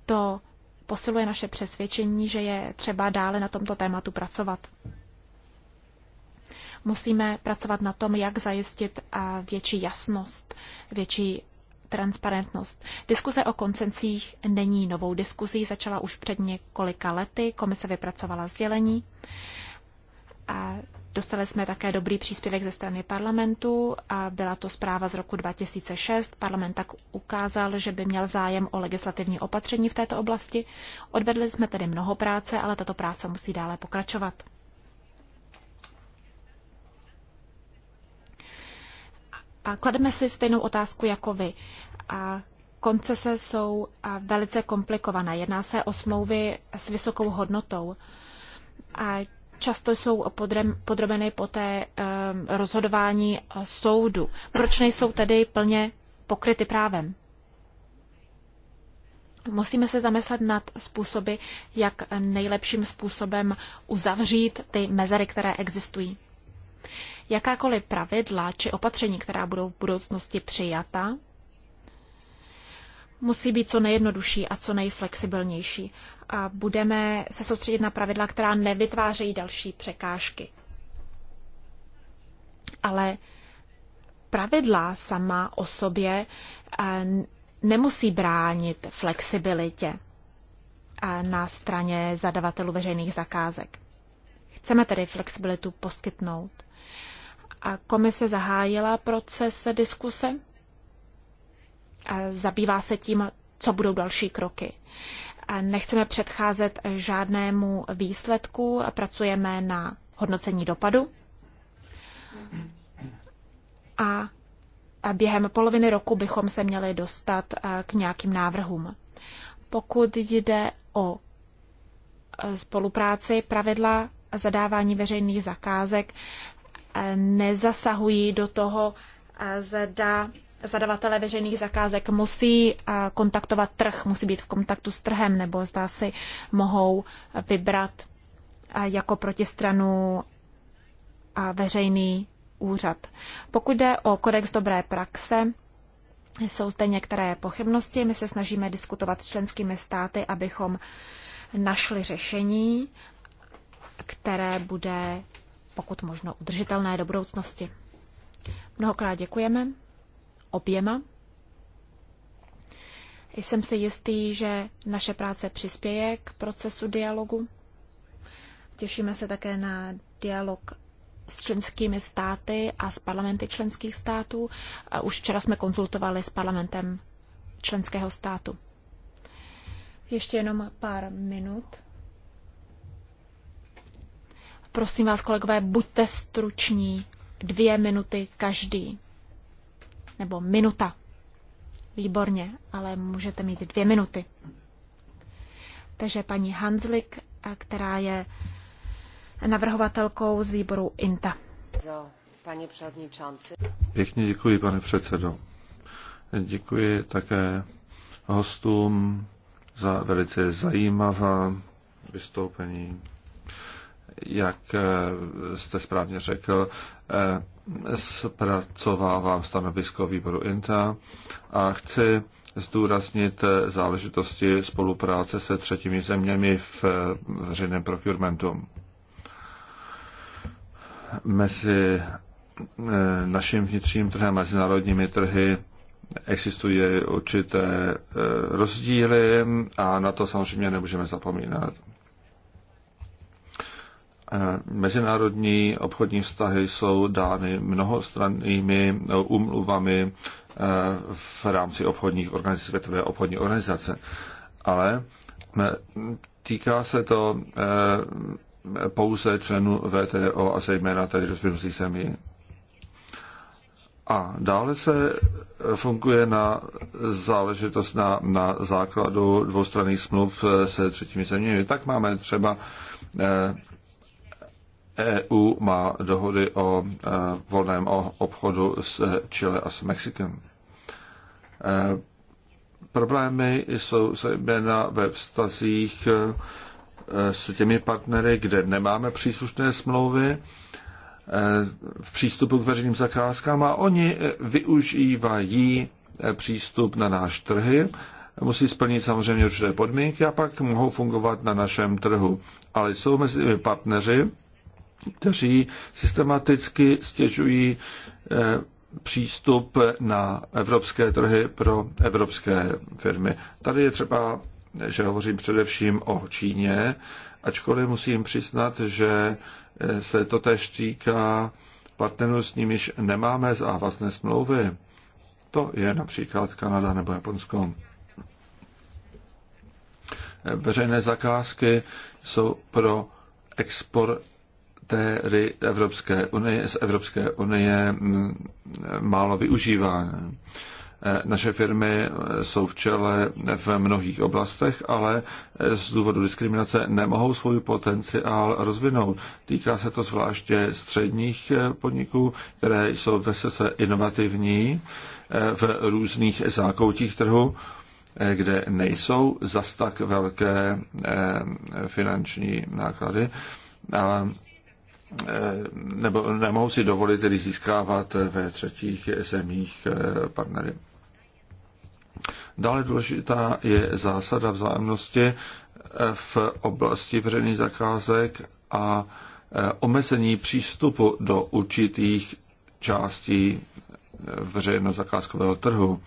To posiluje naše přesvědčení, že je třeba dále na tomto tématu pracovat. Musíme pracovat na tom, jak zajistit větší jasnost, větší transparentnost. Diskuze o koncencích není novou diskuzí, začala už před několika lety, komise vypracovala sdělení. A dostali jsme také dobrý příspěvek ze strany parlamentu a byla to zpráva z roku 2006. Parlament tak ukázal, že by měl zájem o legislativní opatření v této oblasti. Odvedli jsme tedy mnoho práce, ale tato práce musí dále pokračovat. A klademe si stejnou otázku jako vy. A koncese jsou velice komplikované. Jedná se o smlouvy s vysokou hodnotou. A často jsou podrobeny poté um, rozhodování soudu. Proč nejsou tedy plně pokryty právem? Musíme se zamyslet nad způsoby, jak nejlepším způsobem uzavřít ty mezery, které existují. Jakákoliv pravidla či opatření, která budou v budoucnosti přijata, musí být co nejjednodušší a co nejflexibilnější. A budeme se soustředit na pravidla, která nevytvářejí další překážky. Ale pravidla sama o sobě eh, nemusí bránit flexibilitě eh, na straně zadavatelů veřejných zakázek. Chceme tedy flexibilitu poskytnout. A komise zahájila proces diskuse a zabývá se tím, co budou další kroky. A nechceme předcházet žádnému výsledku, a pracujeme na hodnocení dopadu. A během poloviny roku bychom se měli dostat eh, k nějakým návrhům. Pokud jde o eh, spolupráci, pravidla zadávání veřejných zakázek Eh, nezasahují do toho, eh, zda zadavatele veřejných zakázek musí eh, kontaktovat trh, musí být v kontaktu s trhem, nebo zda si mohou vybrat jako protistranu veřejný úřad. Pokud jde o kodex dobré praxe, jsou zde některé pochybnosti. My se snažíme diskutovat s členskými státy, abychom našli řešení, které bude pokud možno udržitelné do budoucnosti. Mnohokrát děkujeme oběma. Jsem si jistý, že naše práce přispěje k procesu dialogu. Těšíme se také na dialog s členskými státy a s parlamenty členských států. Už včera jsme konzultovali s parlamentem členského státu. Ještě jenom pár minut. Prosím vás, kolegové, buďte struční. Dvě minuty každý. Nebo minuta. Výborně, ale můžete mít dvě minuty. Takže paní Hanslik, která je navrhovatelkou z výboru INTA. Pane předničanci. Pěkně děkuji, pane předsedo. Děkuji také hostům za velice zajímavá vystoupení jak eh, jste správně řekl, eh, zpracovávám stanovisko výboru INTA a chci zdůraznit eh, záležitosti spolupráce se třetími zeměmi v veřejném procurementu. Mezi naším vnitřním trhem a mezinárodními trhy existují určité rozdíly a na to samozřejmě nemůžeme zapomínat. Eh, mezinárodní obchodní vztahy jsou dány mnohostrannými umluvami eh, eh, v rámci obchodních organizací, Světové obchodní organizace. Ale týká se to pouze členů VTO a zejména tedy rozvinutých zemí. A dále se funguje na záležitost na, na základu dvoustranných smluv se třetími zeměmi. Tak máme třeba EU má dohody o e, volném obchodu s Chile a s Mexikem. E, problémy jsou zejména ve vztazích e, s těmi partnery, kde nemáme příslušné smlouvy v přístupu k veřejným zakázkám a oni využívají přístup na náš trhy, musí splnit samozřejmě určité podmínky a pak mohou fungovat na našem trhu. Ale jsou mezi partneři, kteří systematicky stěžují eh, přístup na evropské trhy pro evropské firmy. Tady je třeba, že hovořím především o Číně, ačkoliv musím přiznat, že eh, se to tež týká partnerů, s nimiž nemáme závazné smlouvy. To je například Kanada nebo Japonsko. Eh, veřejné zakázky jsou pro export tedy Evropské unie, z Evropské unie mm, málo využívá. Eh, naše firmy eh, jsou v čele v mnohých oblastech, ale eh, z důvodu diskriminace nemohou svůj potenciál rozvinout. Týká se to zvláště středních podniků, které jsou velice inovativní v různých zákoutích trhu, kde nejsou zas tak velké finanční náklady, ale Eh, nebo nemohou si dovolit tedy získávat ve třetích zemích eh, partnery. Dále důležitá je zásada vzájemnosti eh, v oblasti veřejných zakázek a omezení přístupu do určitých částí veřejnozakázkového trhu.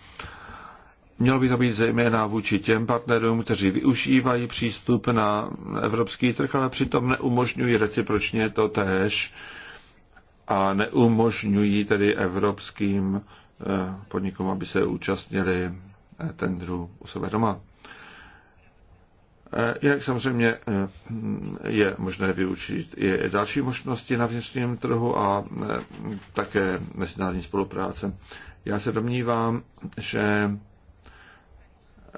Mělo by to být zejména vůči těm partnerům, kteří využívají přístup na evropský trh, ale přitom neumožňují recipročně to též a neumožňují tedy evropským eh, podnikům, aby se účastnili eh, tendru u sebe doma. Eh, jak samozřejmě je možné vyučit i další možnosti na vnitřním trhu a také mezinárodní spolupráce. Já se domnívám, že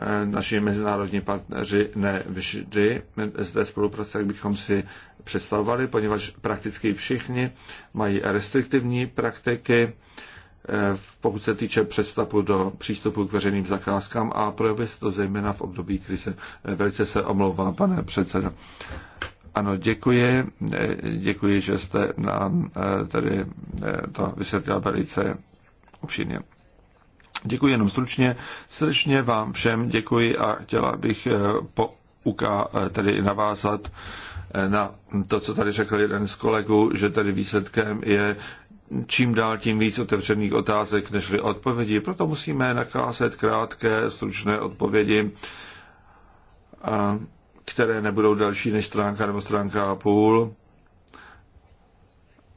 Eh, naši mezinárodní partneři ne vždy zde spolupráce, jak bychom si představovali, poněvadž prakticky všichni mají restriktivní praktiky, eh, pokud se týče přestupu do přístupu k veřejným zakázkám a projevuje se to zejména v období krize. Eh, velice se omlouvám, pane předsedo. Ano, děkuji. Děkuji, že jste nám tady to vysvětlil velice obšírně. Děkuji jenom stručně. Srdečně vám všem děkuji a chtěla bych eh, po uká, eh, tedy navázat eh, na to, co tady řekl jeden z kolegů, že tady výsledkem je čím dál tím víc otevřených otázek nežli odpovědi. Proto musíme nakázet krátké, stručné odpovědi, které nebudou další než stránka nebo stránka a půl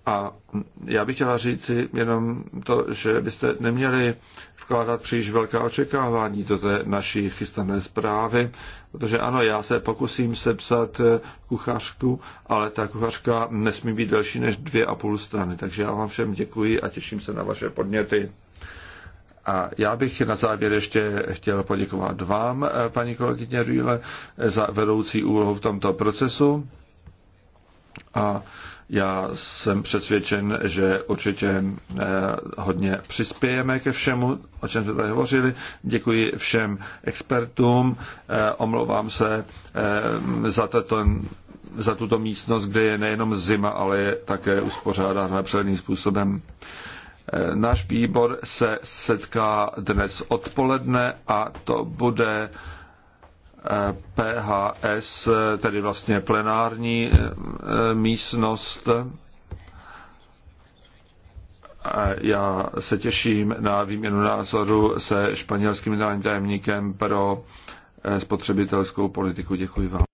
a já bych chtěla říci jenom to, že byste neměli vkládat příliš velká očekávání do té naší chystané zprávy, protože ano, já se pokusím sepsat eh, kuchařku, ale ta kuchařka nesmí být delší než dvě a půl strany. Takže já vám všem děkuji a těším se na vaše podněty. A já bych na závěr ještě chtěl poděkovat vám, eh, paní kolegyně Rýle, eh, za vedoucí úlohu v tomto procesu. A já jsem přesvědčen, že určitě eh, hodně přispějeme ke všemu, o čem jsme tady hovořili. Děkuji všem expertům, eh, omlouvám se eh, za, tato, za tuto místnost, kde je nejenom zima, ale je také uspořádána přeleným způsobem. Náš výbor se setká dnes odpoledne a to bude PHS, tedy vlastně plenární eh, místnost. Já se těším na výměnu názoru se španělským tajemníkem pro eh, spotřebitelskou politiku. Děkuji vám.